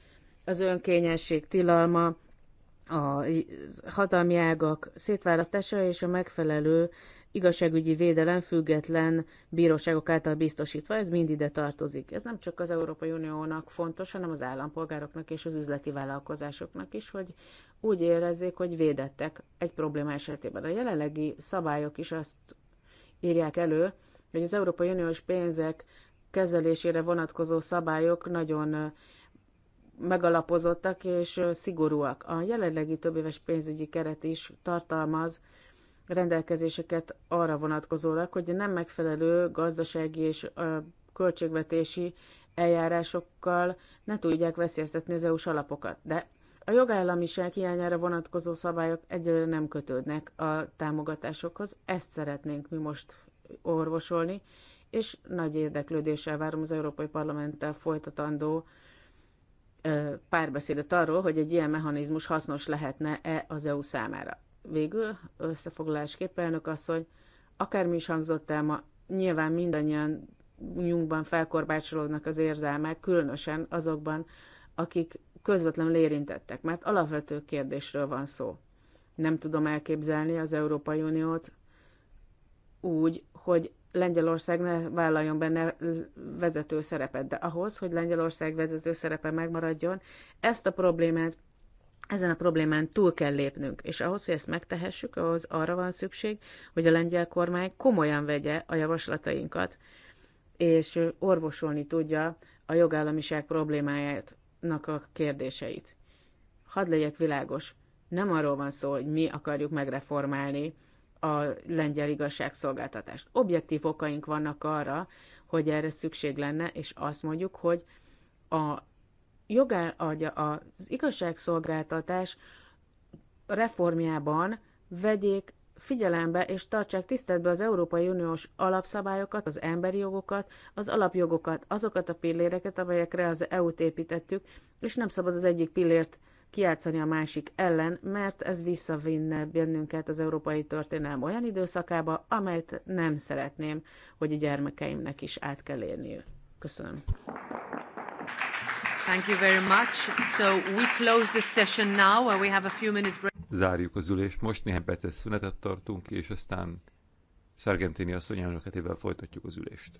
az önkényesség tilalma, a hatalmi ágak szétválasztása és a megfelelő igazságügyi védelem független bíróságok által biztosítva, ez mind ide tartozik. Ez nem csak az Európai Uniónak fontos, hanem az állampolgároknak és az üzleti vállalkozásoknak is, hogy úgy érezzék, hogy védettek egy probléma esetében. A jelenlegi szabályok is azt írják elő, hogy az Európai Uniós pénzek kezelésére vonatkozó szabályok nagyon megalapozottak és szigorúak. A jelenlegi többéves pénzügyi keret is tartalmaz rendelkezéseket arra vonatkozólag, hogy a nem megfelelő gazdasági és költségvetési eljárásokkal ne tudják veszélyeztetni az EU-s alapokat. De a jogállamiság hiányára vonatkozó szabályok egyelőre nem kötődnek a támogatásokhoz, ezt szeretnénk mi most orvosolni, és nagy érdeklődéssel várom az Európai Parlamenttel folytatandó párbeszédet arról, hogy egy ilyen mechanizmus hasznos lehetne-e az EU számára. Végül összefoglalásképpen elnök asszony, akármi is hangzott el ma, nyilván mindannyian nyunkban felkorbácsolódnak az érzelmek, különösen azokban, akik közvetlenül érintettek, mert alapvető kérdésről van szó. Nem tudom elképzelni az Európai Uniót úgy, hogy Lengyelország ne vállaljon benne vezető szerepet, de ahhoz, hogy Lengyelország vezető szerepe megmaradjon, ezt a problémát, ezen a problémán túl kell lépnünk, és ahhoz, hogy ezt megtehessük, ahhoz arra van szükség, hogy a lengyel kormány komolyan vegye a javaslatainkat, és orvosolni tudja a jogállamiság problémájának a kérdéseit. Hadd legyek világos, nem arról van szó, hogy mi akarjuk megreformálni a lengyel igazságszolgáltatást. Objektív okaink vannak arra, hogy erre szükség lenne, és azt mondjuk, hogy a jogá, az igazságszolgáltatás reformjában vegyék figyelembe és tartsák tiszteletbe az Európai Uniós alapszabályokat, az emberi jogokat, az alapjogokat, azokat a pilléreket, amelyekre az EU-t építettük, és nem szabad az egyik pillért kiátszani a másik ellen, mert ez visszavinne bennünket az európai történelem olyan időszakába, amelyet nem szeretném, hogy a gyermekeimnek is át kell érniük. Köszönöm. Thank you very much. So we close session now, and we have a few minutes break. Zárjuk az ülést. Most néhány perces szünetet tartunk, és aztán Szergentini asszony elnöketével folytatjuk az ülést.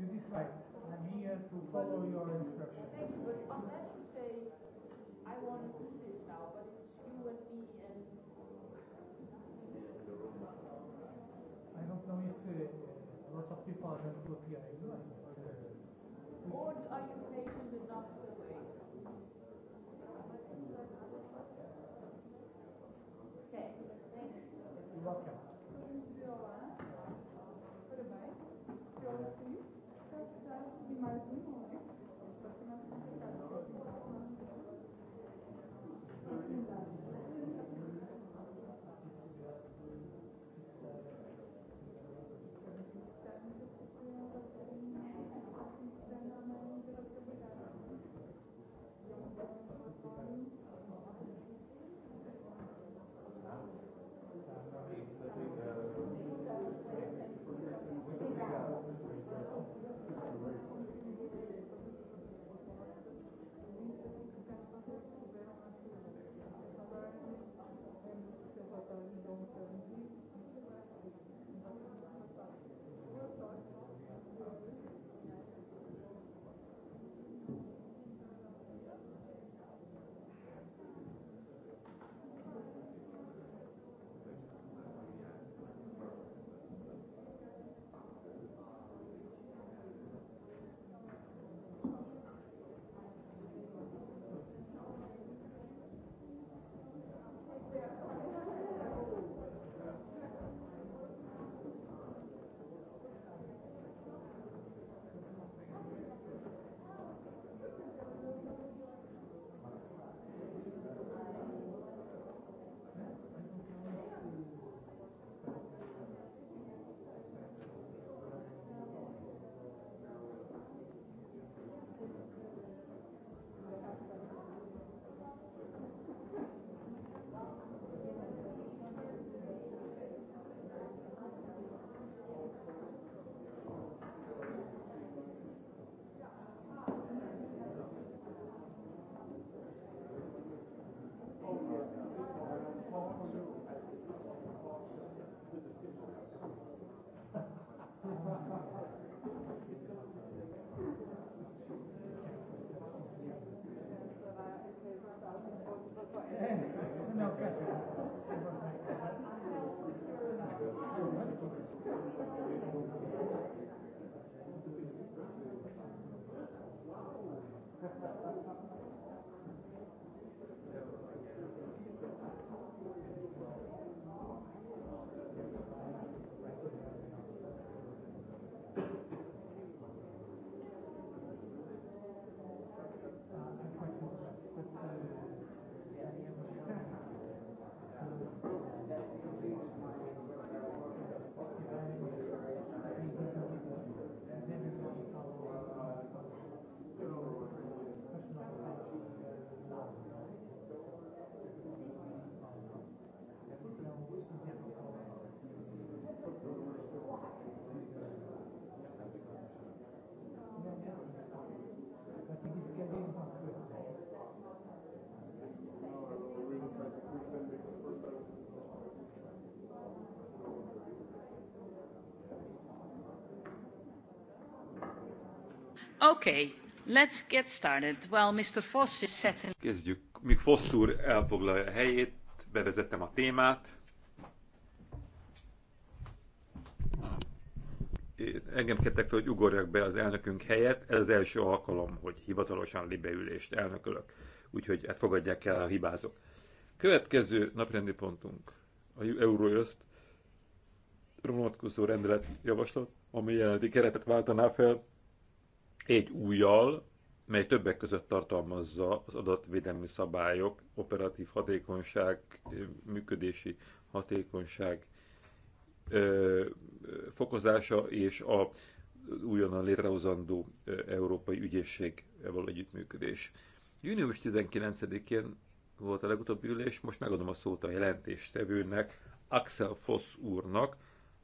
You decide. I'm here to follow your instructions. Thank you, but unless you say, I want to Thank you. Okay, let's get started. Well, Mr. Foss is setting... Kezdjük. Míg Foss úr elfoglalja a helyét, bevezettem a témát. Én engem kettek hogy ugorjak be az elnökünk helyett. Ez az első alkalom, hogy hivatalosan libeülést elnökölök. Úgyhogy hát fogadják el a hibázok. Következő naprendi pontunk a Eurojust vonatkozó rendelet javaslat, ami jelenti keretet váltaná fel egy újjal, mely többek között tartalmazza az adatvédelmi szabályok, operatív hatékonyság, működési hatékonyság fokozása és a újonnan létrehozandó Európai Ügyészség való együttműködés. Június 19-én volt a legutóbbi ülés, most megadom a szót a jelentéstevőnek, Axel Foss úrnak,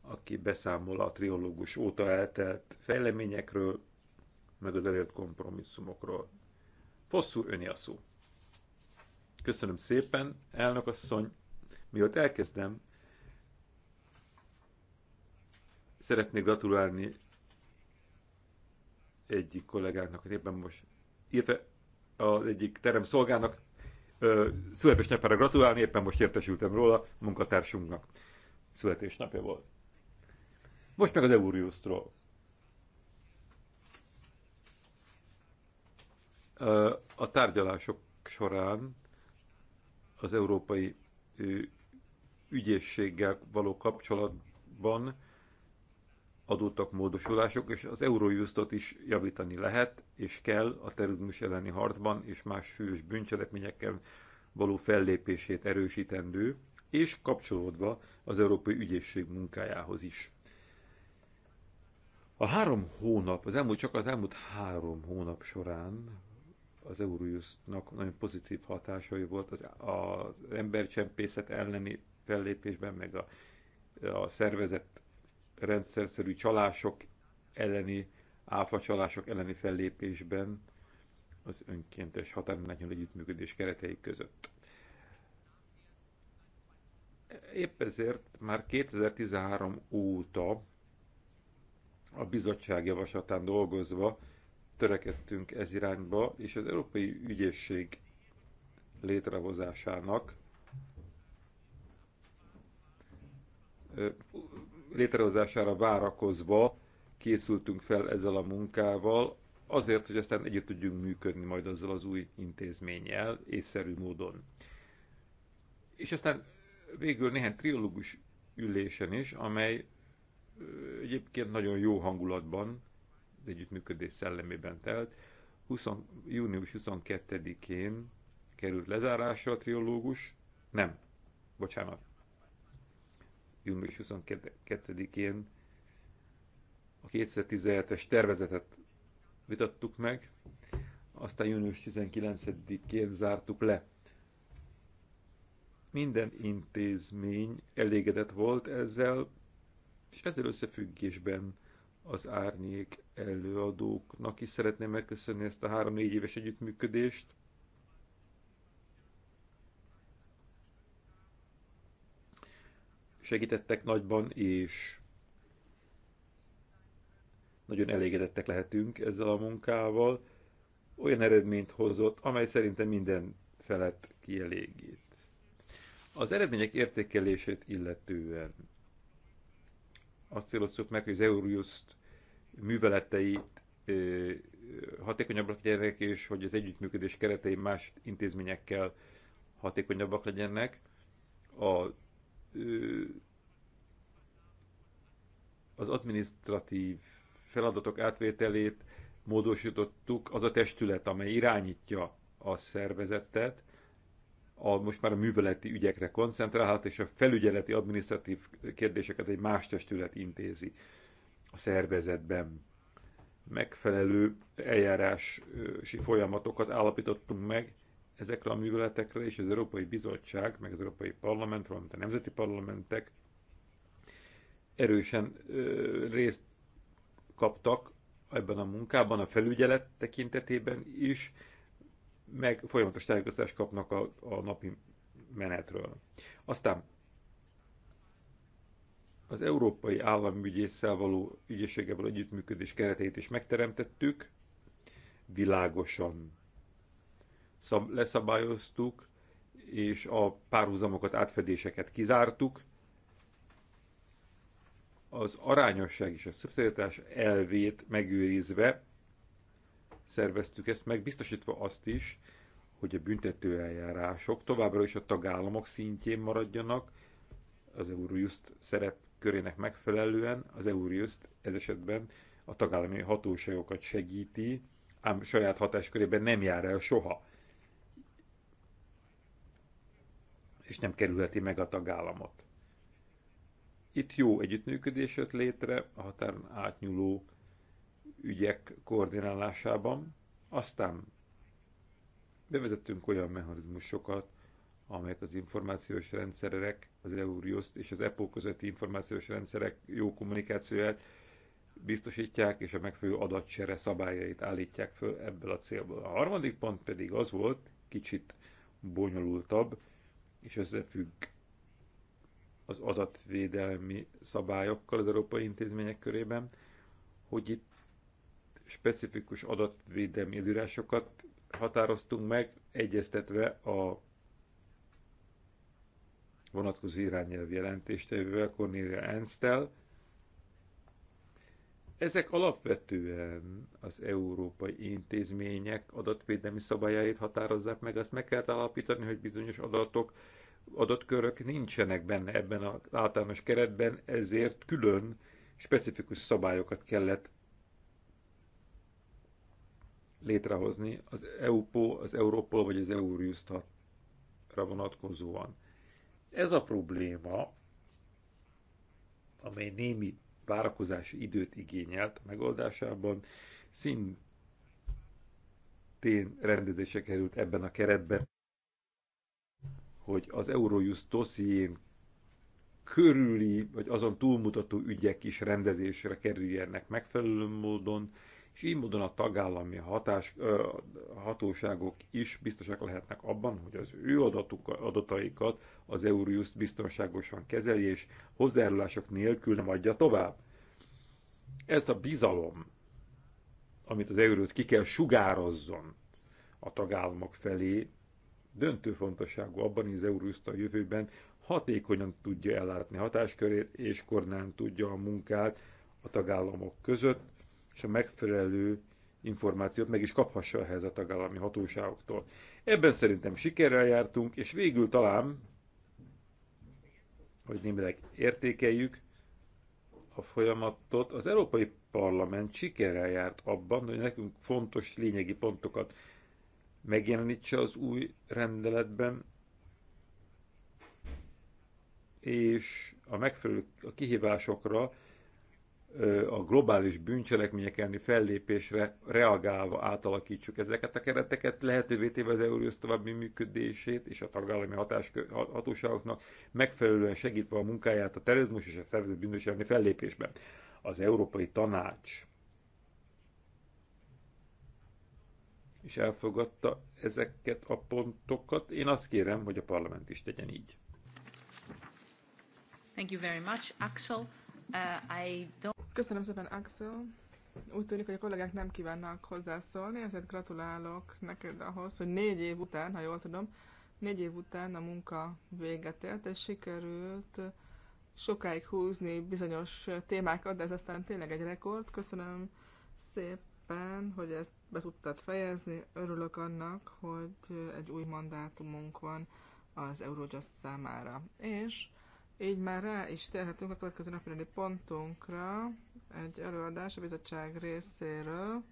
aki beszámol a triológus óta eltelt fejleményekről, meg az elért kompromisszumokról. Fosszú öni a szó. Köszönöm szépen, elnök asszony. Mielőtt elkezdem, szeretnék gratulálni egyik kollégának, éppen most, írta az egyik terem szolgának, születésnapjára gratulálni, éppen most értesültem róla, munkatársunknak születésnapja volt. Most meg az Euriusztról. A tárgyalások során az európai ügyészséggel való kapcsolatban adottak módosulások, és az eurójusztot is javítani lehet, és kell a terrorizmus elleni harcban és más súlyos bűncselekményekkel való fellépését erősítendő, és kapcsolódva az Európai Ügyészség munkájához is. A három hónap, az elmúlt, csak az elmúlt három hónap során az Eurojustnak nagyon pozitív hatásai volt az, az embercsempészet elleni fellépésben, meg a, a szervezett rendszerszerű csalások elleni, csalások elleni fellépésben az önkéntes határmányol együttműködés keretei között. Épp ezért már 2013 óta a bizottság javaslatán dolgozva törekedtünk ez irányba, és az Európai Ügyészség létrehozásának létrehozására várakozva készültünk fel ezzel a munkával, azért, hogy aztán együtt tudjunk működni majd azzal az új intézménnyel, észszerű módon. És aztán végül néhány triológus ülésen is, amely egyébként nagyon jó hangulatban együttműködés szellemében telt. 20, június 22-én került lezárásra a triológus. Nem, bocsánat. Június 22-én a 2017-es tervezetet vitattuk meg, aztán június 19-én zártuk le. Minden intézmény elégedett volt ezzel, és ezzel összefüggésben az árnyék előadóknak is szeretném megköszönni ezt a három-négy éves együttműködést. Segítettek nagyban, és nagyon elégedettek lehetünk ezzel a munkával. Olyan eredményt hozott, amely szerintem minden felett kielégít. Az eredmények értékelését illetően azt céloztuk meg, hogy az Eurojust műveleteit hatékonyabbak legyenek, és hogy az együttműködés keretei más intézményekkel hatékonyabbak legyenek. A, az administratív feladatok átvételét módosítottuk, az a testület, amely irányítja a szervezetet, a, most már a műveleti ügyekre koncentrálhat, és a felügyeleti adminisztratív kérdéseket egy más testület intézi a szervezetben megfelelő eljárási folyamatokat állapítottunk meg ezekre a műveletekre, és az Európai Bizottság, meg az Európai Parlament, valamint a nemzeti parlamentek erősen részt kaptak ebben a munkában, a felügyelet tekintetében is, meg folyamatos tájékoztatást kapnak a, a napi menetről. Aztán az európai államügyésszel való ügyességevel együttműködés keretét is megteremtettük, világosan szab- leszabályoztuk, és a párhuzamokat, átfedéseket kizártuk. Az arányosság és a szubszidiaritás elvét megőrizve szerveztük ezt meg, biztosítva azt is, hogy a büntetőeljárások továbbra is a tagállamok szintjén maradjanak, az Eurojust szerep körének megfelelően az Euriuszt ez esetben a tagállami hatóságokat segíti, ám saját hatáskörében nem jár el soha. És nem kerülheti meg a tagállamot. Itt jó együttműködés jött létre a határon átnyúló ügyek koordinálásában, aztán bevezettünk olyan mechanizmusokat, amelyek az információs rendszerek, az Eurioszt és az EPO közötti információs rendszerek jó kommunikációját biztosítják, és a megfelelő adatcsere szabályait állítják föl ebből a célból. A harmadik pont pedig az volt, kicsit bonyolultabb, és összefügg az adatvédelmi szabályokkal az európai intézmények körében, hogy itt specifikus adatvédelmi időrásokat határoztunk meg, egyeztetve a vonatkozó irányelv jelentéstevővel, Cornelia Enstel. Ezek alapvetően az európai intézmények adatvédelmi szabályait határozzák meg, azt meg kell állapítani, hogy bizonyos adatok, adatkörök nincsenek benne ebben az általános keretben, ezért külön specifikus szabályokat kellett létrehozni az EUPO, az Europol vagy az eurojust vonatkozóan. Ez a probléma, amely némi várakozási időt igényelt a megoldásában, szintén rendezése került ebben a keretben, hogy az Eurojust dosszién körüli, vagy azon túlmutató ügyek is rendezésre kerüljenek megfelelő módon, és így módon a tagállami hatás, ö, hatóságok is biztosak lehetnek abban, hogy az ő adatuk, adataikat az Eurius biztonságosan kezeli, és hozzájárulások nélkül nem adja tovább. Ezt a bizalom, amit az Eurius ki kell sugározzon a tagállamok felé, döntő fontosságú abban, hogy az Eurius a jövőben hatékonyan tudja ellátni hatáskörét, és kornán tudja a munkát a tagállamok között, és a megfelelő információt meg is kaphassa ehhez a tagállami hatóságoktól. Ebben szerintem sikerrel jártunk, és végül talán, hogy némileg értékeljük a folyamatot, az Európai Parlament sikerrel járt abban, hogy nekünk fontos lényegi pontokat megjelenítse az új rendeletben, és a megfelelő a kihívásokra a globális bűncselekmények elleni fellépésre reagálva átalakítsuk ezeket a kereteket, lehetővé téve az Eurősz további működését és a tagállami hatóságoknak megfelelően segítve a munkáját a terrorizmus és a szervezett bűnös elleni fellépésben. Az Európai Tanács és elfogadta ezeket a pontokat. Én azt kérem, hogy a parlament is tegyen így. Thank you very much, Axel. Uh, I don't... Köszönöm szépen, Axel. Úgy tűnik, hogy a kollégák nem kívánnak hozzászólni, ezért gratulálok neked ahhoz, hogy négy év után, ha jól tudom, négy év után a munka véget ért, és sikerült sokáig húzni bizonyos témákat, de ez aztán tényleg egy rekord. Köszönöm szépen, hogy ezt be tudtad fejezni. Örülök annak, hogy egy új mandátumunk van az Eurojust számára. És így már rá is térhetünk a következő napi pontunkra, egy előadás a bizottság részéről.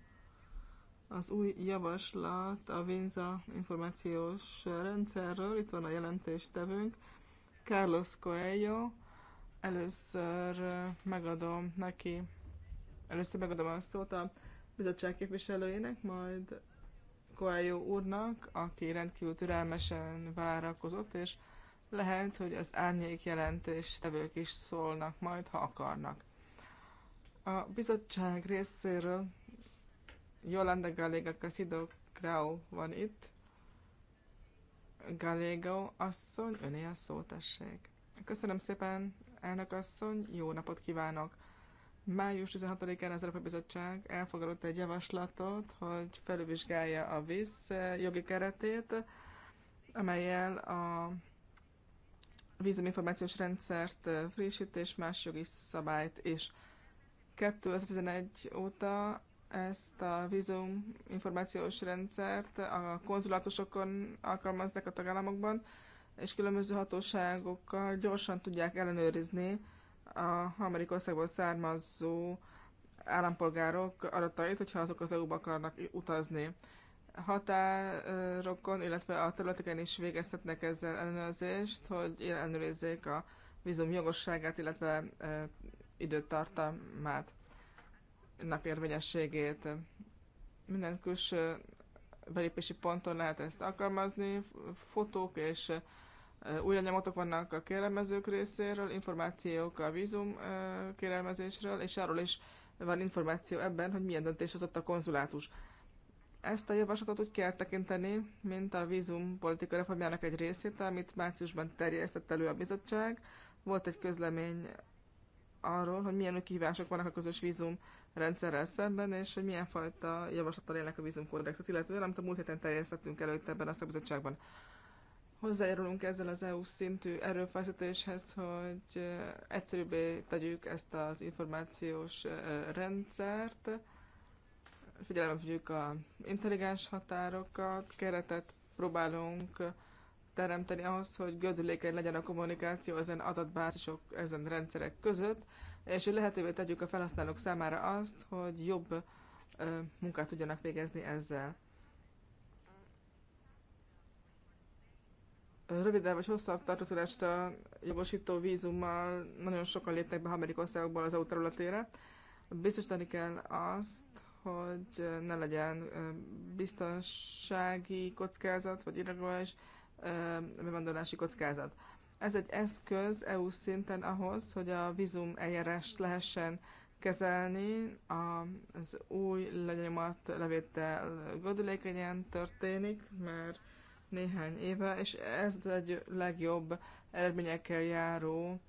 Az új javaslat a Vinza információs rendszerről, itt van a jelentéstevünk. Carlos Coelho. Először megadom neki, először megadom a szót a bizottság képviselőjének, majd Coelho úrnak, aki rendkívül türelmesen várakozott, és lehet, hogy az árnyék jelentés tevők is szólnak majd, ha akarnak. A bizottság részéről Jolanda Galéga Casido Grau van itt. Galégao asszony, öné a szó, tessék. Köszönöm szépen, elnök asszony, jó napot kívánok! Május 16-án az Európai Bizottság elfogadott egy javaslatot, hogy felülvizsgálja a víz jogi keretét, amelyel a vízuminformációs rendszert frissítés, más jogi szabályt is. 2011 óta ezt a vízuminformációs rendszert a konzulátusokon alkalmaznak a tagállamokban, és különböző hatóságokkal gyorsan tudják ellenőrizni a harmadik országból származó állampolgárok adatait, hogyha azok az EU-ba akarnak utazni határokon, illetve a területeken is végezhetnek ezzel ellenőrzést, hogy ellenőrizzék a vízum jogosságát, illetve időtartamát, napérvényességét. Minden külső belépési ponton lehet ezt alkalmazni, fotók és új anyagok vannak a kérelmezők részéről, információk a vízum kérelmezésről, és arról is van információ ebben, hogy milyen döntés hozott a konzulátus. Ezt a javaslatot úgy kell tekinteni, mint a vízum politika reformjának egy részét, amit márciusban terjesztett elő a bizottság. Volt egy közlemény arról, hogy milyen új kihívások vannak a közös vízum rendszerrel szemben, és hogy milyen fajta javaslattal élnek a vízumkódexet, illetve amit a múlt héten terjesztettünk elő itt ebben a szakbizottságban. Hozzájárulunk ezzel az EU szintű erőfeszítéshez, hogy egyszerűbbé tegyük ezt az információs eh, rendszert, figyelembe vegyük a intelligens határokat, keretet próbálunk teremteni ahhoz, hogy gördülékeny legyen a kommunikáció ezen adatbázisok, ezen rendszerek között, és hogy lehetővé tegyük a felhasználók számára azt, hogy jobb munkát tudjanak végezni ezzel. Rövidebb vagy hosszabb a jogosító vízummal nagyon sokan léptek be Amerikországokból az EU területére. Biztosítani kell azt, hogy ne legyen biztonsági kockázat, vagy irreguláris bevándorlási kockázat. Ez egy eszköz EU szinten ahhoz, hogy a vízum eljárást lehessen kezelni, az új lenyomat levétel gödülékenyen történik, mert néhány éve, és ez egy legjobb eredményekkel járó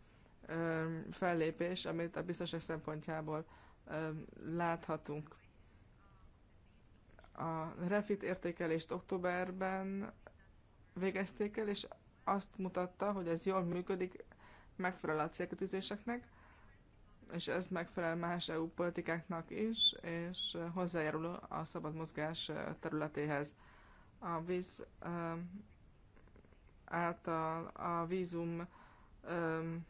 fellépés, amit a biztonság szempontjából láthatunk. A refit értékelést októberben végezték el, és azt mutatta, hogy ez jól működik, megfelel a célkötőzéseknek, és ez megfelel más EU politikáknak is, és hozzájárul a szabad mozgás területéhez. A víz um, által a vízum um,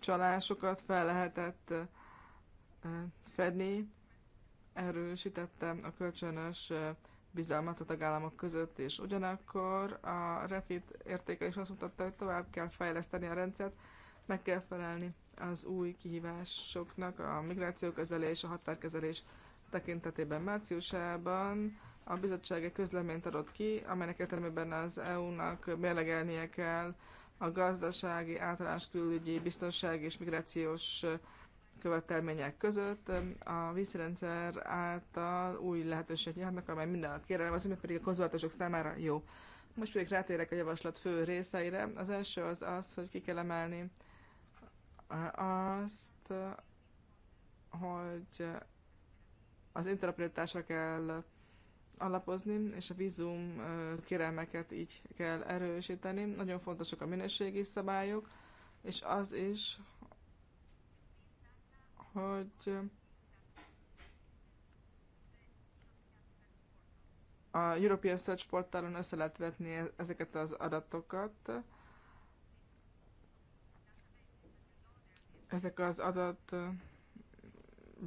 csalásokat fel lehetett uh, fedni, erősítette a kölcsönös bizalmat a tagállamok között is. Ugyanakkor a refit értéke is azt mutatta, hogy tovább kell fejleszteni a rendszert, meg kell felelni az új kihívásoknak, a migrációkezelés, a határkezelés tekintetében. Márciusában a bizottság egy közleményt adott ki, amelynek értelmében az EU-nak mérlegelnie kell a gazdasági, általános külügyi, biztonsági és migrációs követelmények között a vízrendszer által új lehetőség nyílhatnak, amely minden a az pedig a konzulátusok számára jó. Most pedig rátérek a javaslat fő részeire. Az első az az, hogy ki kell emelni e, azt, hogy az interoperatásra kell alapozni, és a vízum e, kérelmeket így kell erősíteni. Nagyon fontosak a minőségi szabályok, és az is, hogy a European Search portálon össze lehet vetni ezeket az adatokat. Ezek az adat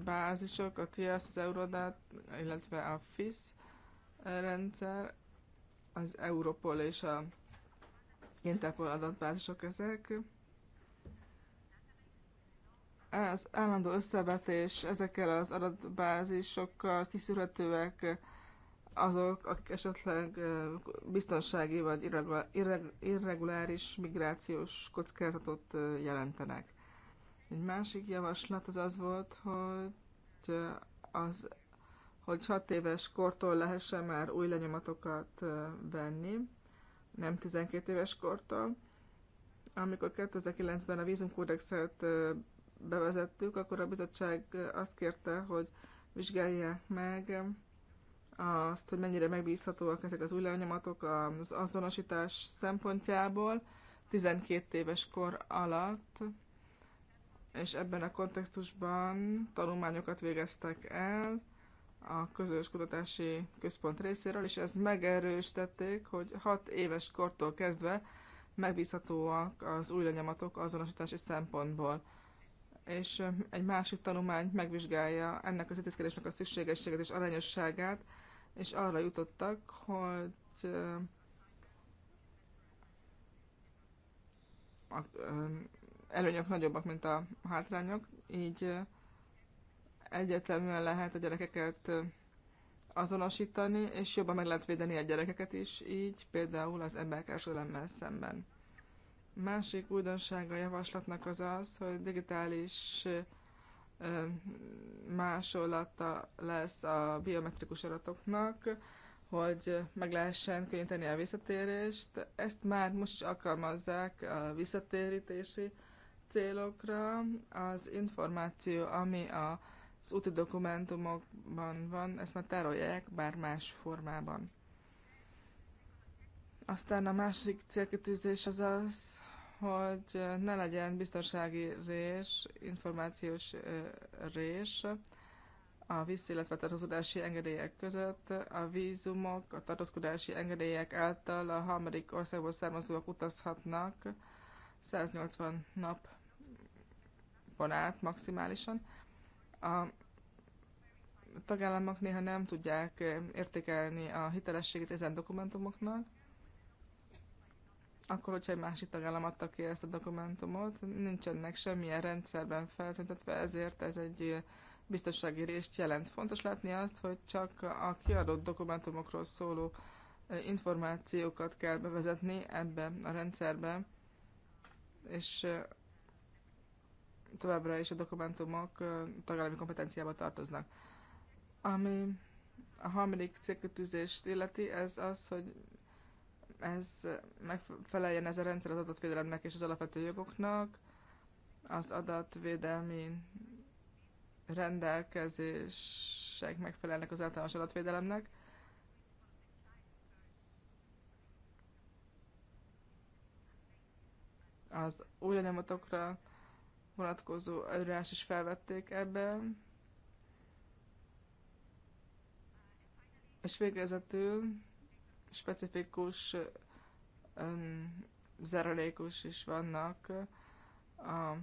bázisok, a TIAS, az Eurodat, illetve a FIS rendszer, az Europol és a Interpol adatbázisok ezek az állandó összevetés ezekkel az adatbázisokkal kiszűrhetőek azok, akik esetleg biztonsági vagy irreguláris migrációs kockázatot jelentenek. Egy másik javaslat az az volt, hogy az hogy 6 éves kortól lehessen már új lenyomatokat venni, nem 12 éves kortól. Amikor 2009-ben a vízumkódexet bevezettük, akkor a bizottság azt kérte, hogy vizsgálják meg azt, hogy mennyire megbízhatóak ezek az új lenyomatok az azonosítás szempontjából 12 éves kor alatt, és ebben a kontextusban tanulmányokat végeztek el a közös kutatási központ részéről, és ez megerősítették, hogy 6 éves kortól kezdve megbízhatóak az új lenyomatok azonosítási szempontból és egy másik tanulmány megvizsgálja ennek az intézkedésnek a szükségességet és arányosságát, és arra jutottak, hogy a előnyök nagyobbak, mint a hátrányok, így egyértelműen lehet a gyerekeket azonosítani, és jobban meg lehet védeni a gyerekeket is, így például az emberkereskedelemmel szemben. Másik újdonsága a javaslatnak az az, hogy digitális másolata lesz a biometrikus adatoknak, hogy meg lehessen könnyíteni a visszatérést. Ezt már most is alkalmazzák a visszatérítési célokra. Az információ, ami az úti dokumentumokban van, ezt már tárolják, bár más formában. Aztán a másik célkitűzés az az, hogy ne legyen biztonsági rés, információs rés a víz, illetve a tartózkodási engedélyek között. A vízumok, a tartózkodási engedélyek által a harmadik országból származóak utazhatnak 180 nap át maximálisan. A tagállamok néha nem tudják értékelni a hitelességét ezen dokumentumoknak, akkor, hogyha egy másik tagállam adta ki ezt a dokumentumot, nincsenek semmilyen rendszerben feltüntetve, ezért ez egy biztonsági részt jelent. Fontos látni azt, hogy csak a kiadott dokumentumokról szóló információkat kell bevezetni ebbe a rendszerbe, és továbbra is a dokumentumok tagállami kompetenciába tartoznak. Ami a harmadik célkötűzést illeti, ez az, hogy ez megfeleljen ez a rendszer az adatvédelemnek és az alapvető jogoknak, az adatvédelmi rendelkezések megfelelnek az általános adatvédelemnek. Az új lenyomatokra vonatkozó előrás is felvették ebbe. És végezetül specifikus zárulékos is vannak a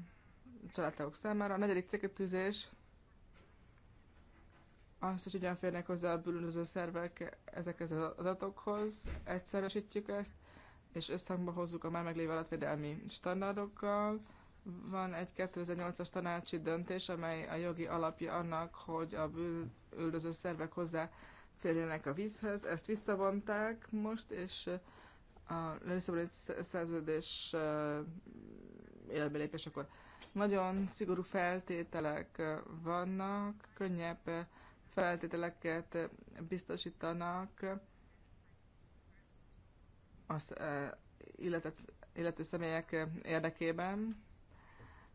családtagok számára. A negyedik célkitűzés az, hogy hogyan férnek hozzá a bűnöző szervek ezekhez az adatokhoz, egyszerűsítjük ezt, és összhangba hozzuk a már meglévő adatvédelmi standardokkal. Van egy 2008-as tanácsi döntés, amely a jogi alapja annak, hogy a bűnöző szervek hozzá férjenek a vízhez. Ezt visszavonták most, és eh, a Lisszaboni szerződés eh, életbelépés akkor Nagyon szigorú feltételek eh, vannak, könnyebb feltételeket biztosítanak az illető személyek érdekében.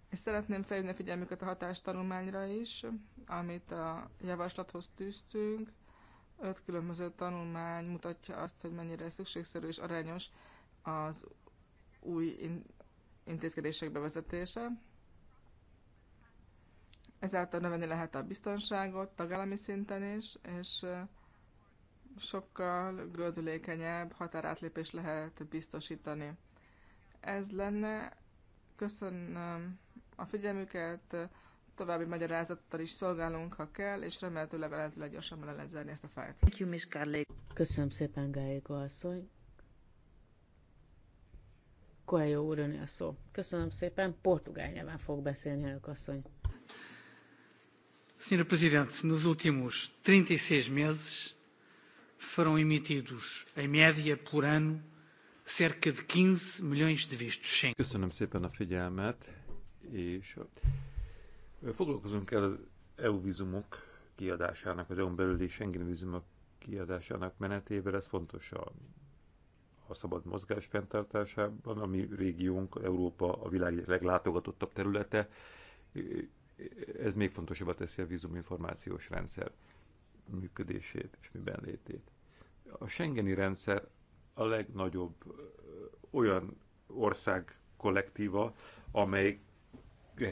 És szeretném felhívni a figyelmüket a hatástanulmányra is, amit a javaslathoz tűztünk. Öt különböző tanulmány mutatja azt, hogy mennyire szükségszerű és arányos az új intézkedések bevezetése. Ezáltal növelni lehet a biztonságot tagállami szinten is, és sokkal gördülékenyebb határátlépés lehet biztosítani. Ez lenne. Köszönöm a figyelmüket, további magyarázattal is szolgálunk, ha kell, és remélhetőleg a lehető leggyorsabban le lehet zárni ezt a fájt. Köszönöm szépen, Gájéko asszony. Coelho úr, a szó. Köszönöm szépen, portugál nyelven fog beszélni elnök asszony. Senhora Presidente, nos últimos 36 e meses foram emitidos, em média por ano, cerca de 15 milhões de vistos Köszönöm szépen a figyelmet, és Foglalkozunk el az EU vízumok kiadásának, az EU-n belüli Schengen vízumok kiadásának menetével, ez fontos a, a szabad mozgás fenntartásában, ami régiónk, Európa a világ leglátogatottabb területe, ez még fontosabb teszi a vízuminformációs rendszer működését és miben létét. A Schengeni rendszer a legnagyobb olyan ország kollektíva, amely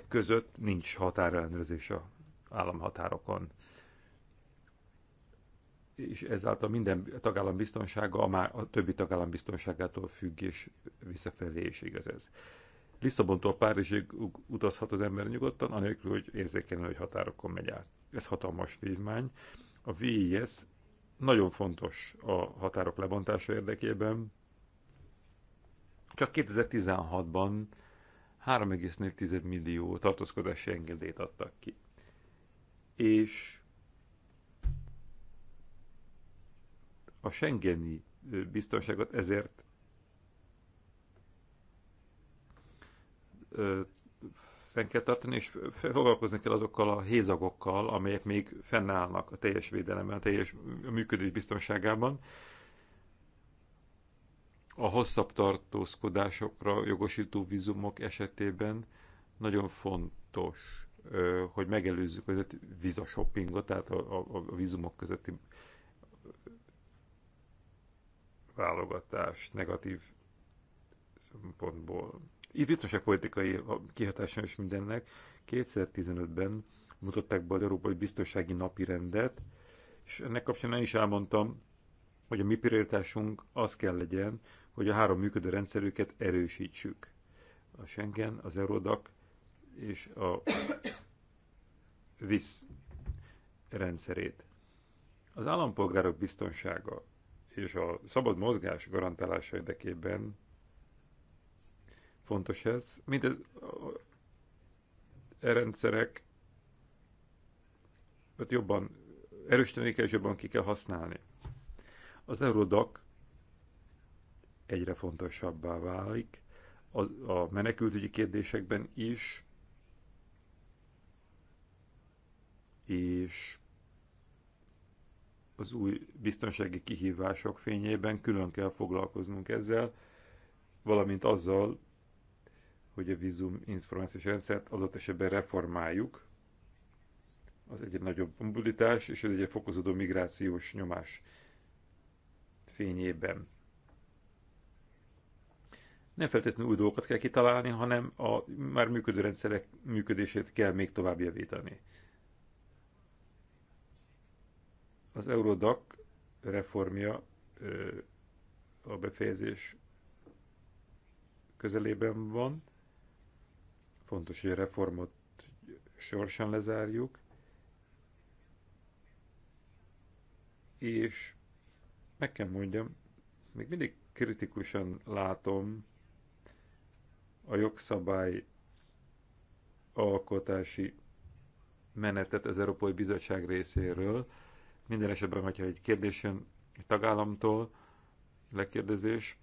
között nincs határellenőrzés a államhatárokon. És ezáltal minden tagállam biztonsága a, már a többi tagállam biztonságától függ, és visszafelé is igaz ez. Lisszabontól Párizsig utazhat az ember nyugodtan, anélkül, hogy érzékeny hogy határokon megy át. Ez hatalmas vívmány. A VIS nagyon fontos a határok lebontása érdekében. Csak 2016-ban 3,4 millió tartózkodási engedélyt adtak ki. És a Schengeni biztonságot ezért fenn kell tartani, és foglalkozni kell azokkal a hézagokkal, amelyek még fennállnak a teljes védelemben, a teljes működés biztonságában, a hosszabb tartózkodásokra jogosító vízumok esetében nagyon fontos, hogy megelőzzük a vizashoppingot, tehát a, a, a vízumok közötti válogatás negatív szempontból. Itt biztos a politikai kihatása is mindennek. 2015-ben mutatták be az Európai Biztonsági Napirendet, és ennek kapcsán is elmondtam, hogy a mi prioritásunk az kell legyen, hogy a három működő rendszerüket erősítsük. A Schengen, az Eurodac és a VISZ rendszerét. Az állampolgárok biztonsága és a szabad mozgás garantálása érdekében fontos ez, mint ez e rendszerek hát jobban erősíteni kell és jobban ki kell használni. Az Eurodac egyre fontosabbá válik, A, a menekültügyi kérdésekben is, és az új biztonsági kihívások fényében külön kell foglalkoznunk ezzel, valamint azzal, hogy a vízum információs rendszert adott esetben reformáljuk, az egyre nagyobb mobilitás és az egyre fokozódó migrációs nyomás fényében nem feltétlenül új dolgokat kell kitalálni, hanem a már működő rendszerek működését kell még tovább javítani. Az Eurodac reformja a befejezés közelében van. Fontos, hogy a reformot sorsan lezárjuk, és meg kell mondjam, még mindig kritikusan látom a jogszabály alkotási menetet az Európai Bizottság részéről. Minden esetben, hogyha egy kérdés jön egy tagállamtól, lekérdezés,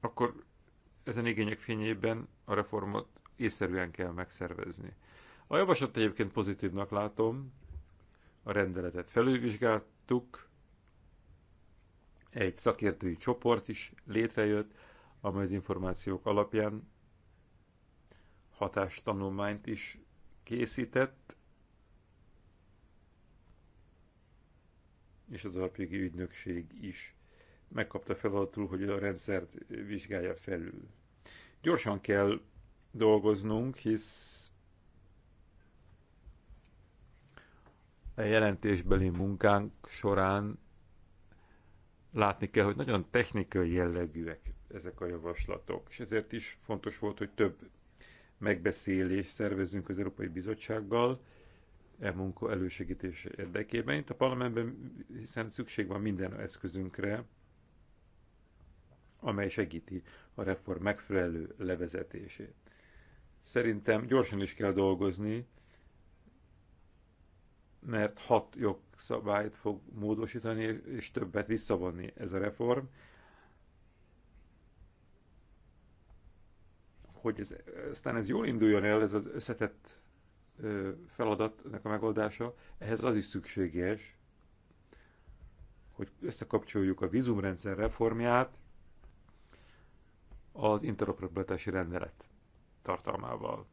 akkor ezen igények fényében a reformot észszerűen kell megszervezni. A javaslat egyébként pozitívnak látom, a rendeletet felülvizsgáltuk, egy szakértői csoport is létrejött, amely az információk alapján hatástanulmányt is készített, és az alapjogi ügynökség is megkapta feladatul, hogy a rendszert vizsgálja felül. Gyorsan kell dolgoznunk, hisz a jelentésbeli munkánk során látni kell, hogy nagyon technikai jellegűek ezek a javaslatok. És ezért is fontos volt, hogy több megbeszélést szervezzünk az Európai Bizottsággal e munka elősegítése érdekében. Itt a parlamentben hiszen szükség van minden eszközünkre, amely segíti a reform megfelelő levezetését. Szerintem gyorsan is kell dolgozni, mert hat jogszabályt fog módosítani, és többet visszavonni ez a reform. hogy ez, aztán ez jól induljon el, ez az összetett feladatnak a megoldása, ehhez az is szükséges, hogy összekapcsoljuk a vízumrendszer reformját az interoperabilitási rendelet tartalmával.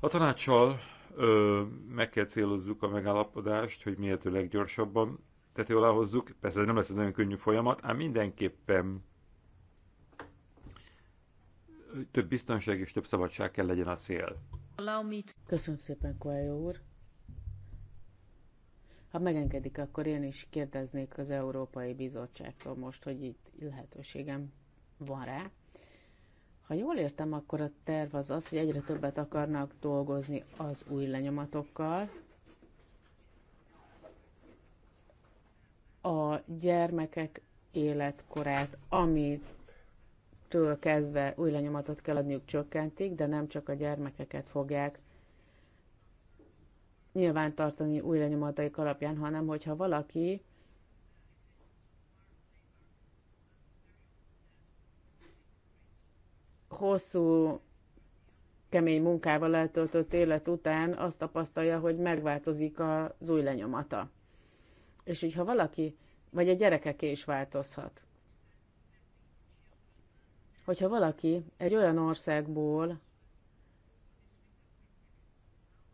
A tanácssal ö, meg kell célozzuk a megállapodást, hogy mihető leggyorsabban tető alá hozzuk. Persze nem lesz ez nagyon könnyű folyamat, ám mindenképpen több biztonság és több szabadság kell legyen a cél. Köszönöm szépen, Koályó úr. Ha megengedik, akkor én is kérdeznék az Európai Bizottságtól most, hogy itt lehetőségem van rá. Ha jól értem, akkor a terv az az, hogy egyre többet akarnak dolgozni az új lenyomatokkal, a gyermekek életkorát, amit től kezdve új lenyomatot kell adniuk csökkentik, de nem csak a gyermekeket fogják tartani új lenyomataik alapján, hanem hogyha valaki hosszú, kemény munkával eltöltött élet után azt tapasztalja, hogy megváltozik az új lenyomata. És hogyha valaki, vagy a gyerekeké is változhat hogyha valaki egy olyan országból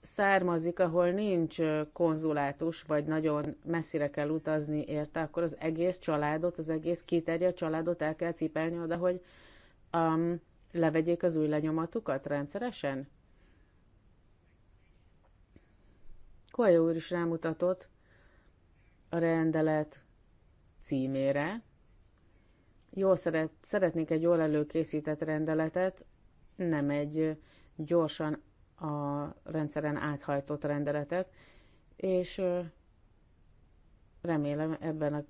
származik, ahol nincs konzulátus, vagy nagyon messzire kell utazni érte, akkor az egész családot, az egész kiterjedt családot el kell cipelni oda, hogy um, levegyék az új lenyomatukat rendszeresen? Kolya úr is rámutatott a rendelet címére, jól szeret, szeretnék egy jól előkészített rendeletet, nem egy gyorsan a rendszeren áthajtott rendeletet, és remélem ebben a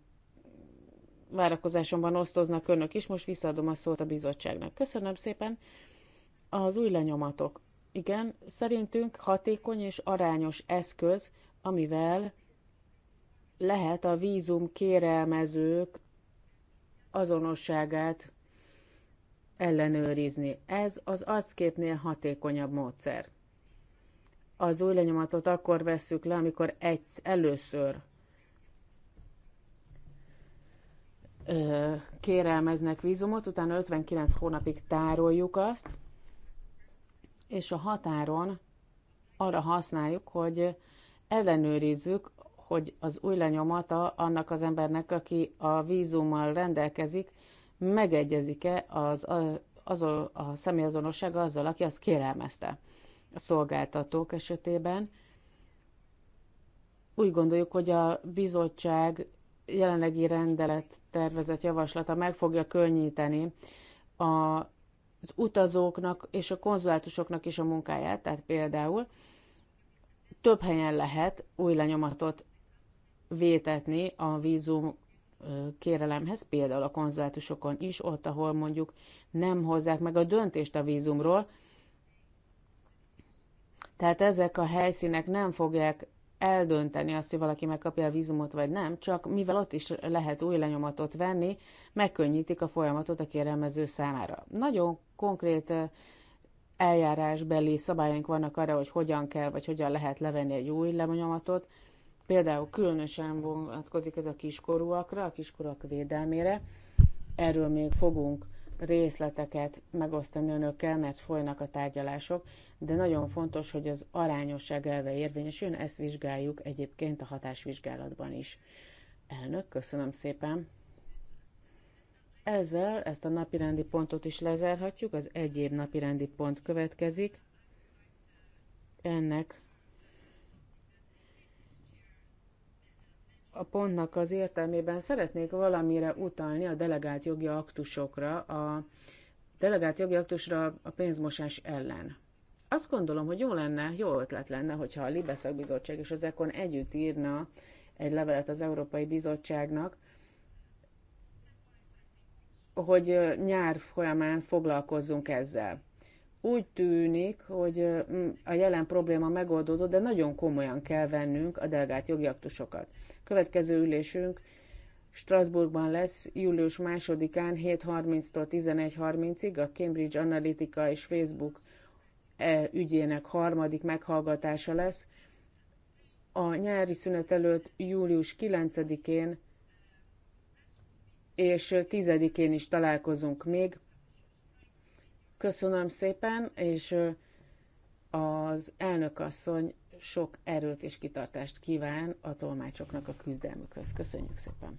várakozásomban osztoznak önök is. Most visszaadom a szót a bizottságnak. Köszönöm szépen. Az új lenyomatok. Igen, szerintünk hatékony és arányos eszköz, amivel lehet a vízum kérelmezők azonosságát ellenőrizni. Ez az arcképnél hatékonyabb módszer. Az új lenyomatot akkor vesszük le, amikor egy, először ö, kérelmeznek vízumot, utána 59 hónapig tároljuk azt, és a határon arra használjuk, hogy ellenőrizzük hogy az új lenyomata annak az embernek, aki a vízummal rendelkezik, megegyezik-e az, az, a személyazonossága azzal, aki azt kérelmezte a szolgáltatók esetében. Úgy gondoljuk, hogy a bizottság jelenlegi rendelet tervezett javaslata meg fogja könnyíteni a az utazóknak és a konzulátusoknak is a munkáját, tehát például több helyen lehet új lenyomatot vétetni a vízum kérelemhez, például a konzulátusokon is, ott, ahol mondjuk nem hozzák meg a döntést a vízumról. Tehát ezek a helyszínek nem fogják eldönteni azt, hogy valaki megkapja a vízumot vagy nem, csak mivel ott is lehet új lenyomatot venni, megkönnyítik a folyamatot a kérelmező számára. Nagyon konkrét eljárásbeli szabályaink vannak arra, hogy hogyan kell, vagy hogyan lehet levenni egy új lenyomatot, Például különösen vonatkozik ez a kiskorúakra, a kiskorúak védelmére. Erről még fogunk részleteket megosztani önökkel, mert folynak a tárgyalások, de nagyon fontos, hogy az arányosság elve érvényesüljön, ezt vizsgáljuk egyébként a hatásvizsgálatban is. Elnök, köszönöm szépen! Ezzel ezt a napirendi pontot is lezárhatjuk, az egyéb napirendi pont következik. Ennek a pontnak az értelmében szeretnék valamire utalni a delegált jogi aktusokra, a delegált jogi aktusra a pénzmosás ellen. Azt gondolom, hogy jó lenne, jó ötlet lenne, hogyha a Libeszak Bizottság és az EKON együtt írna egy levelet az Európai Bizottságnak, hogy nyár folyamán foglalkozzunk ezzel úgy tűnik, hogy a jelen probléma megoldódott, de nagyon komolyan kell vennünk a delegált jogi aktusokat. Következő ülésünk Strasbourgban lesz július 2-án 7.30-tól 11.30-ig a Cambridge Analytica és Facebook e, ügyének harmadik meghallgatása lesz. A nyári szünet előtt július 9-én és 10-én is találkozunk még Köszönöm szépen, és az elnökasszony sok erőt és kitartást kíván a tolmácsoknak a küzdelmükhöz. Köszönjük szépen!